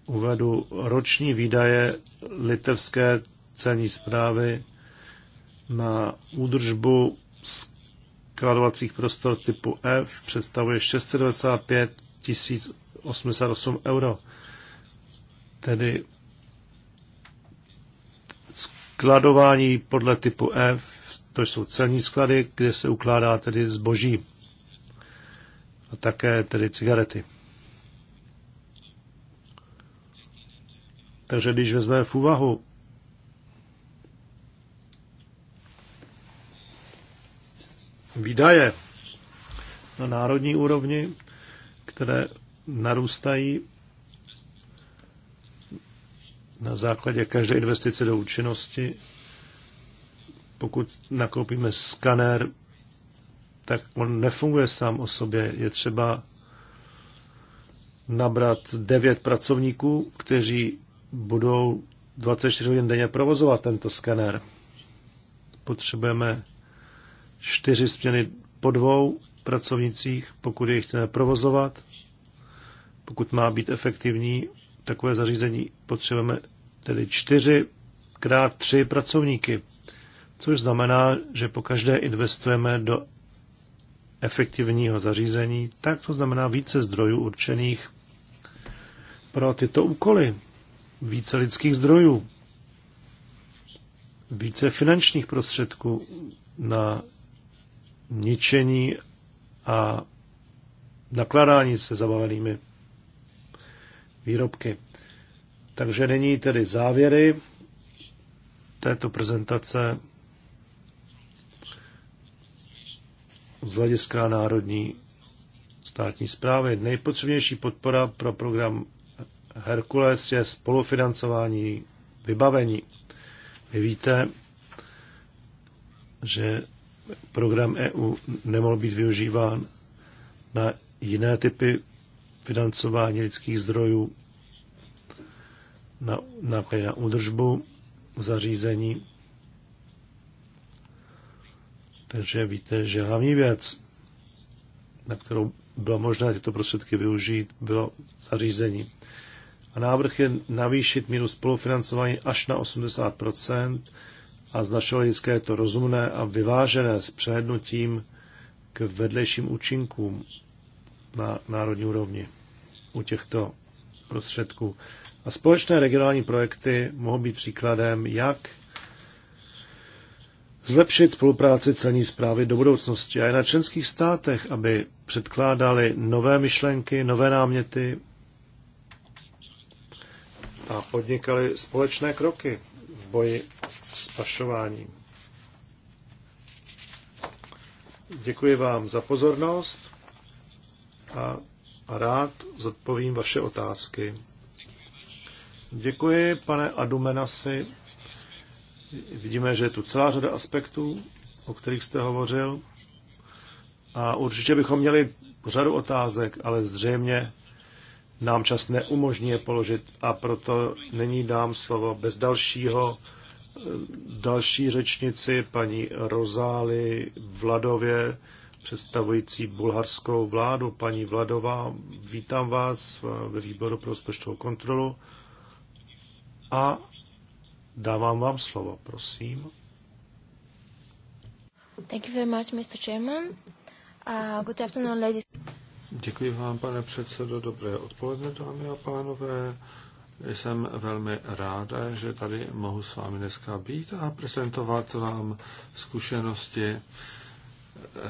uvedu roční výdaje litevské celní zprávy na údržbu skladovacích prostor typu F představuje 695 088 euro. Tedy skladování podle typu F, to jsou celní sklady, kde se ukládá tedy zboží a také tedy cigarety. Takže když vezmeme v úvahu výdaje na národní úrovni, které narůstají na základě každé investice do účinnosti. Pokud nakoupíme skanér tak on nefunguje sám o sobě. Je třeba nabrat devět pracovníků, kteří budou 24 hodin denně provozovat tento skener. Potřebujeme čtyři směny po dvou pracovnicích, pokud je chceme provozovat. Pokud má být efektivní takové zařízení, potřebujeme tedy čtyři krát tři pracovníky, což znamená, že po každé investujeme do efektivního zařízení, tak to znamená více zdrojů určených pro tyto úkoly, více lidských zdrojů, více finančních prostředků na ničení a nakládání se zabavenými výrobky. Takže není tedy závěry této prezentace z hlediska národní státní zprávy. Nejpotřebnější podpora pro program Herkules je spolufinancování vybavení. Vy víte, že program EU nemohl být využíván na jiné typy financování lidských zdrojů, na náklady na údržbu zařízení takže víte, že hlavní věc, na kterou bylo možné tyto prostředky využít, bylo zařízení. A návrh je navýšit míru spolufinancování až na 80 a z našeho hlediska je to rozumné a vyvážené s přehlednutím k vedlejším účinkům na národní úrovni u těchto prostředků. A společné regionální projekty mohou být příkladem, jak zlepšit spolupráci celní zprávy do budoucnosti a je na členských státech, aby předkládali nové myšlenky, nové náměty a podnikali společné kroky v boji s pašováním. Děkuji vám za pozornost a rád zodpovím vaše otázky. Děkuji, pane Adumenasi. Vidíme, že je tu celá řada aspektů, o kterých jste hovořil. A určitě bychom měli řadu otázek, ale zřejmě nám čas neumožní je položit a proto není dám slovo bez dalšího další řečnici, paní Rozály Vladově, představující bulharskou vládu. Paní Vladová, vítám vás ve výboru pro rozpočtovou kontrolu a Dávám vám slovo, prosím. Thank you very much, Mr. Chairman. Uh, good afternoon, ladies. Děkuji vám, pane předsedo. Dobré odpoledne, dámy a pánové. Jsem velmi ráda, že tady mohu s vámi dneska být a prezentovat vám zkušenosti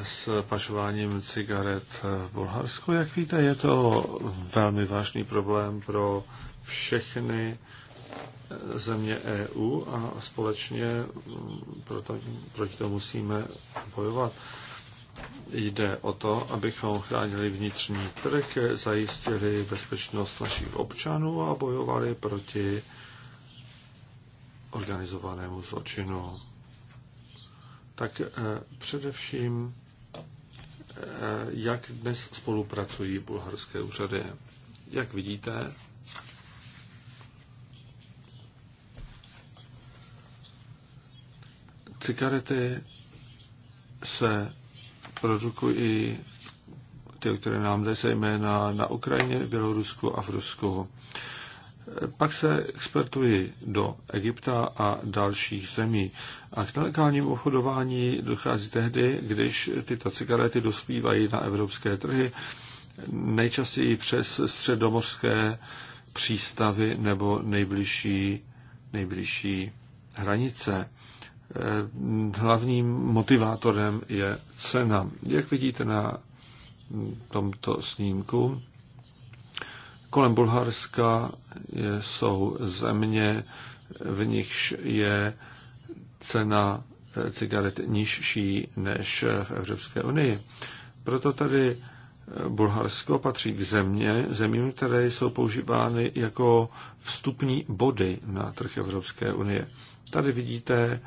s pašováním cigaret v Bulharsku. Jak víte, je to velmi vážný problém pro všechny země EU a společně mm, proto, proti tomu musíme bojovat. Jde o to, abychom chránili vnitřní trh, zajistili bezpečnost našich občanů a bojovali proti organizovanému zločinu. Tak eh, především, eh, jak dnes spolupracují bulharské úřady. Jak vidíte, cigarety se produkují ty, které nám jde zejména na Ukrajině, Bělorusku a v Rusku. Pak se expertují do Egypta a dalších zemí. A k nelegálnímu obchodování dochází tehdy, když tyto cigarety dospívají na evropské trhy, nejčastěji přes středomořské přístavy nebo nejbližší, nejbližší hranice. Eh, hlavním motivátorem je cena. Jak vidíte na tomto snímku, kolem Bulharska jsou země, v nichž je cena eh, cigaret nižší než v Evropské unii. Proto tady eh, Bulharsko patří k země, zemím, které jsou používány jako vstupní body na trh Evropské unie. Tady vidíte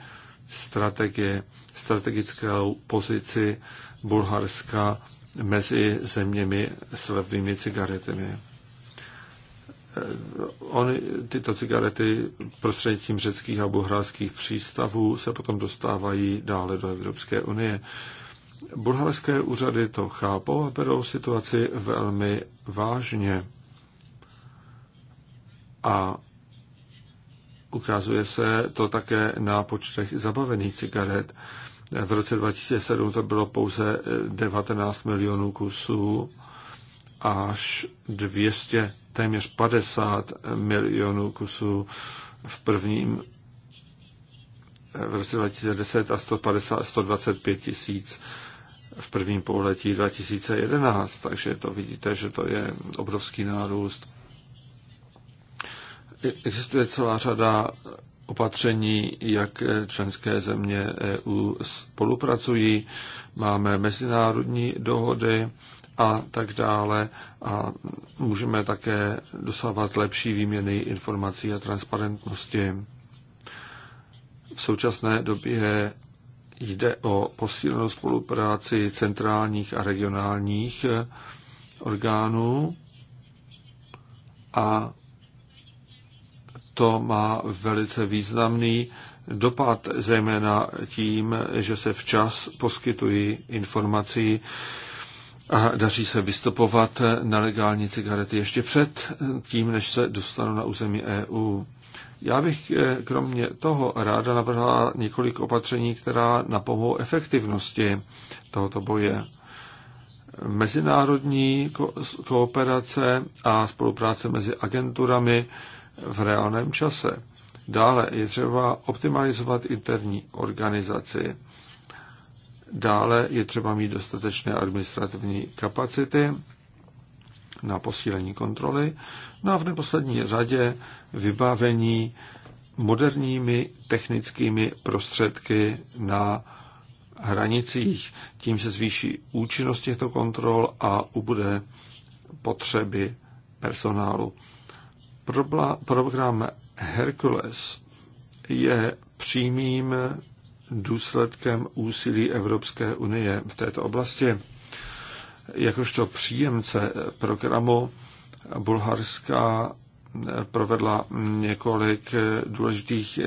strategie, strategickou pozici Bulharska mezi zeměmi s levnými cigaretami. Eh, On, tyto cigarety prostřednictvím řeckých a bulharských přístavů se potom dostávají dále do Evropské unie. Bulharské úřady to chápou a berou situaci velmi vážně. A Ukazuje se to také na počtech zabavených cigaret. V roce 2007 to bylo pouze 19 eh, milionů kusů až 200, téměř 50 milionů kusů v prvním eh, v roce 2010 a 150, 125 tisíc v prvním pouletí 2011, takže to vidíte, že to je obrovský nárůst. Existuje celá řada opatření, jak členské země EU spolupracují. Máme mezinárodní dohody a tak dále a můžeme také dosávat lepší výměny informací a transparentnosti. V současné době jde o posílenou spolupráci centrálních a regionálních orgánů a to má velice významný dopad, zejména tím, že se včas poskytují informací a daří se vystupovat na legální cigarety ještě před tím, než se dostanou na území EU. Já bych eh, kromě toho ráda navrhla několik opatření, která napomohou efektivnosti tohoto boje. Mezinárodní ko- kooperace a spolupráce mezi agenturami v reálném čase. Dále je třeba optimalizovat interní organizaci. Dále je třeba mít dostatečné administrativní kapacity na posílení kontroly. No a v neposlední řadě vybavení moderními technickými prostředky na hranicích. Tím se zvýší účinnost těchto kontrol a ubude potřeby personálu. Program Hercules je přímým důsledkem úsilí Evropské unie v této oblasti. Jakožto příjemce programu Bulharská provedla několik důležitých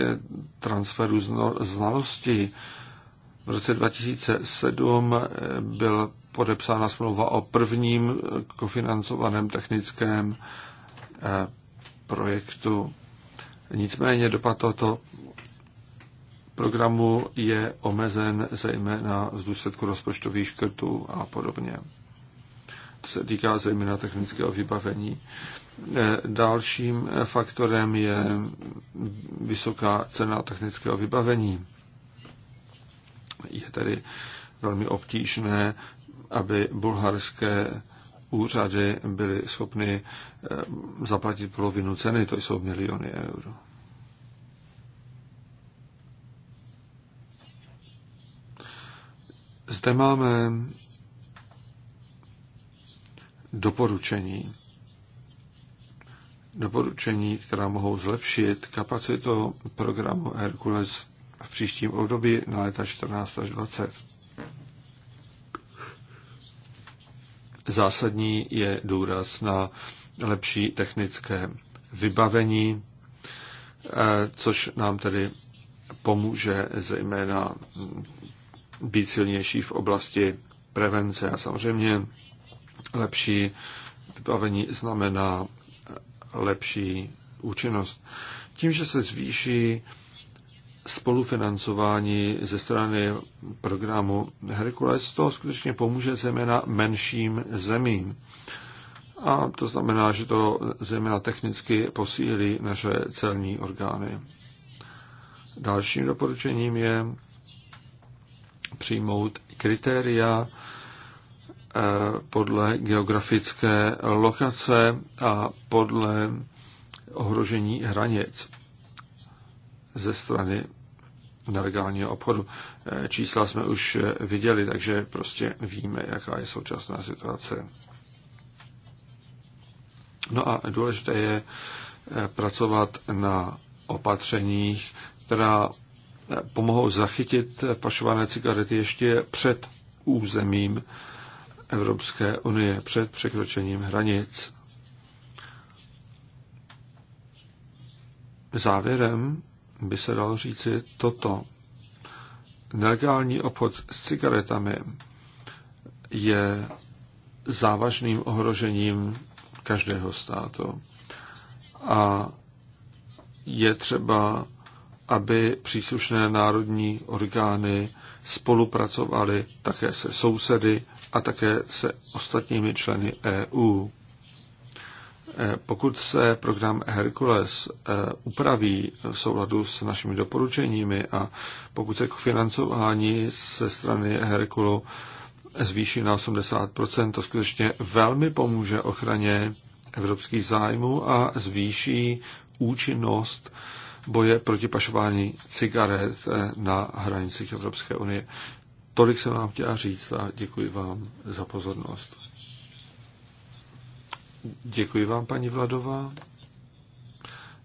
transferů znalostí. V roce 2007 byl podepsána smlouva o prvním kofinancovaném technickém projektu. Nicméně dopad tohoto programu je omezen zejména z důsledku rozpočtových škrtů a podobně. To se týká zejména technického vybavení. E, dalším faktorem je vysoká cena technického vybavení. Je tedy velmi obtížné, aby bulharské úřady byly schopny Eh, zaplatit polovinu ceny, to jsou miliony euro Zde máme doporučení. Doporučení, která mohou zlepšit kapacitu programu Hercules v příštím období na léta 14 až 20. Zásadní je důraz na lepší technické vybavení, eh, což nám tedy pomůže zejména být silnější v oblasti prevence. A samozřejmě lepší vybavení znamená lepší účinnost. Tím, že se zvýší spolufinancování ze strany programu Hercules, to skutečně pomůže zejména menším zemím. A to znamená, že to zejména technicky posílí naše celní orgány. Dalším doporučením je přijmout kritéria eh, podle geografické lokace a podle ohrožení hranic ze strany nelegálního obchodu. Eh, čísla jsme už eh, viděli, takže prostě víme, jaká je současná situace. No a důležité je eh, pracovat na opatřeních, která eh, pomohou zachytit eh, pašované cigarety ještě před územím Evropské unie, před překročením hranic. Závěrem by se dalo říci toto. Nelegální obchod s cigaretami je závažným ohrožením každého státu. A je třeba, aby příslušné národní orgány spolupracovaly také se sousedy a také se ostatními členy EU. E, pokud se program Herkules e, upraví v souladu s našimi doporučeními a pokud se k financování ze strany Herkulu zvýší na 80%, to skutečně velmi pomůže ochraně evropských zájmů a zvýší účinnost boje proti pašování cigaret eh, na hranicích Evropské unie. Tolik jsem vám chtěla říct a děkuji vám za pozornost. Děkuji vám, paní Vladová.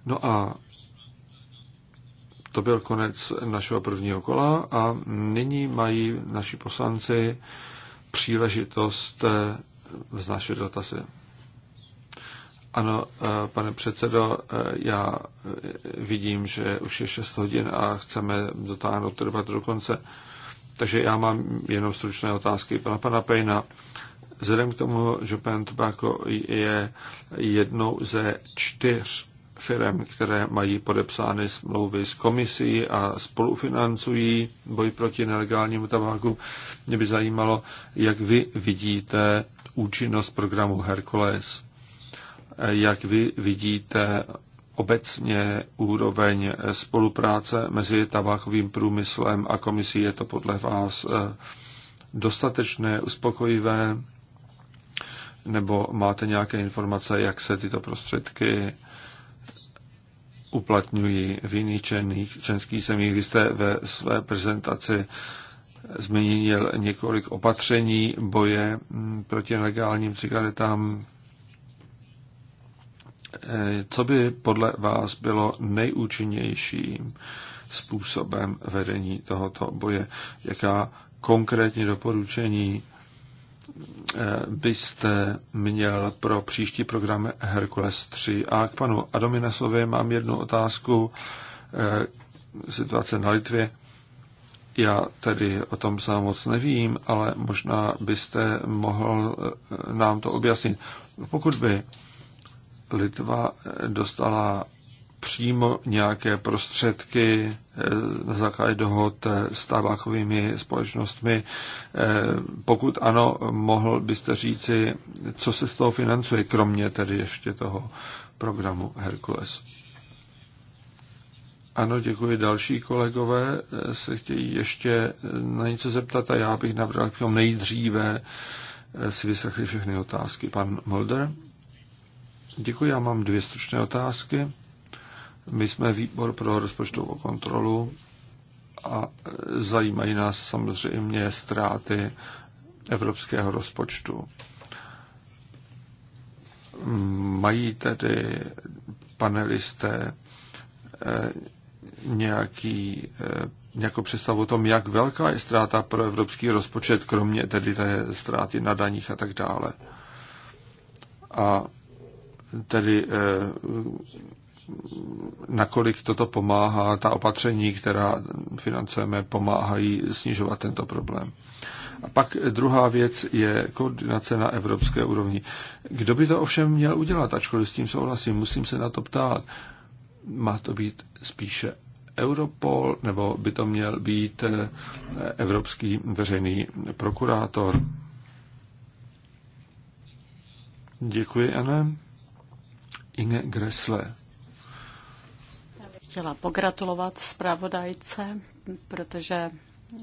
No a to byl konec našeho prvního kola a nyní mají naši poslanci příležitost eh, vznášet dotazy. Ano, eh, pane předsedo, eh, já vidím, že už je 6 hodin a chceme dotáhnout to do konce. Takže já mám jenom stručné otázky pana pana Pejna. Vzhledem k tomu, že pan Tobacco je jednou ze čtyř firm, které mají podepsány smlouvy s komisí a spolufinancují boj proti nelegálnímu tabáku. Mě by zajímalo, jak vy vidíte účinnost programu Hercules, jak vy vidíte obecně úroveň spolupráce mezi tabákovým průmyslem a komisí. Je to podle vás eh, dostatečné, uspokojivé? nebo máte nějaké informace, jak se tyto prostředky uplatňují v jiných členských zemích. Vy jste ve své prezentaci zmínil několik opatření boje hm, proti legálním cigaretám. Eh, co by podle vás bylo nejúčinnějším způsobem vedení tohoto boje? Jaká konkrétní doporučení byste měl pro příští program Herkules 3. A k panu Adominasovi mám jednu otázku. Eh, situace na Litvě. Já tedy o tom sám moc nevím, ale možná byste mohl eh, nám to objasnit. Pokud by Litva eh, dostala přímo nějaké prostředky eh, na základě dohod eh, s tabákovými společnostmi. Eh, pokud ano, mohl byste říci, co se z toho financuje, kromě tedy ještě toho programu Hercules? Ano, děkuji. Další kolegové se chtějí ještě na něco zeptat a já bych navrhl, abychom nejdříve si vyslechli všechny otázky. Pan Mulder? Děkuji, já mám dvě stručné otázky. My jsme výbor pro rozpočtovou kontrolu a zajímají nás samozřejmě ztráty evropského rozpočtu. Mají tedy panelisté eh, nějaký, eh, nějakou představu o tom, jak velká je ztráta pro evropský rozpočet, kromě tedy té ztráty na daních a tak dále. A tedy eh, nakolik toto pomáhá, ta opatření, která financujeme, pomáhají snižovat tento problém. A pak druhá věc je koordinace na evropské úrovni. Kdo by to ovšem měl udělat, ačkoliv s tím souhlasím, musím se na to ptát. Má to být spíše Europol, nebo by to měl být eh, evropský veřejný prokurátor? Děkuji, Anne. Inge Gressle chtěla pogratulovat zpravodajce, protože eh,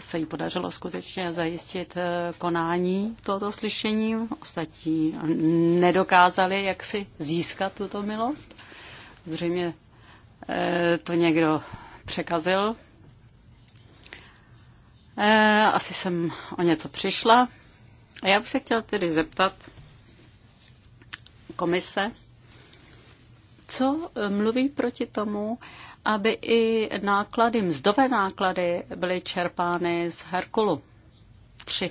se jí podařilo skutečně zajistit eh, konání tohoto slyšení. Ostatní nedokázali jak si získat tuto milost. Zřejmě eh, to někdo překazil. Asi jsem o něco přišla. A já bych se chtěla tedy zeptat komise, co e, mluví proti tomu, aby i náklady, mzdové náklady byly čerpány z Herkulu Tři.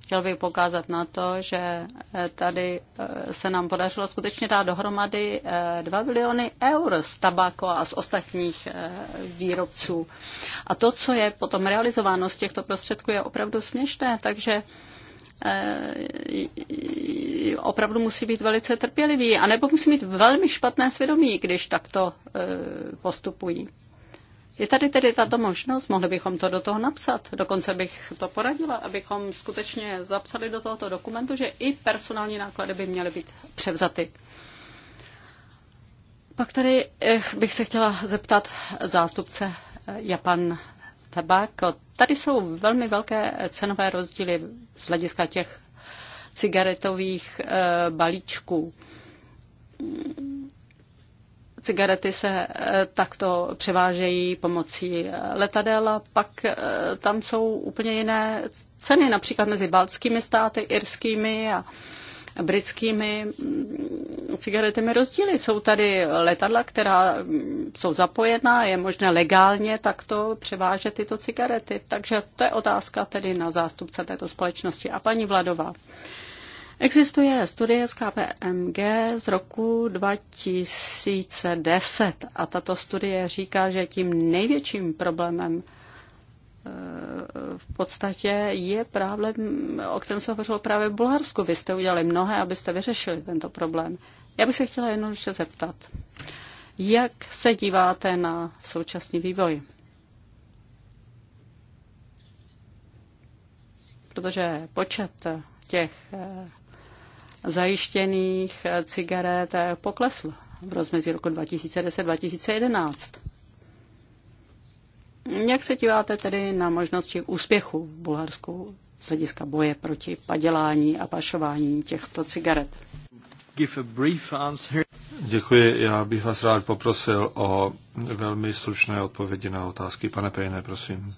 Chtěl bych pokázat na to, že e, tady e, se nám podařilo skutečně dát dohromady 2 biliony eur z tabáku a z ostatních výrobců. A to, co je potom realizováno z těchto prostředků, je opravdu směšné, takže Eh, opravdu musí být velice trpělivý, anebo musí mít velmi špatné svědomí, když takto eh, postupují. Je tady tedy tato možnost, mohli bychom to do toho napsat. Dokonce bych to poradila, abychom skutečně zapsali do tohoto dokumentu, že i personální náklady by měly být převzaty. Pak tady eh, bych se chtěla zeptat zástupce Japan tabáko. Tady jsou velmi velké cenové rozdíly z hlediska těch cigaretových eh, balíčků cigarety se eh, takto převážejí pomocí eh, letadel a pak tam jsou úplně jiné ceny, například mezi baltskými státy, irskými a britskými mm, cigaretami rozdíly. Jsou tady letadla, která mm, jsou zapojená, je možné legálně takto převážet tyto cigarety. Takže to je otázka tedy na zástupce této společnosti. A paní Vladová, Existuje studie z KPMG z roku 2010 a tato studie říká, že tím největším problémem v podstatě je problém, o kterém se hovořilo právě v Bulharsku. Vy jste udělali mnohé, abyste vyřešili tento problém. Já bych se chtěla jednoduše zeptat, jak se díváte na současný vývoj? Protože počet těch eh, zajištěných eh, cigaret eh, poklesl v rozmezí roku 2010-2011. Jak se díváte tedy na možnosti úspěchu v Bulharsku z hlediska boje proti padělání a pašování těchto cigaret? Děkuji. Já bych vás rád poprosil o velmi stručné odpovědi na otázky. Pane Pejné, prosím.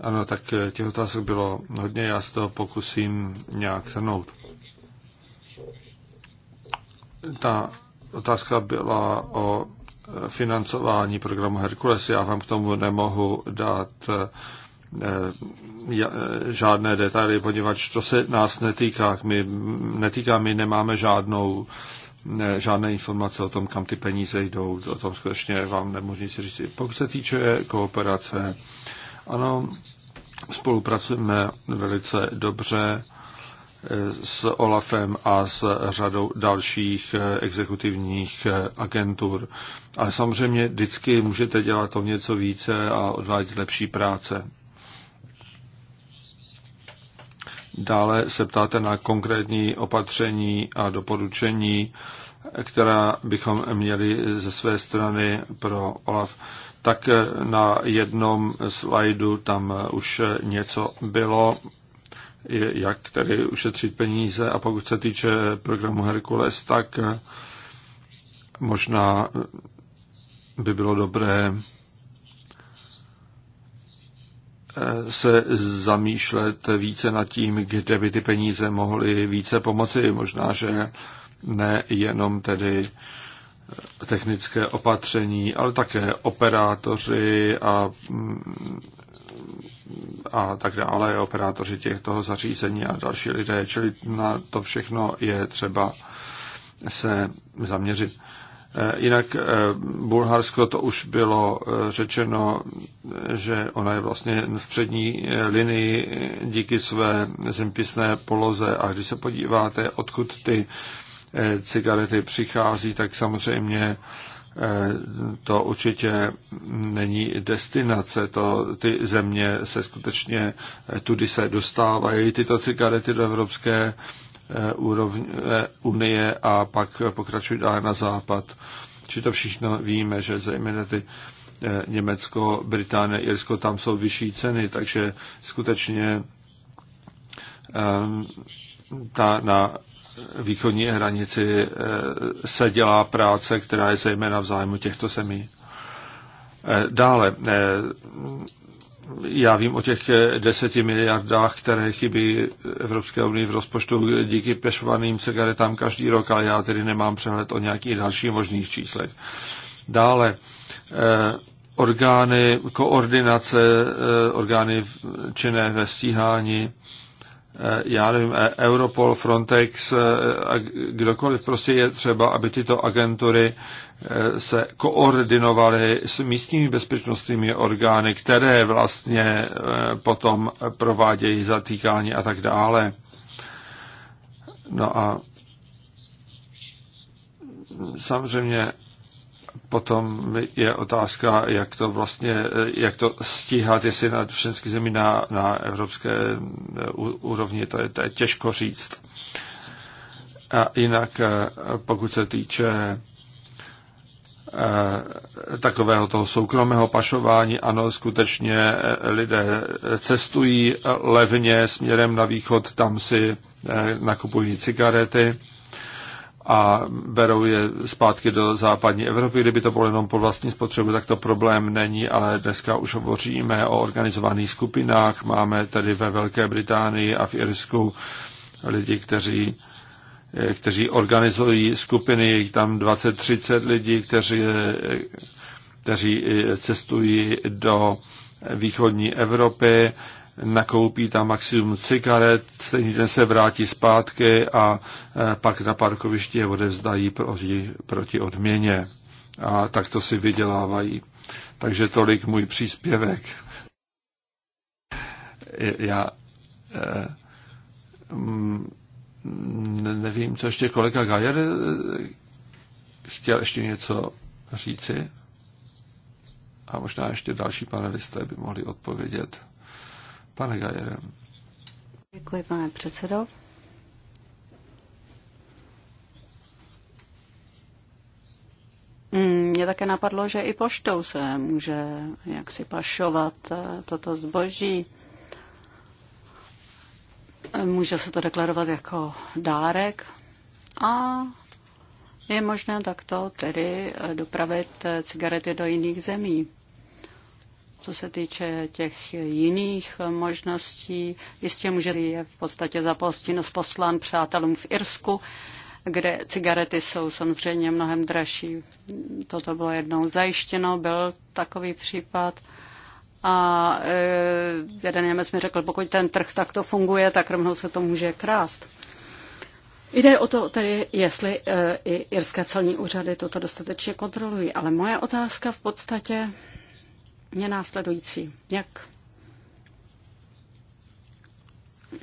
Ano, tak těch otázek bylo hodně, já se to pokusím nějak shrnout. Ta otázka byla o financování programu Herkules. Já vám k tomu nemohu dát eh, eh, žádné detaily, poněvadž to se nás netýká. My, netýká, my nemáme žádnou, ne, žádné informace o tom, kam ty peníze jdou. O tom skutečně vám nemůžu nic říct. Pokud se týče kooperace, ano, spolupracujeme velice dobře s OLAFem a s řadou dalších eh, exekutivních eh, agentur. Ale samozřejmě vždycky můžete dělat o něco více a odvádět lepší práce. Dále se ptáte na konkrétní opatření a doporučení, která bychom měli ze své strany pro OLAF. Tak eh, na jednom slajdu tam už něco bylo jak tedy ušetřit peníze a pokud se týče programu Herkules, tak eh, možná eh, by bylo dobré eh, se zamýšlet více nad tím, kde by ty peníze mohly více pomoci. Možná, že ne jenom tedy technické opatření, ale také operátoři a mm, a tak dále, operátoři toho zařízení a další lidé, čili na to všechno je třeba se zaměřit. Eh, jinak eh, Bulharsko to už bylo eh, řečeno, že ona je vlastně v přední linii díky své zempisné poloze a když se podíváte, odkud ty cigarety přichází, tak samozřejmě to určitě není destinace, to, ty země se skutečně tudy se dostávají tyto cigarety do Evropské eh, úrovně, eh, unie a pak pokračují dále na západ. Či to všichni víme, že zejména ty eh, Německo, Británie, Irsko, tam jsou vyšší ceny, takže skutečně ta na východní hranici eh, se dělá práce, která je zejména v zájmu těchto zemí. Eh, dále, eh, já vím o těch deseti miliardách, které chybí Evropské unii v rozpočtu díky pešvaným cigaretám každý rok, ale já tedy nemám přehled o nějakých dalších možných číslech. Dále, orgány koordinace, orgány činné ve stíhání, Eh, já nevím, e- Europol, Frontex eh, a kdokoliv, prostě je třeba, aby tyto agentury eh, se koordinovaly s místními bezpečnostními orgány, které vlastně potom provádějí zatýkání a tak dále. No a samozřejmě potom je otázka, jak to vlastně, jak to stíhat, jestli na všechny zemi na, na evropské eh, úrovni, to je, to je těžko říct. A jinak, eh, pokud se týče eh, takového toho soukromého pašování. Ano, skutečně lidé cestují levně směrem na východ, tam si nakupují cigarety a berou je zpátky do západní Evropy. Kdyby to bylo jenom po vlastní spotřebu, tak to problém není, ale dneska už hovoříme o organizovaných skupinách. Máme tady ve Velké Británii a v Irsku lidi, kteří kteří organizují skupiny, je tam 20-30 lidí, kteří, kteří cestují do východní Evropy, nakoupí tam maximum cigaret, stejný den se vrátí zpátky a e, pak na parkovišti je odevzdají proti, proti odměně. A tak to si vydělávají. Takže tolik můj příspěvek. Já e, mm, nevím, co ještě kolega Gajer e, chtěl ještě něco říci. A možná ještě další panelisté by mohli odpovědět. Pane Gajere. Děkuji, pane předsedo. Mm, mě také napadlo, že i poštou se může jaksi pašovat eh, toto zboží. Může se to deklarovat jako dárek a je možné takto tedy eh, dopravit eh, cigarety do jiných zemí. Co se týče těch jiných možností, jistě může je v podstatě za polstínost poslán přátelům v Irsku, kde cigarety jsou samozřejmě mnohem dražší. Toto bylo jednou zajištěno, byl takový případ. A e, jeden Němec mi řekl, pokud ten trh takto funguje, tak rovnou se to může krást. Jde o to tedy, jestli e, i irské celní úřady toto dostatečně kontrolují, ale moje otázka v podstatě je následující. Jak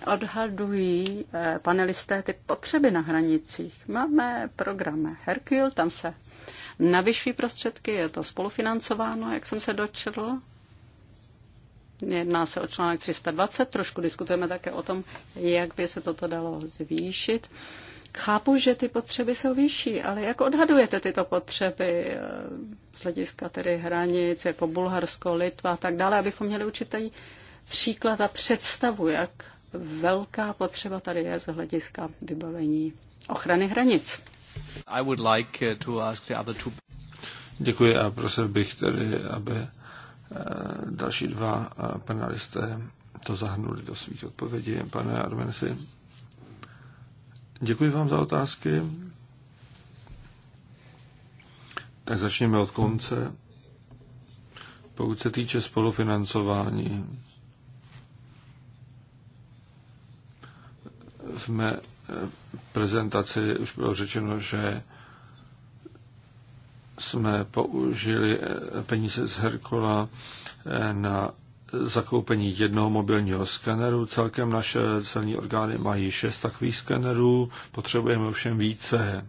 odhadují eh, panelisté ty potřeby na hranicích? Máme program Hercule, tam se navyšují prostředky, je to spolufinancováno, jak jsem se dočetl. Jedná se o článek 320, trošku diskutujeme také o tom, jak by se toto dalo zvýšit. Chápu, že ty potřeby jsou vyšší, ale jak odhadujete tyto potřeby eh, z hlediska tedy hranic, jako Bulharsko, Litva a tak dále, abychom měli určitý příklad a představu, jak velká potřeba tady je z hlediska vybavení ochrany hranic. I would like eh, to ask the other two... Děkuji a prosil bych tedy, aby eh, další dva panelisté to zahrnuli do svých odpovědí. Pane Armensi, Děkuji vám za otázky. Tak začněme od konce. Pokud se týče spolufinancování, v mé eh, prezentaci už bylo řečeno, že jsme použili eh, peníze z Herkola eh, na zakoupení jednoho mobilního skeneru. Celkem naše celní orgány mají šest takových skenerů, potřebujeme ovšem více.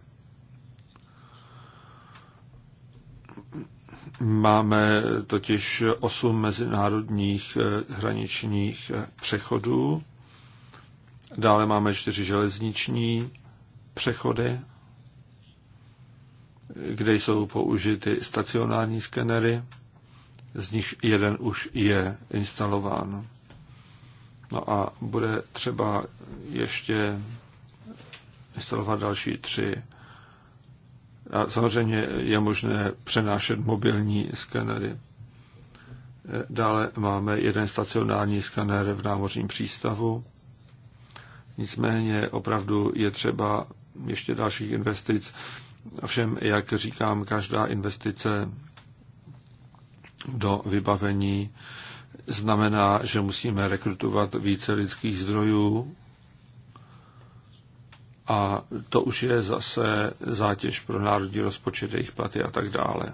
Máme totiž osm mezinárodních eh, hraničních eh, přechodů, dále máme čtyři železniční přechody, kde jsou použity stacionární skenery z nich jeden už je instalován. No a bude třeba ještě instalovat další tři. A samozřejmě je možné přenášet mobilní skenery. Dále máme jeden stacionární skener v námořním přístavu. Nicméně opravdu je třeba ještě dalších investic. Ovšem, jak říkám, každá investice do vybavení znamená, že musíme rekrutovat více lidských zdrojů a to už je zase zátěž pro národní rozpočet, jejich platy a tak dále.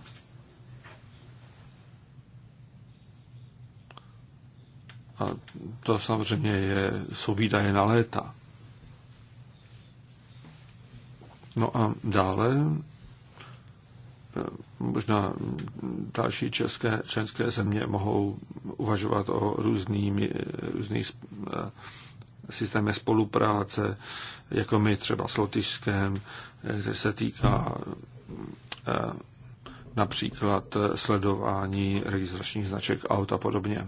A to samozřejmě je, jsou výdaje na léta. No a dále Možná další české, členské země mohou uvažovat o různými, různých eh, systémech spolupráce, jako my třeba s Lotyšskem, eh, kde se týká eh, například sledování registračních značek aut a podobně.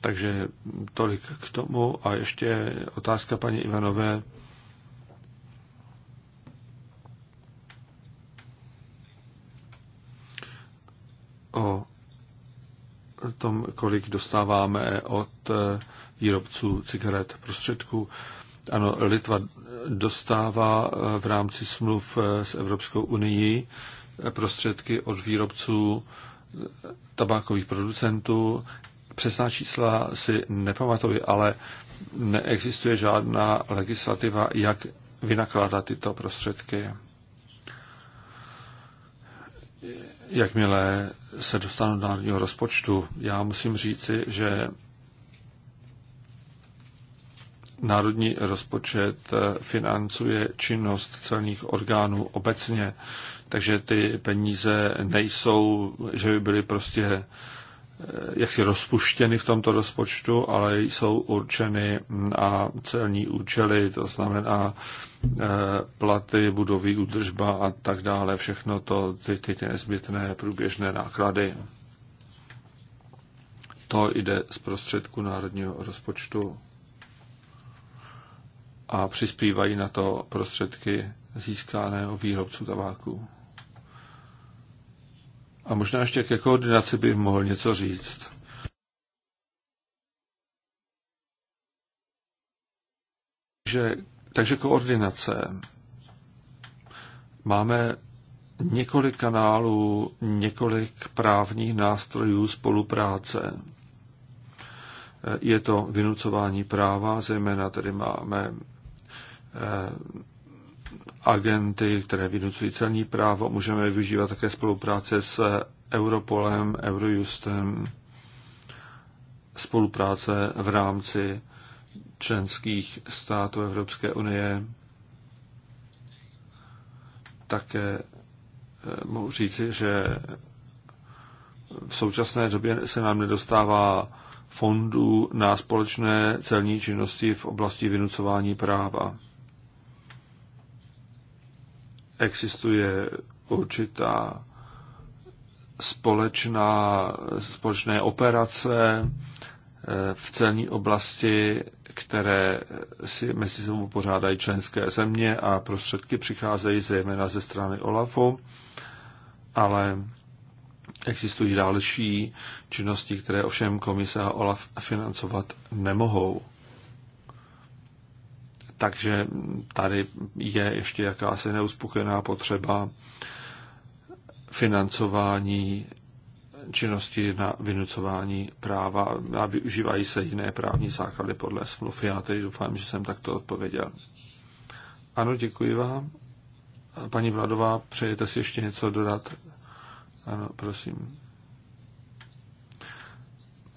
Takže tolik k tomu. A ještě otázka paní Ivanové o tom, kolik dostáváme od eh, výrobců cigaret prostředků. Ano, Litva dostává eh, v rámci smluv eh, s Evropskou unii prostředky od výrobců tabákových producentů. Přesná čísla si nepamatuji, ale neexistuje žádná legislativa, jak vynakládat tyto prostředky jakmile se dostanu do národního rozpočtu, já musím říci, že národní rozpočet eh, financuje činnost celních orgánů obecně, takže ty peníze nejsou, že by byly prostě Eh, jaksi rozpuštěny v tomto rozpočtu, ale jsou určeny a celní účely, to znamená eh, platy, budovy, údržba a tak dále, všechno to, ty, ty nezbytné průběžné náklady. To jde z prostředku národního rozpočtu a přispívají na to prostředky získané od výrobců tabáku. A možná ještě ke koordinaci bych mohl něco říct. Že, takže koordinace. Máme několik kanálů, několik právních nástrojů spolupráce. Je to vynucování práva, zejména tady máme eh, agenty, které vynucují celní právo. Můžeme využívat také spolupráce s Europolem, Eurojustem, spolupráce v rámci členských států Evropské unie. Také eh, mohu říci, že v současné době se nám nedostává fondů na společné celní činnosti v oblasti vynucování práva existuje určitá společná, společné operace eh, v celní oblasti, které si mezi sebou pořádají členské země a prostředky přicházejí zejména ze strany OLAFu, ale existují další činnosti, které ovšem komise a OLAF financovat nemohou. Takže tady je ještě jakási neuspokojená potřeba financování činnosti na vynucování práva a využívají se jiné právní základy podle smluv. Já tedy doufám, že jsem takto odpověděl. Ano, děkuji vám. Paní Vladová, přejete si ještě něco dodat? Ano, prosím.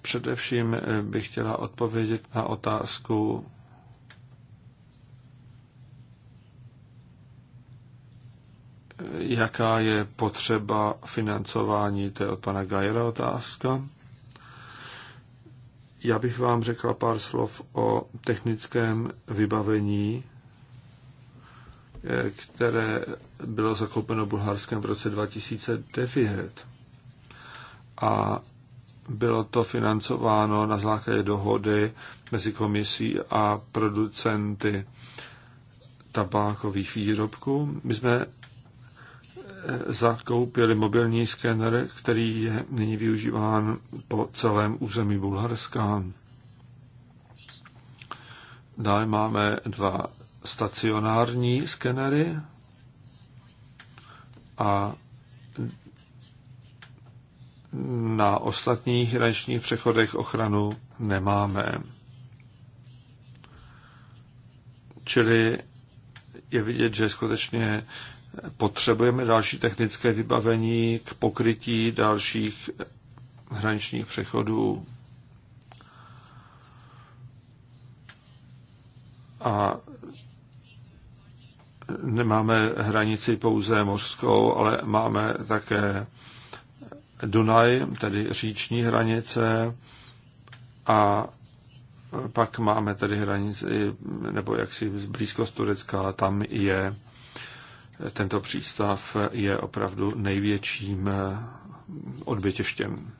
Především bych chtěla odpovědět na otázku jaká je potřeba financování, to je od pana Gajera otázka. Já bych vám řekl pár slov o technickém vybavení, eh, které bylo zakoupeno bulharském v roce 2009. A bylo to financováno na základě dohody mezi komisí a producenty tabákových výrobků. My jsme zakoupili mobilní skener, který je nyní využíván po celém území Bulharska. Dále máme dva stacionární skenery a na ostatních hraničních přechodech ochranu nemáme. Čili je vidět, že skutečně Potřebujeme další technické vybavení k pokrytí dalších hraničních přechodů. A nemáme hranici pouze mořskou, ale máme také Dunaj, tedy říční hranice a pak máme tedy hranici, nebo jaksi blízkost Turecka, tam je tento přístav je opravdu největším eh, odbytěštěm.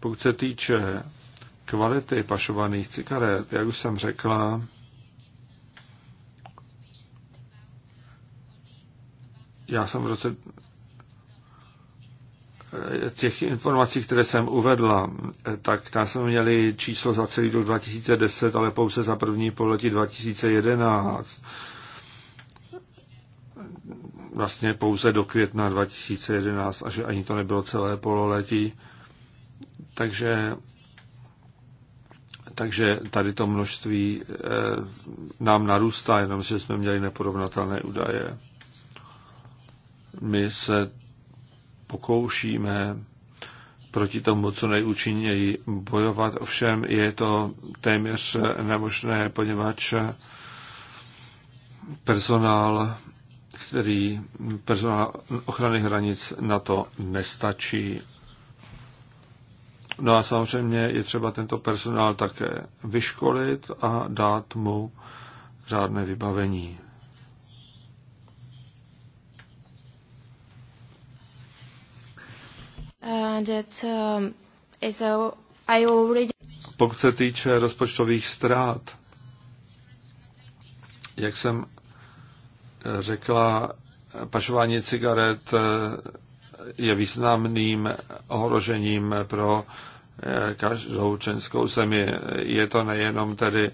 Pokud se týče kvality pašovaných cigaret, jak už jsem řekla, já jsem v roce eh, těch informací, které jsem uvedla, eh, tak tam jsme měli číslo za celý rok 2010, ale pouze za první pololetí 2011 vlastně pouze do května 2011 a že ani to nebylo celé pololetí. Takže, takže tady to množství eh, nám narůstá, jenomže jsme měli neporovnatelné údaje. My se pokoušíme proti tomu co nejúčinněji bojovat. Ovšem je to téměř nemožné, poněvadž personál který personál ochrany hranic na to nestačí. No a samozřejmě je třeba tento personál také vyškolit a dát mu řádné vybavení. Uh, uh, Pokud se týče rozpočtových ztrát, jak jsem řekla, pašování cigaret eh, je významným ohrožením pro eh, každou členskou zemi. Je to nejenom tedy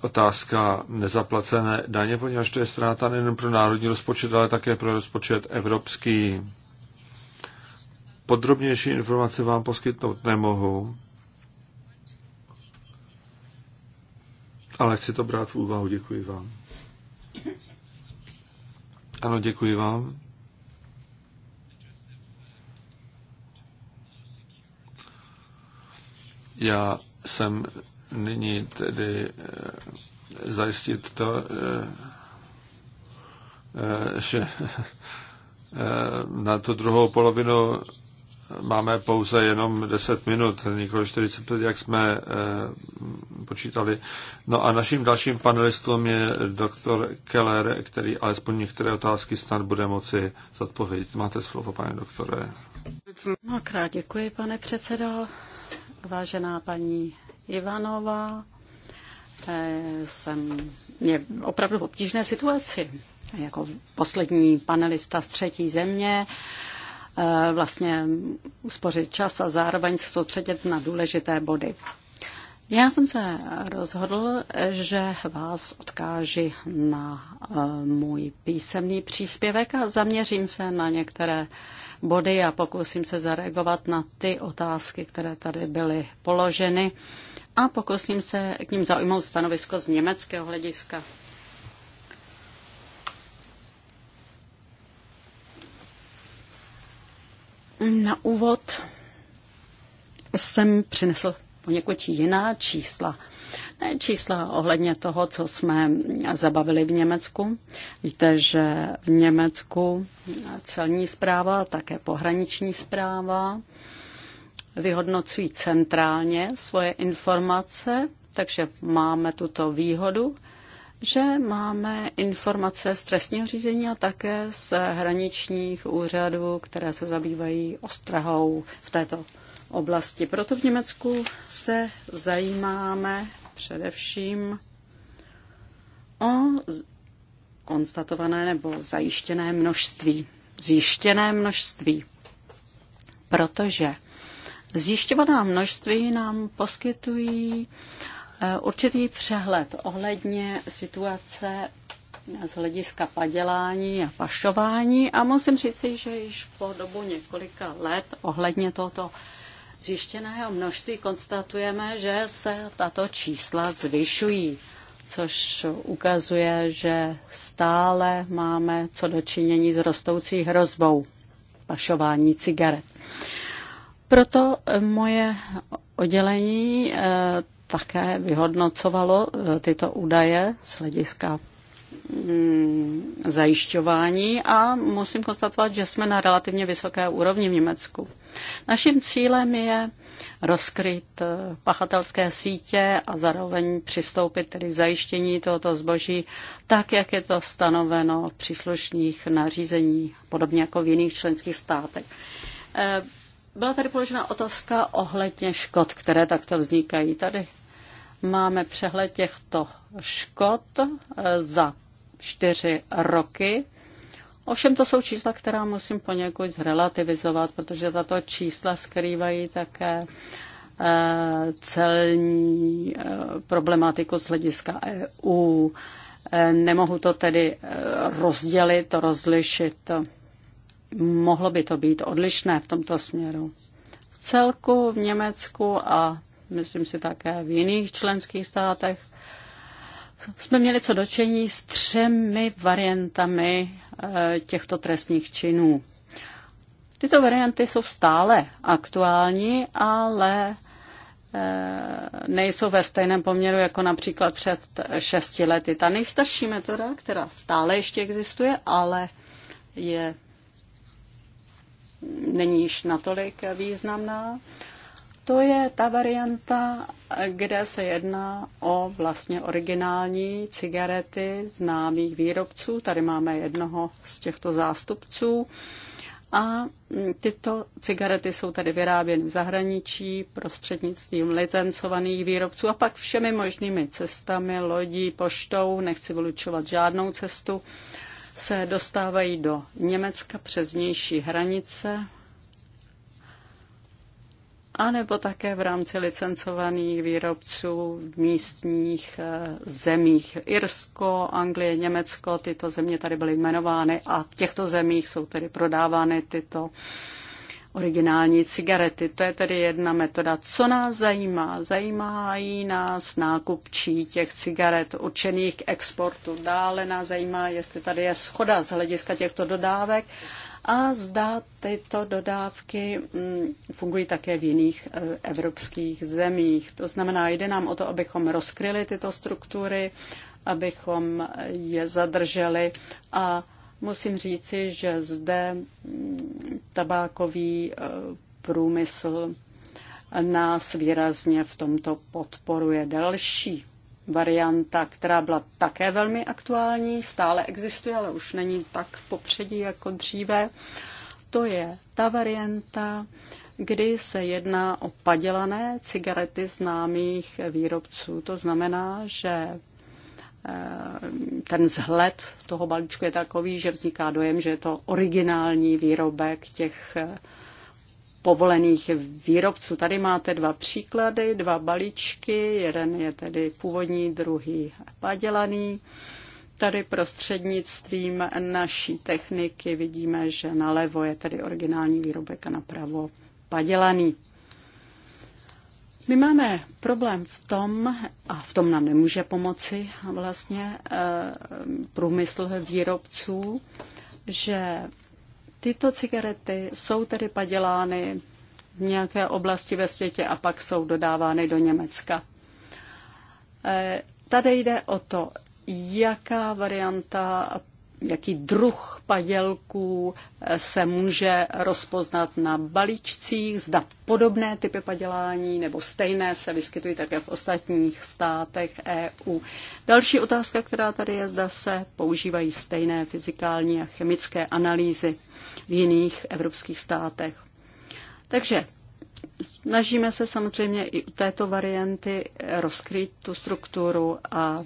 otázka nezaplacené daně, poněvadž to je ztráta nejen pro národní rozpočet, ale také pro rozpočet evropský. Podrobnější informace vám poskytnout nemohu, ale chci to brát v úvahu. Děkuji vám. Ano, děkuji vám. Já jsem nyní tedy eh, zajistit to, eh, eh, že na tu druhou polovinu máme pouze jenom 10 minut, nikoli 45, jak jsme eh, počítali. No a naším dalším panelistům je doktor Keller, který alespoň některé otázky snad bude moci zodpovědět. Máte slovo, pane doktore. Mnohokrát děkuji, pane předsedo. Vážená paní Ivanová, eh, jsem je opravdu v obtížné situaci. Jako poslední panelista z třetí země Eh, vlastně uspořit čas a zároveň se soustředit na důležité body. Já jsem se rozhodl, že vás odkáži na eh, můj písemný příspěvek a zaměřím se na některé body a pokusím se zareagovat na ty otázky, které tady byly položeny a pokusím se k ním zaujmout stanovisko z německého hlediska. Na úvod jsem přinesl poněkud jiná čísla. Ne čísla ohledně toho, co jsme zabavili v Německu. Víte, že v Německu celní zpráva, také pohraniční zpráva vyhodnocují centrálně svoje informace, takže máme tuto výhodu, že máme informace z trestního řízení a také z hraničních úřadů, které se zabývají ostrahou v této oblasti. Proto v Německu se zajímáme především o konstatované nebo zajištěné množství. Zjištěné množství. Protože zjišťovaná množství nám poskytují Eh, určitý přehled ohledně situace z hlediska padělání a pašování a musím říci, že již po dobu několika let ohledně tohoto zjištěného množství konstatujeme, že se tato čísla zvyšují, což ukazuje, že stále máme co dočinění s rostoucí hrozbou pašování cigaret. Proto moje oddělení eh, také vyhodnocovalo e, tyto údaje z hlediska mm, zajišťování a musím konstatovat, že jsme na relativně vysoké úrovni v Německu. Naším cílem je rozkryt e, pachatelské sítě a zároveň přistoupit tedy k zajištění tohoto zboží tak, jak je to stanoveno v příslušných nařízení, podobně jako v jiných členských státech. E, byla tady položena otázka ohledně škod, které takto vznikají. Tady Máme přehled těchto škod eh, za čtyři roky. Ovšem to jsou čísla, která musím poněkud zrelativizovat, protože tato čísla skrývají také eh, celní eh, problematiku z hlediska EU. Nemohu to tedy rozdělit, rozlišit. Mohlo by to být odlišné v tomto směru. V celku v Německu a myslím si také v jiných členských státech, jsme měli co dočení s třemi variantami eh, těchto trestních činů. Tyto varianty jsou stále aktuální, ale eh, nejsou ve stejném poměru jako například před šesti lety. Ta nejstarší metoda, která stále ještě existuje, ale je není již natolik významná, to je ta varianta, kde se jedná o vlastně originální cigarety známých výrobců. Tady máme jednoho z těchto zástupců. A tyto cigarety jsou tedy vyráběny v zahraničí prostřednictvím licencovaných výrobců a pak všemi možnými cestami, lodí, poštou, nechci vylučovat žádnou cestu, se dostávají do Německa přes vnější hranice anebo také v rámci licencovaných výrobců v místních eh, zemích. Irsko, Anglie, Německo, tyto země tady byly jmenovány a v těchto zemích jsou tedy prodávány tyto originální cigarety. To je tedy jedna metoda. Co nás zajímá? Zajímají nás nákupčí těch cigaret určených k exportu. Dále nás zajímá, jestli tady je schoda z hlediska těchto dodávek a zda tyto dodávky mm, fungují také v jiných e, evropských zemích. To znamená, jde nám o to, abychom rozkryli tyto struktury, abychom je zadrželi a musím říci, že zde mm, tabákový e, průmysl nás výrazně v tomto podporuje. Další varianta, která byla také velmi aktuální, stále existuje, ale už není tak v popředí jako dříve. To je ta varianta, kdy se jedná o padělané cigarety známých výrobců. To znamená, že eh, ten vzhled toho balíčku je takový, že vzniká dojem, že je to originální výrobek těch eh, povolených výrobců. Tady máte dva příklady, dva balíčky, jeden je tedy původní, druhý padělaný. Tady prostřednictvím naší techniky vidíme, že nalevo je tedy originální výrobek a napravo padělaný. My máme problém v tom, a v tom nám nemůže pomoci vlastně eh, průmysl výrobců, že Tyto cigarety jsou tedy padělány v nějaké oblasti ve světě a pak jsou dodávány do Německa. Eh, tady jde o to, jaká varianta, jaký druh padělků eh, se může rozpoznat na balíčcích, zda podobné typy padělání nebo stejné se vyskytují také v ostatních státech EU. Další otázka, která tady je, zda se používají stejné fyzikální a chemické analýzy v jiných evropských státech. Takže snažíme se samozřejmě i u této varianty rozkrýt tu strukturu a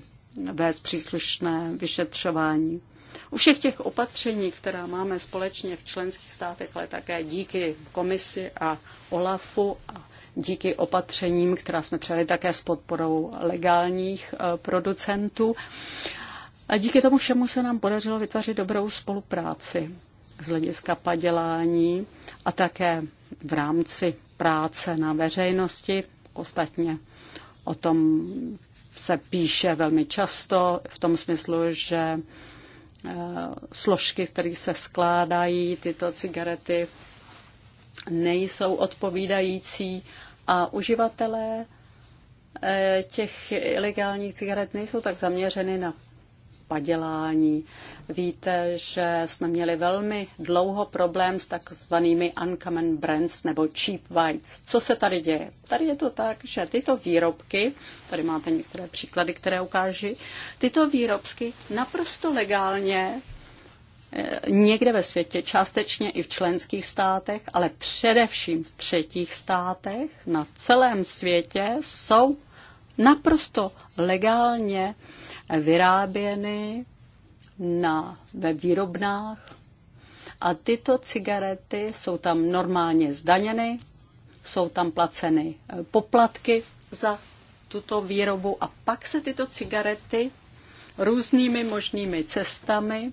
vést příslušné vyšetřování. U všech těch opatření, která máme společně v členských státech, ale také díky komisi a OLAFu a díky opatřením, která jsme přijali také s podporou legálních eh, producentů, a díky tomu všemu se nám podařilo vytvořit dobrou spolupráci z hlediska padělání a také v rámci práce na veřejnosti. Ostatně o tom se píše velmi často v tom smyslu, že eh, složky, z kterých se skládají tyto cigarety, nejsou odpovídající a uživatelé eh, těch ilegálních cigaret nejsou tak zaměřeny na padělání. Víte, že jsme měli velmi dlouho problém s takzvanými uncommon brands nebo cheap whites. Co se tady děje? Tady je to tak, že tyto výrobky, tady máte některé příklady, které ukáži, tyto výrobky naprosto legálně eh, někde ve světě, částečně i v členských státech, ale především v třetích státech na celém světě jsou naprosto legálně vyráběny na, ve výrobnách a tyto cigarety jsou tam normálně zdaněny, jsou tam placeny eh, poplatky za tuto výrobu a pak se tyto cigarety různými možnými cestami,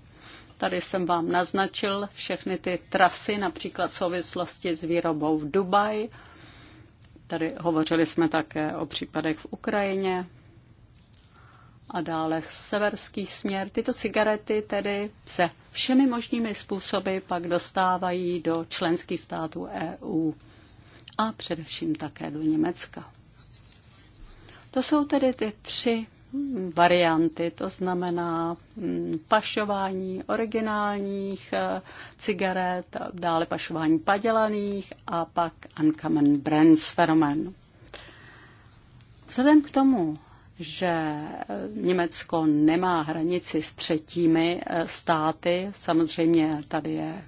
tady jsem vám naznačil všechny ty trasy, například v souvislosti s výrobou v Dubaji, tady hovořili jsme také o případech v Ukrajině, a dále severský směr. Tyto cigarety tedy se všemi možnými způsoby pak dostávají do členských států EU a především také do Německa. To jsou tedy ty tři mm, varianty, to znamená mm, pašování originálních e, cigaret, dále pašování padělaných a pak uncommon brands fenomen. Vzhledem k tomu, že Německo nemá hranici s třetími eh, státy. Samozřejmě tady je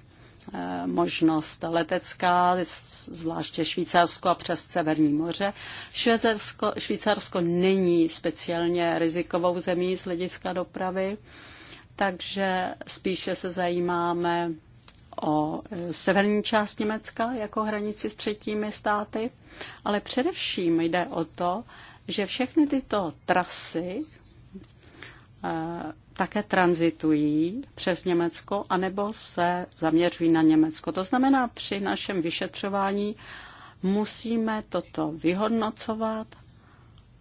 eh, možnost letecká, zvláště Švýcarsko a přes Severní moře. Švýcarsko, Švýcarsko není speciálně rizikovou zemí z hlediska dopravy, takže spíše se zajímáme o eh, severní část Německa jako hranici s třetími státy, ale především jde o to, že všechny tyto trasy eh, také transitují přes Německo, anebo se zaměřují na Německo. To znamená, při našem vyšetřování musíme toto vyhodnocovat,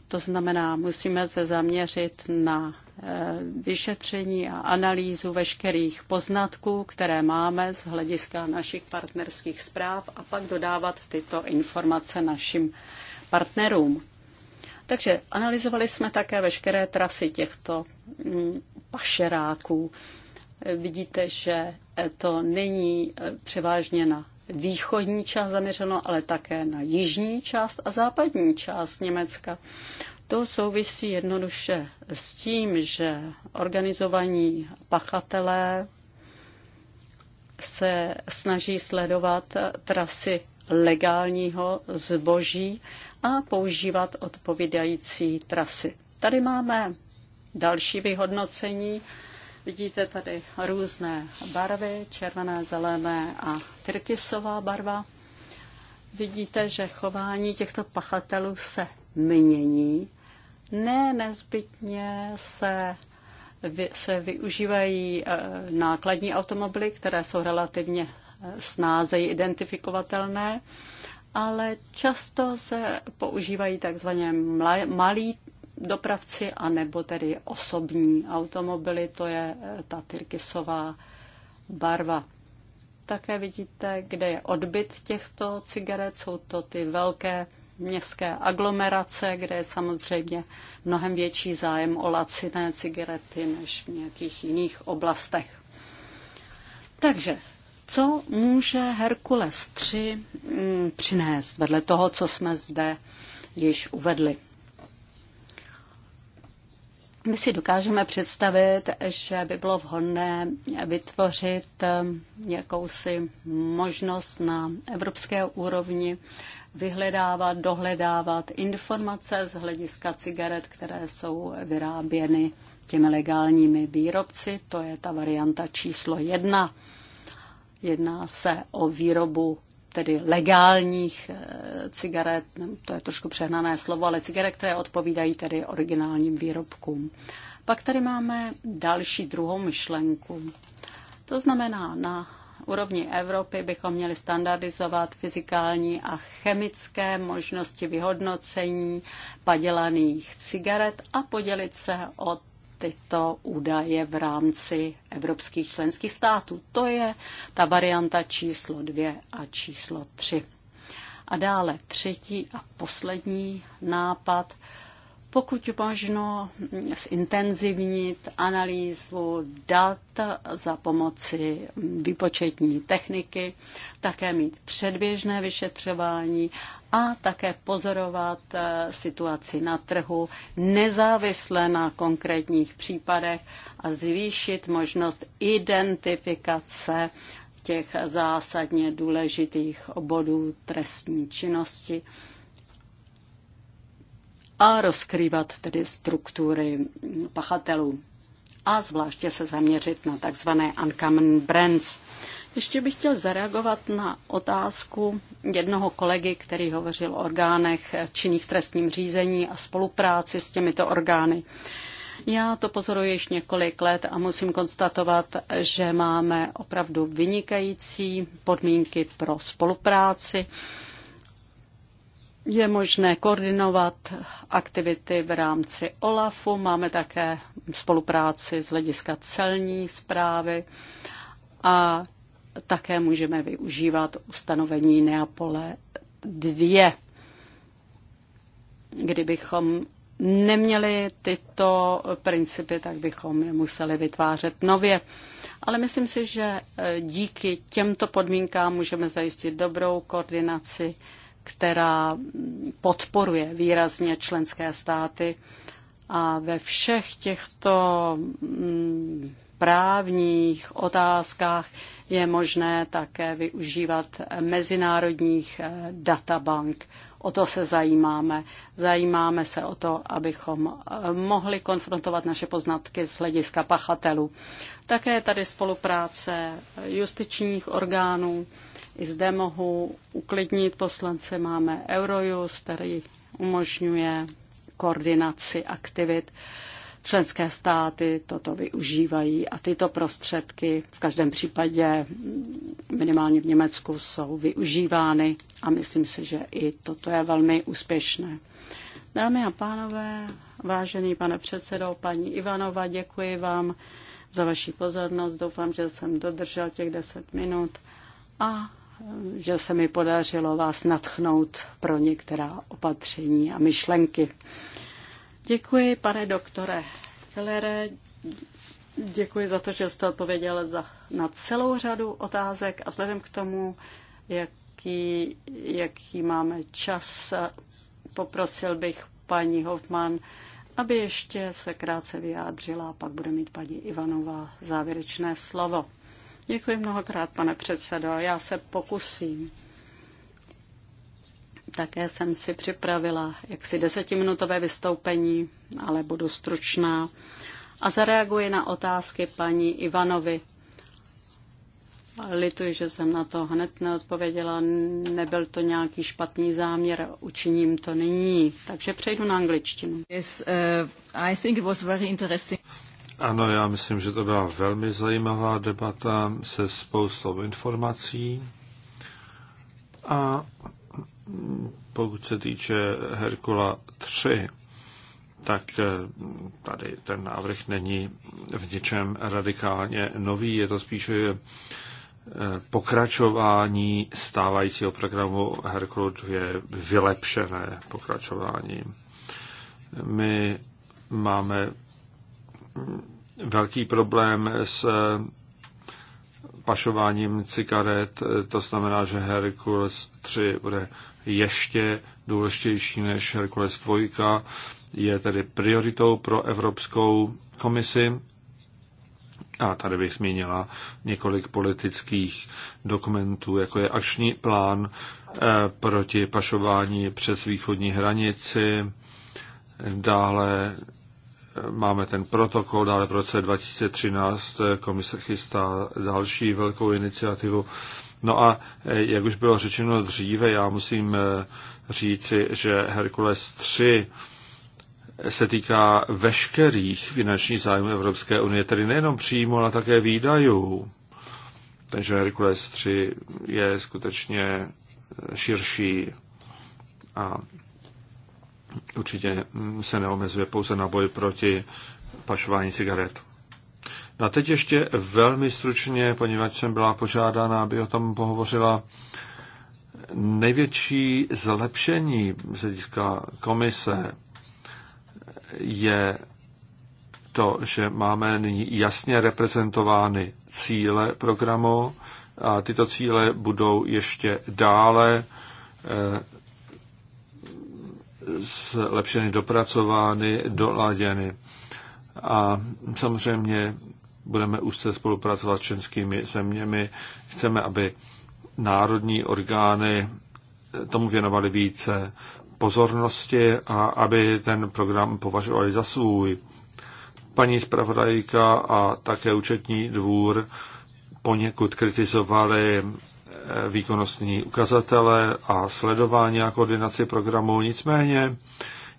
to znamená, musíme se zaměřit na eh, vyšetření a analýzu veškerých poznatků, které máme z hlediska našich partnerských zpráv a pak dodávat tyto informace našim partnerům. Takže analyzovali jsme také veškeré trasy těchto mm, pašeráků. Vidíte, že to není eh, převážně na východní část zaměřeno, ale také na jižní část a západní část Německa. To souvisí jednoduše s tím, že organizovaní pachatelé se snaží sledovat trasy legálního zboží a používat odpovídající trasy. Tady máme další vyhodnocení. Vidíte tady různé barvy, červené, zelené a tyrkysová barva. Vidíte, že chování těchto pachatelů se mění. Ne nezbytně se, se využívají eh, nákladní automobily, které jsou relativně eh, snáze identifikovatelné ale často se používají takzvaně malí dopravci a nebo tedy osobní automobily, to je eh, ta tyrkysová barva. Také vidíte, kde je odbyt těchto cigaret, jsou to ty velké městské aglomerace, kde je samozřejmě mnohem větší zájem o laciné cigarety než v nějakých jiných oblastech. Takže co může Herkules 3 mm, přinést vedle toho, co jsme zde již uvedli? My si dokážeme představit, že by bylo vhodné vytvořit mm, jakousi možnost na evropské úrovni vyhledávat, dohledávat informace z hlediska cigaret, které jsou vyráběny těmi legálními výrobci. To je ta varianta číslo jedna. Jedná se o výrobu tedy legálních eh, cigaret, to je trošku přehnané slovo, ale cigaret, které odpovídají tedy originálním výrobkům. Pak tady máme další druhou myšlenku. To znamená, na úrovni Evropy bychom měli standardizovat fyzikální a chemické možnosti vyhodnocení padělaných cigaret a podělit se o tyto údaje v rámci evropských členských států. To je ta varianta číslo dvě a číslo tři. A dále třetí a poslední nápad pokud možno zintenzivnit analýzu dat za pomoci výpočetní techniky, také mít předběžné vyšetřování a také pozorovat eh, situaci na trhu nezávisle na konkrétních případech a zvýšit možnost identifikace těch zásadně důležitých bodů trestní činnosti a rozkrývat tedy struktury pachatelů a zvláště se zaměřit na takzvané uncommon brands. Ještě bych chtěl zareagovat na otázku jednoho kolegy, který hovořil o orgánech činných v trestním řízení a spolupráci s těmito orgány. Já to pozoruji již několik let a musím konstatovat, že máme opravdu vynikající podmínky pro spolupráci je možné koordinovat aktivity v rámci OLAFu, máme také spolupráci z hlediska celní zprávy a také můžeme využívat ustanovení Neapole 2. Kdybychom neměli tyto principy, tak bychom je museli vytvářet nově. Ale myslím si, že díky těmto podmínkám můžeme zajistit dobrou koordinaci která podporuje výrazně členské státy a ve všech těchto mm, právních otázkách je možné také využívat mezinárodních eh, databank. O to se zajímáme. Zajímáme se o to, abychom eh, mohli konfrontovat naše poznatky z hlediska pachatelů. Také tady spolupráce justičních orgánů i zde mohu uklidnit poslance. Máme Eurojust, který umožňuje koordinaci aktivit. Členské státy toto využívají a tyto prostředky v každém případě minimálně v Německu jsou využívány a myslím si, že i toto je velmi úspěšné. Dámy a pánové, vážený pane předsedo, paní Ivanova, děkuji vám za vaši pozornost. Doufám, že jsem dodržel těch 10 minut a že se mi podařilo vás natchnout pro některá opatření a myšlenky. Děkuji, pane doktore Kellere. Děkuji za to, že jste odpověděl za, na celou řadu otázek a vzhledem k tomu, jaký, jaký máme čas, poprosil bych paní Hofman, aby ještě se krátce vyjádřila a pak bude mít paní Ivanová závěrečné slovo. Děkuji mnohokrát, pane předsedo. Já se pokusím. Také jsem si připravila jaksi desetiminutové vystoupení, ale budu stručná. A zareaguji na otázky paní Ivanovi. Lituji, že jsem na to hned neodpověděla. Nebyl to nějaký špatný záměr, učiním to nyní. Takže přejdu na angličtinu. Yes, uh, I think it was very interesting. Ano, já myslím, že to byla velmi zajímavá debata se spoustou informací. A pokud se týče Herkula 3, tak eh, tady ten návrh není v něčem radikálně nový, je to spíše eh, pokračování stávajícího programu Herkulu je vylepšené pokračování. My máme velký problém s eh, pašováním cigaret, to znamená, že Hercules 3 bude ještě důležitější než Hercules 2, je tedy prioritou pro Evropskou komisi. A tady bych zmínila několik politických dokumentů, jako je akční plán eh, proti pašování přes východní hranici, dále máme ten protokol, dále v roce 2013 komise chystá další velkou iniciativu. No a eh, jak už bylo řečeno dříve, já musím eh, říci, že Herkules 3 se týká veškerých finančních zájmů Evropské unie, tedy nejenom příjmu, ale také výdajů. Takže Herkules 3 je skutečně eh, širší a určitě se neomezuje pouze na boj proti pašování cigaret. No a teď ještě velmi stručně, poněvadž jsem byla požádána, aby o tom pohovořila největší zlepšení z hlediska komise je to, že máme nyní jasně reprezentovány cíle programu a tyto cíle budou ještě dále eh, zlepšeny, dopracovány, doladěny. A samozřejmě budeme úzce spolupracovat s členskými zeměmi. Chceme, aby národní orgány eh, tomu věnovaly více pozornosti a aby ten program považovali za svůj. Paní zpravodajka a také účetní dvůr poněkud kritizovali výkonnostní ukazatele a sledování a koordinaci programu. Nicméně,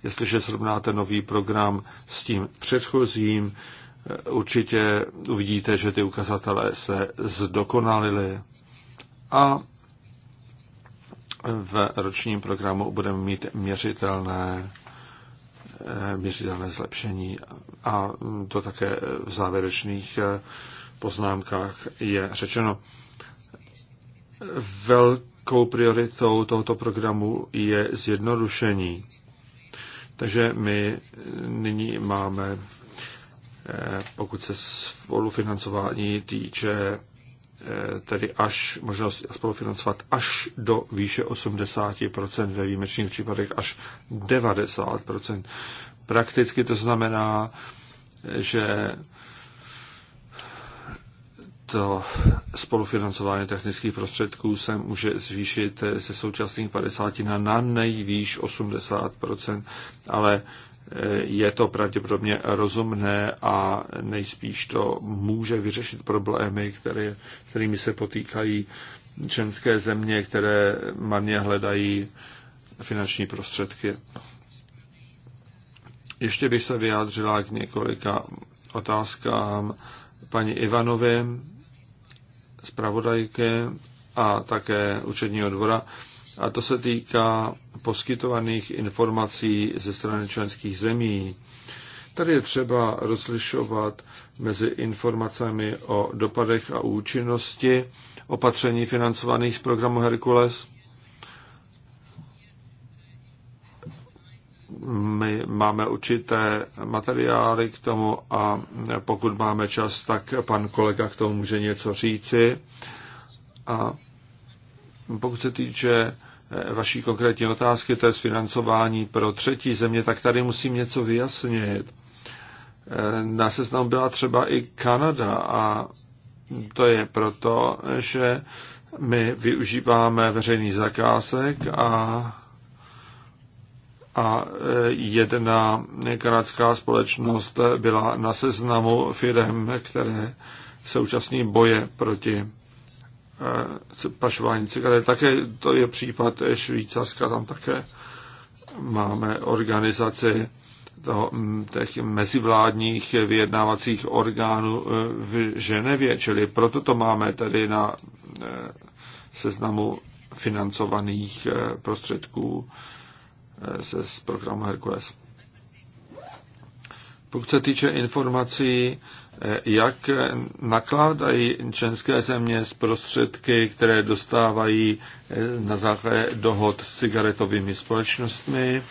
jestliže srovnáte nový program s tím předchozím, eh, určitě uvidíte, že ty ukazatele se zdokonalily a v ročním programu budeme mít měřitelné, eh, měřitelné zlepšení a mm, to také v závěrečných eh, poznámkách je řečeno velkou prioritou tohoto programu je zjednodušení. Takže my nyní máme, eh, pokud se spolufinancování týče, eh, tedy až možnost spolufinancovat až do výše 80%, ve výjimečných případech až 90%. Prakticky to znamená, že to spolufinancování technických prostředků se může zvýšit ze současných 50 na, na nejvýš 80 ale eh, je to pravděpodobně rozumné a nejspíš to může vyřešit problémy, které, kterými se potýkají členské země, které marně hledají finanční prostředky. Ještě bych se vyjádřila k několika otázkám paní Ivanovy zpravodajky a také učedního dvora. A to se týká poskytovaných informací ze strany členských zemí. Tady je třeba rozlišovat mezi informacemi o dopadech a účinnosti opatření financovaných z programu Herkules my máme určité materiály k tomu a pokud máme čas, tak pan kolega k tomu může něco říci. A pokud se týče vaší konkrétní otázky, to je financování pro třetí země, tak tady musím něco vyjasnit. Na seznamu byla třeba i Kanada a to je proto, že my využíváme veřejný zakázek a a e, jedna kanadská společnost byla na seznamu firm, které se účastní boje proti e, pašování cigaret. Také to je případ Švýcarska, tam také máme organizaci toho, těch mezivládních vyjednávacích orgánů e, v Ženevě, čili proto to máme tady na seznamu financovaných prostředků Eh, z programu Hercules. Pokud se týče informací, eh, jak nakládají členské země z prostředky, které dostávají eh, na základě dohod s cigaretovými společnostmi,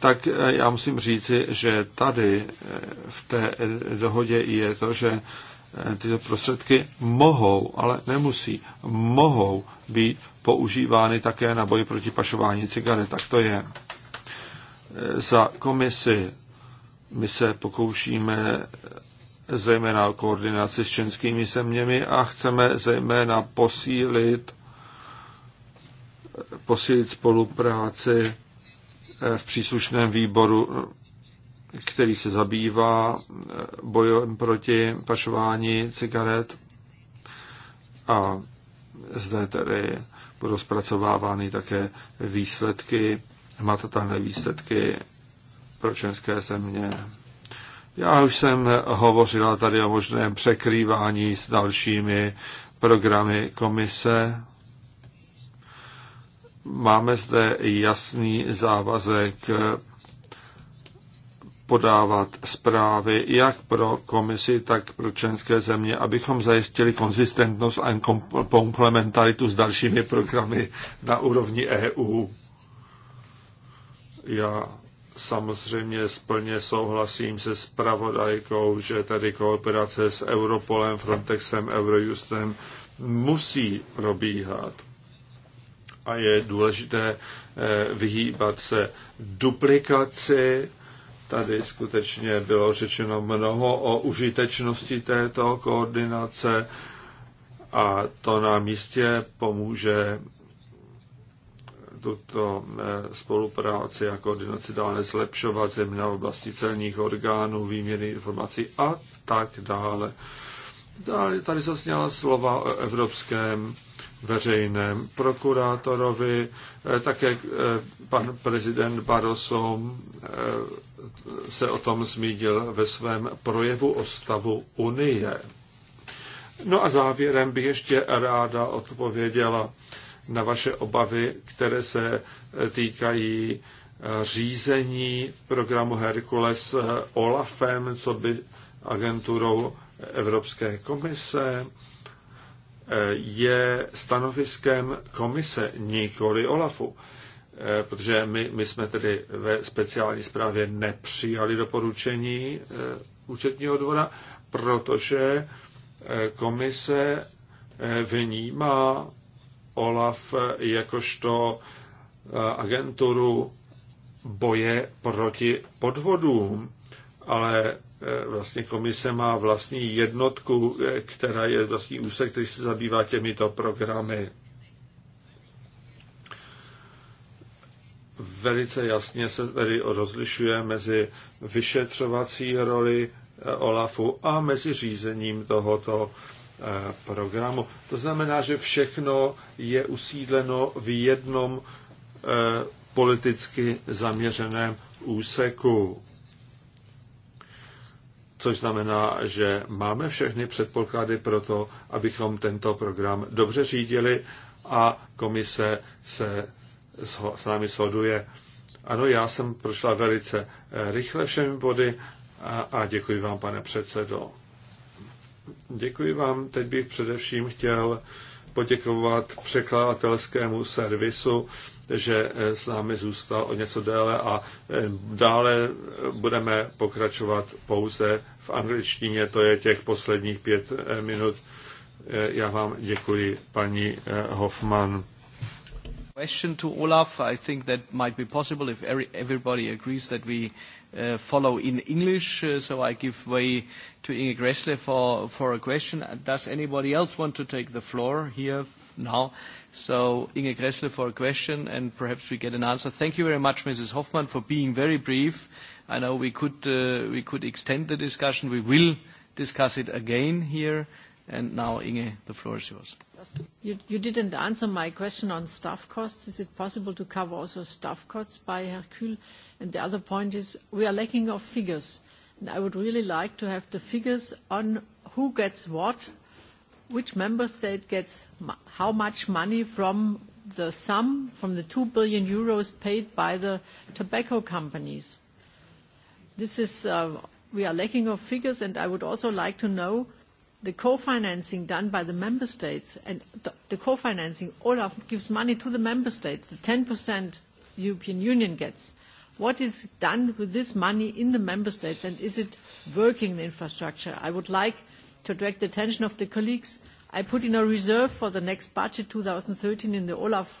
tak já musím říci, že tady v té dohodě je to, že tyto prostředky mohou, ale nemusí, mohou být používány také na boj proti pašování cigaret. Tak to je. Za komisi my se pokoušíme zejména o koordinaci s českými zeměmi a chceme zejména posílit, posílit spolupráci eh, v příslušném výboru, který se zabývá eh, bojem proti pašování cigaret a zde tedy budou zpracovávány také výsledky má to takhle výsledky pro české země. Já už jsem hovořila tady o možném překrývání s dalšími programy komise. Máme zde jasný závazek podávat zprávy jak pro komisi, tak pro členské země, abychom zajistili konzistentnost a komplementaritu s dalšími programy na úrovni EU. Já samozřejmě splně souhlasím se spravodajkou, že tady kooperace s Europolem, Frontexem, Eurojustem musí probíhat. A je důležité eh, vyhýbat se duplikaci. Tady skutečně bylo řečeno mnoho o užitečnosti této koordinace a to nám jistě pomůže tuto eh, spolupráci a koordinaci dále zlepšovat, zejména v oblasti celních orgánů, výměny informací a tak dále. Dále tady zazněla slova o evropském veřejném prokurátorovi, eh, také eh, pan prezident Barroso se o tom zmínil ve svém projevu o stavu Unie. No a závěrem bych ještě ráda odpověděla na vaše obavy, které se týkají eh, řízení programu Hercules eh, OLAFem, co by agenturou Evropské komise, eh, je stanoviskem komise, nikoli OLAFu. Protože my, my jsme tedy ve speciální zprávě nepřijali doporučení účetního dvora, protože komise vnímá OLAF jakožto eh, agenturu boje proti podvodům, ale eh, vlastně komise má vlastní jednotku, eh, která je vlastní úsek, který se zabývá těmito programy. Velice jasně se tedy rozlišuje mezi vyšetřovací roli OLAFu a mezi řízením tohoto Eh, programu. To znamená, že všechno je usídleno v jednom eh, politicky zaměřeném úseku. Což znamená, že máme všechny předpoklady pro to, abychom tento program dobře řídili a komise se s námi shoduje. Ano, já jsem prošla velice eh, rychle všemi body a, a děkuji vám, pane předsedo. Děkuji vám. Teď bych především chtěl poděkovat překladatelskému servisu, že eh, s námi zůstal o něco déle a eh, dále budeme pokračovat pouze v angličtině, to je těch posledních pět eh, minut. Já vám děkuji, paní Hoffman. Question to Olaf. I think that might be possible if everybody agrees that we Uh, follow in English, uh, so I give way to Inge Gressle for, for a question. Does anybody else want to take the floor here now? So Inge Gressle for a question, and perhaps we get an answer. Thank you very much, Mrs. Hoffmann, for being very brief. I know we could, uh, we could extend the discussion. We will discuss it again here. And now, Inge, the floor is yours. You, you didn't answer my question on staff costs. Is it possible to cover also staff costs by Hercule? the other point is we are lacking of figures. And I would really like to have the figures on who gets what, which member state gets how much money from the sum, from the 2 billion euros paid by the tobacco companies. This is, uh, we are lacking of figures, and I would also like to know the co-financing done by the member states and the, the co-financing, Olaf gives money to the member states, the 10% the European Union gets what is done with this money in the member states and is it working the infrastructure? I would like to direct the attention of the colleagues. I put in a reserve for the next budget 2013 in the Olaf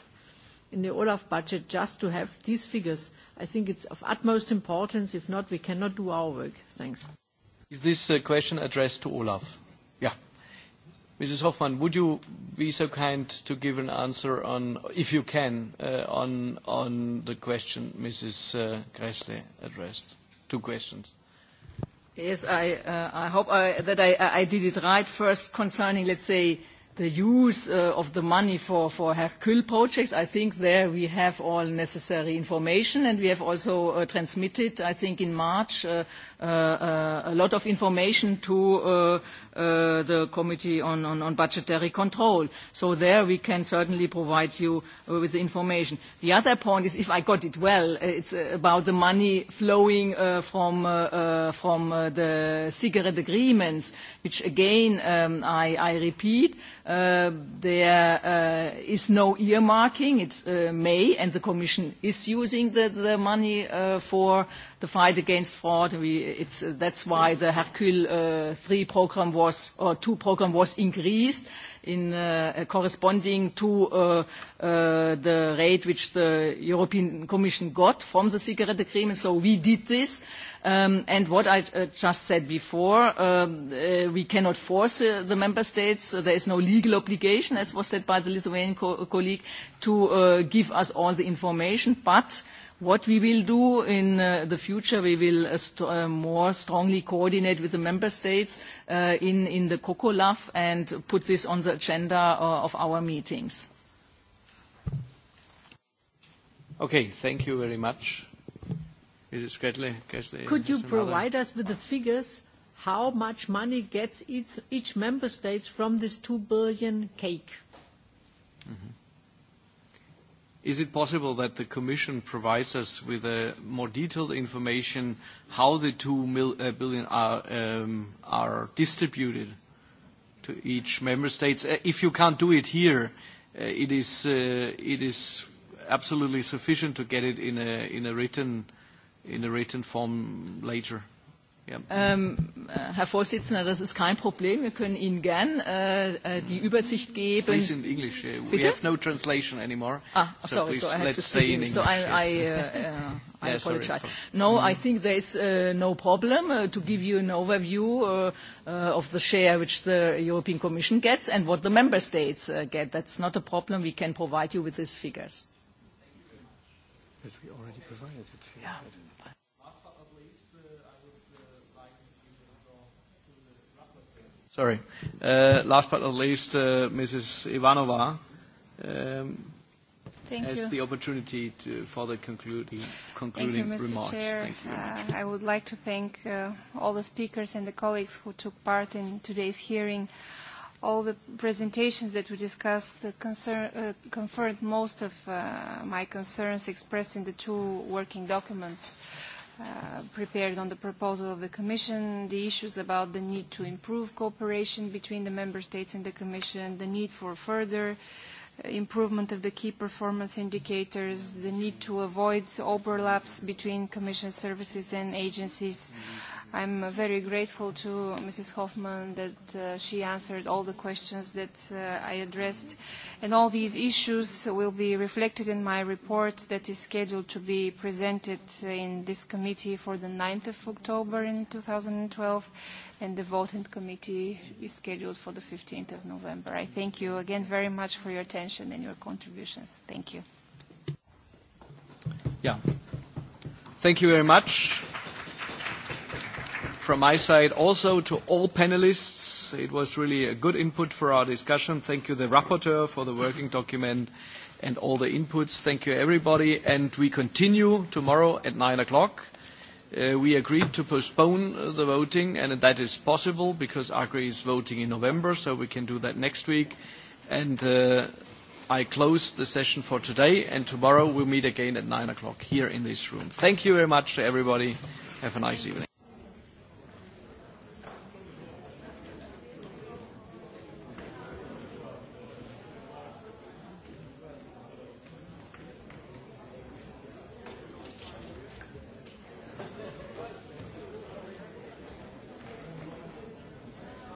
in the Olaf budget just to have these figures. I think it's of utmost importance. If not, we cannot do our work. Thanks. Is this uh, question addressed to Olaf? Yeah. Mrs. Hoffmann, would you be so kind to give an answer on, if you can, uh, on, on the question Mrs. Uh, Gräßle addressed? Two questions. Yes, I, uh, I hope I, that I, I did it right. First, concerning, let's say, the use uh, of the money for, for Hercule project, I think there we have all necessary information, and we have also uh, transmitted, I think in March, uh, Uh, uh, a lot of information to uh, uh, the Committee on, on, on Budgetary Control. So there we can certainly provide you uh, with the information. The other point is, if I got it well, uh, it's about the money flowing uh, from, uh, uh, from uh, the cigarette agreements, which again, um, I, I repeat, Uh, there uh, is no earmarking. It's uh, May, and the Commission is using the, the money for the fight against fraud. We, it's, uh, that's why the Hercule uh, 3 program was, or 2 program was increased in uh, uh, corresponding to uh, uh, the rate which the European Commission got from the cigarette agreement. So we did this. Um, and what I uh, just said before, um, uh, we cannot force uh, the member states. Uh, there is no legal obligation, as was said by the Lithuanian co colleague, to uh, give us all the information. But uh, What we will do in uh, the future, we will uh, uh, more strongly coordinate with the member states in, the COCOLAF and put this on the agenda of our meetings. Okay, thank you very much. Mrs. Gretler, Gretler Could you provide us with the figures how much money gets each, each member states from this 2 billion cake? Is it possible that the Commission provides us with a uh, more detailed information how the 2 mil, uh, billion are, um, are distributed to each member states? Uh, if you can't do it here, uh, it, is, uh, it is absolutely sufficient to get it in a, in a, written, in a written form later. Ähm, äh, Herr Vorsitzender, das ist kein Problem. Wir können Ihnen gern äh, äh die Übersicht geben. Please in English. Uh, we Bitte? have no translation anymore. Ah, so sorry, please, so I have let's to stay in English. So I, yes. I, uh, uh, I yeah, apologize. Sorry. No, mm. I think there is uh, no problem uh, to give you an overview uh, uh, of the share which the European Commission gets and what the member states uh, get. That's not a problem. We can provide you with these figures. Thank you very much. Sorry. Uh, last but not least, uh, Mrs. Ivanova. Um, Thank you. the opportunity to, for the concluding, concluding thank you, Mr. remarks. Chair. Thank you. Uh, I would like to thank uh, all the speakers and the colleagues who took part in today's hearing. All the presentations that we discussed uh, concern, uh, confirmed most of uh, my concerns expressed in the two working documents. Uh, Uh, prepared on the proposal of the Commission, the issues about the need to improve cooperation between the Member States and the Commission, the need for further uh, improvement of the key performance indicators, the need to avoid overlaps between Commission services and agencies. Mm -hmm I'm very grateful to Mrs. Hoffman that uh, she answered all the questions that uh, I addressed. And all these issues will be reflected in my report that is scheduled to be presented in this committee for the 9th of October in 2012, and the vote in committee is scheduled for the 15th of November. I thank you again very much for your attention and your contributions. Thank you. Yeah. Thank you very much from my side also to all panelists. It was really a good input for our discussion. Thank you, the rapporteur, for the working document and all the inputs. Thank you, everybody. And we continue tomorrow at 9 o'clock. Uh, we agreed to postpone uh, the voting, and that is possible because Agri is voting in November, so we can do that next week. And uh, I close the session for today, and tomorrow we'll meet again at 9 o'clock here in this room. Thank you very much to everybody. Have a nice evening.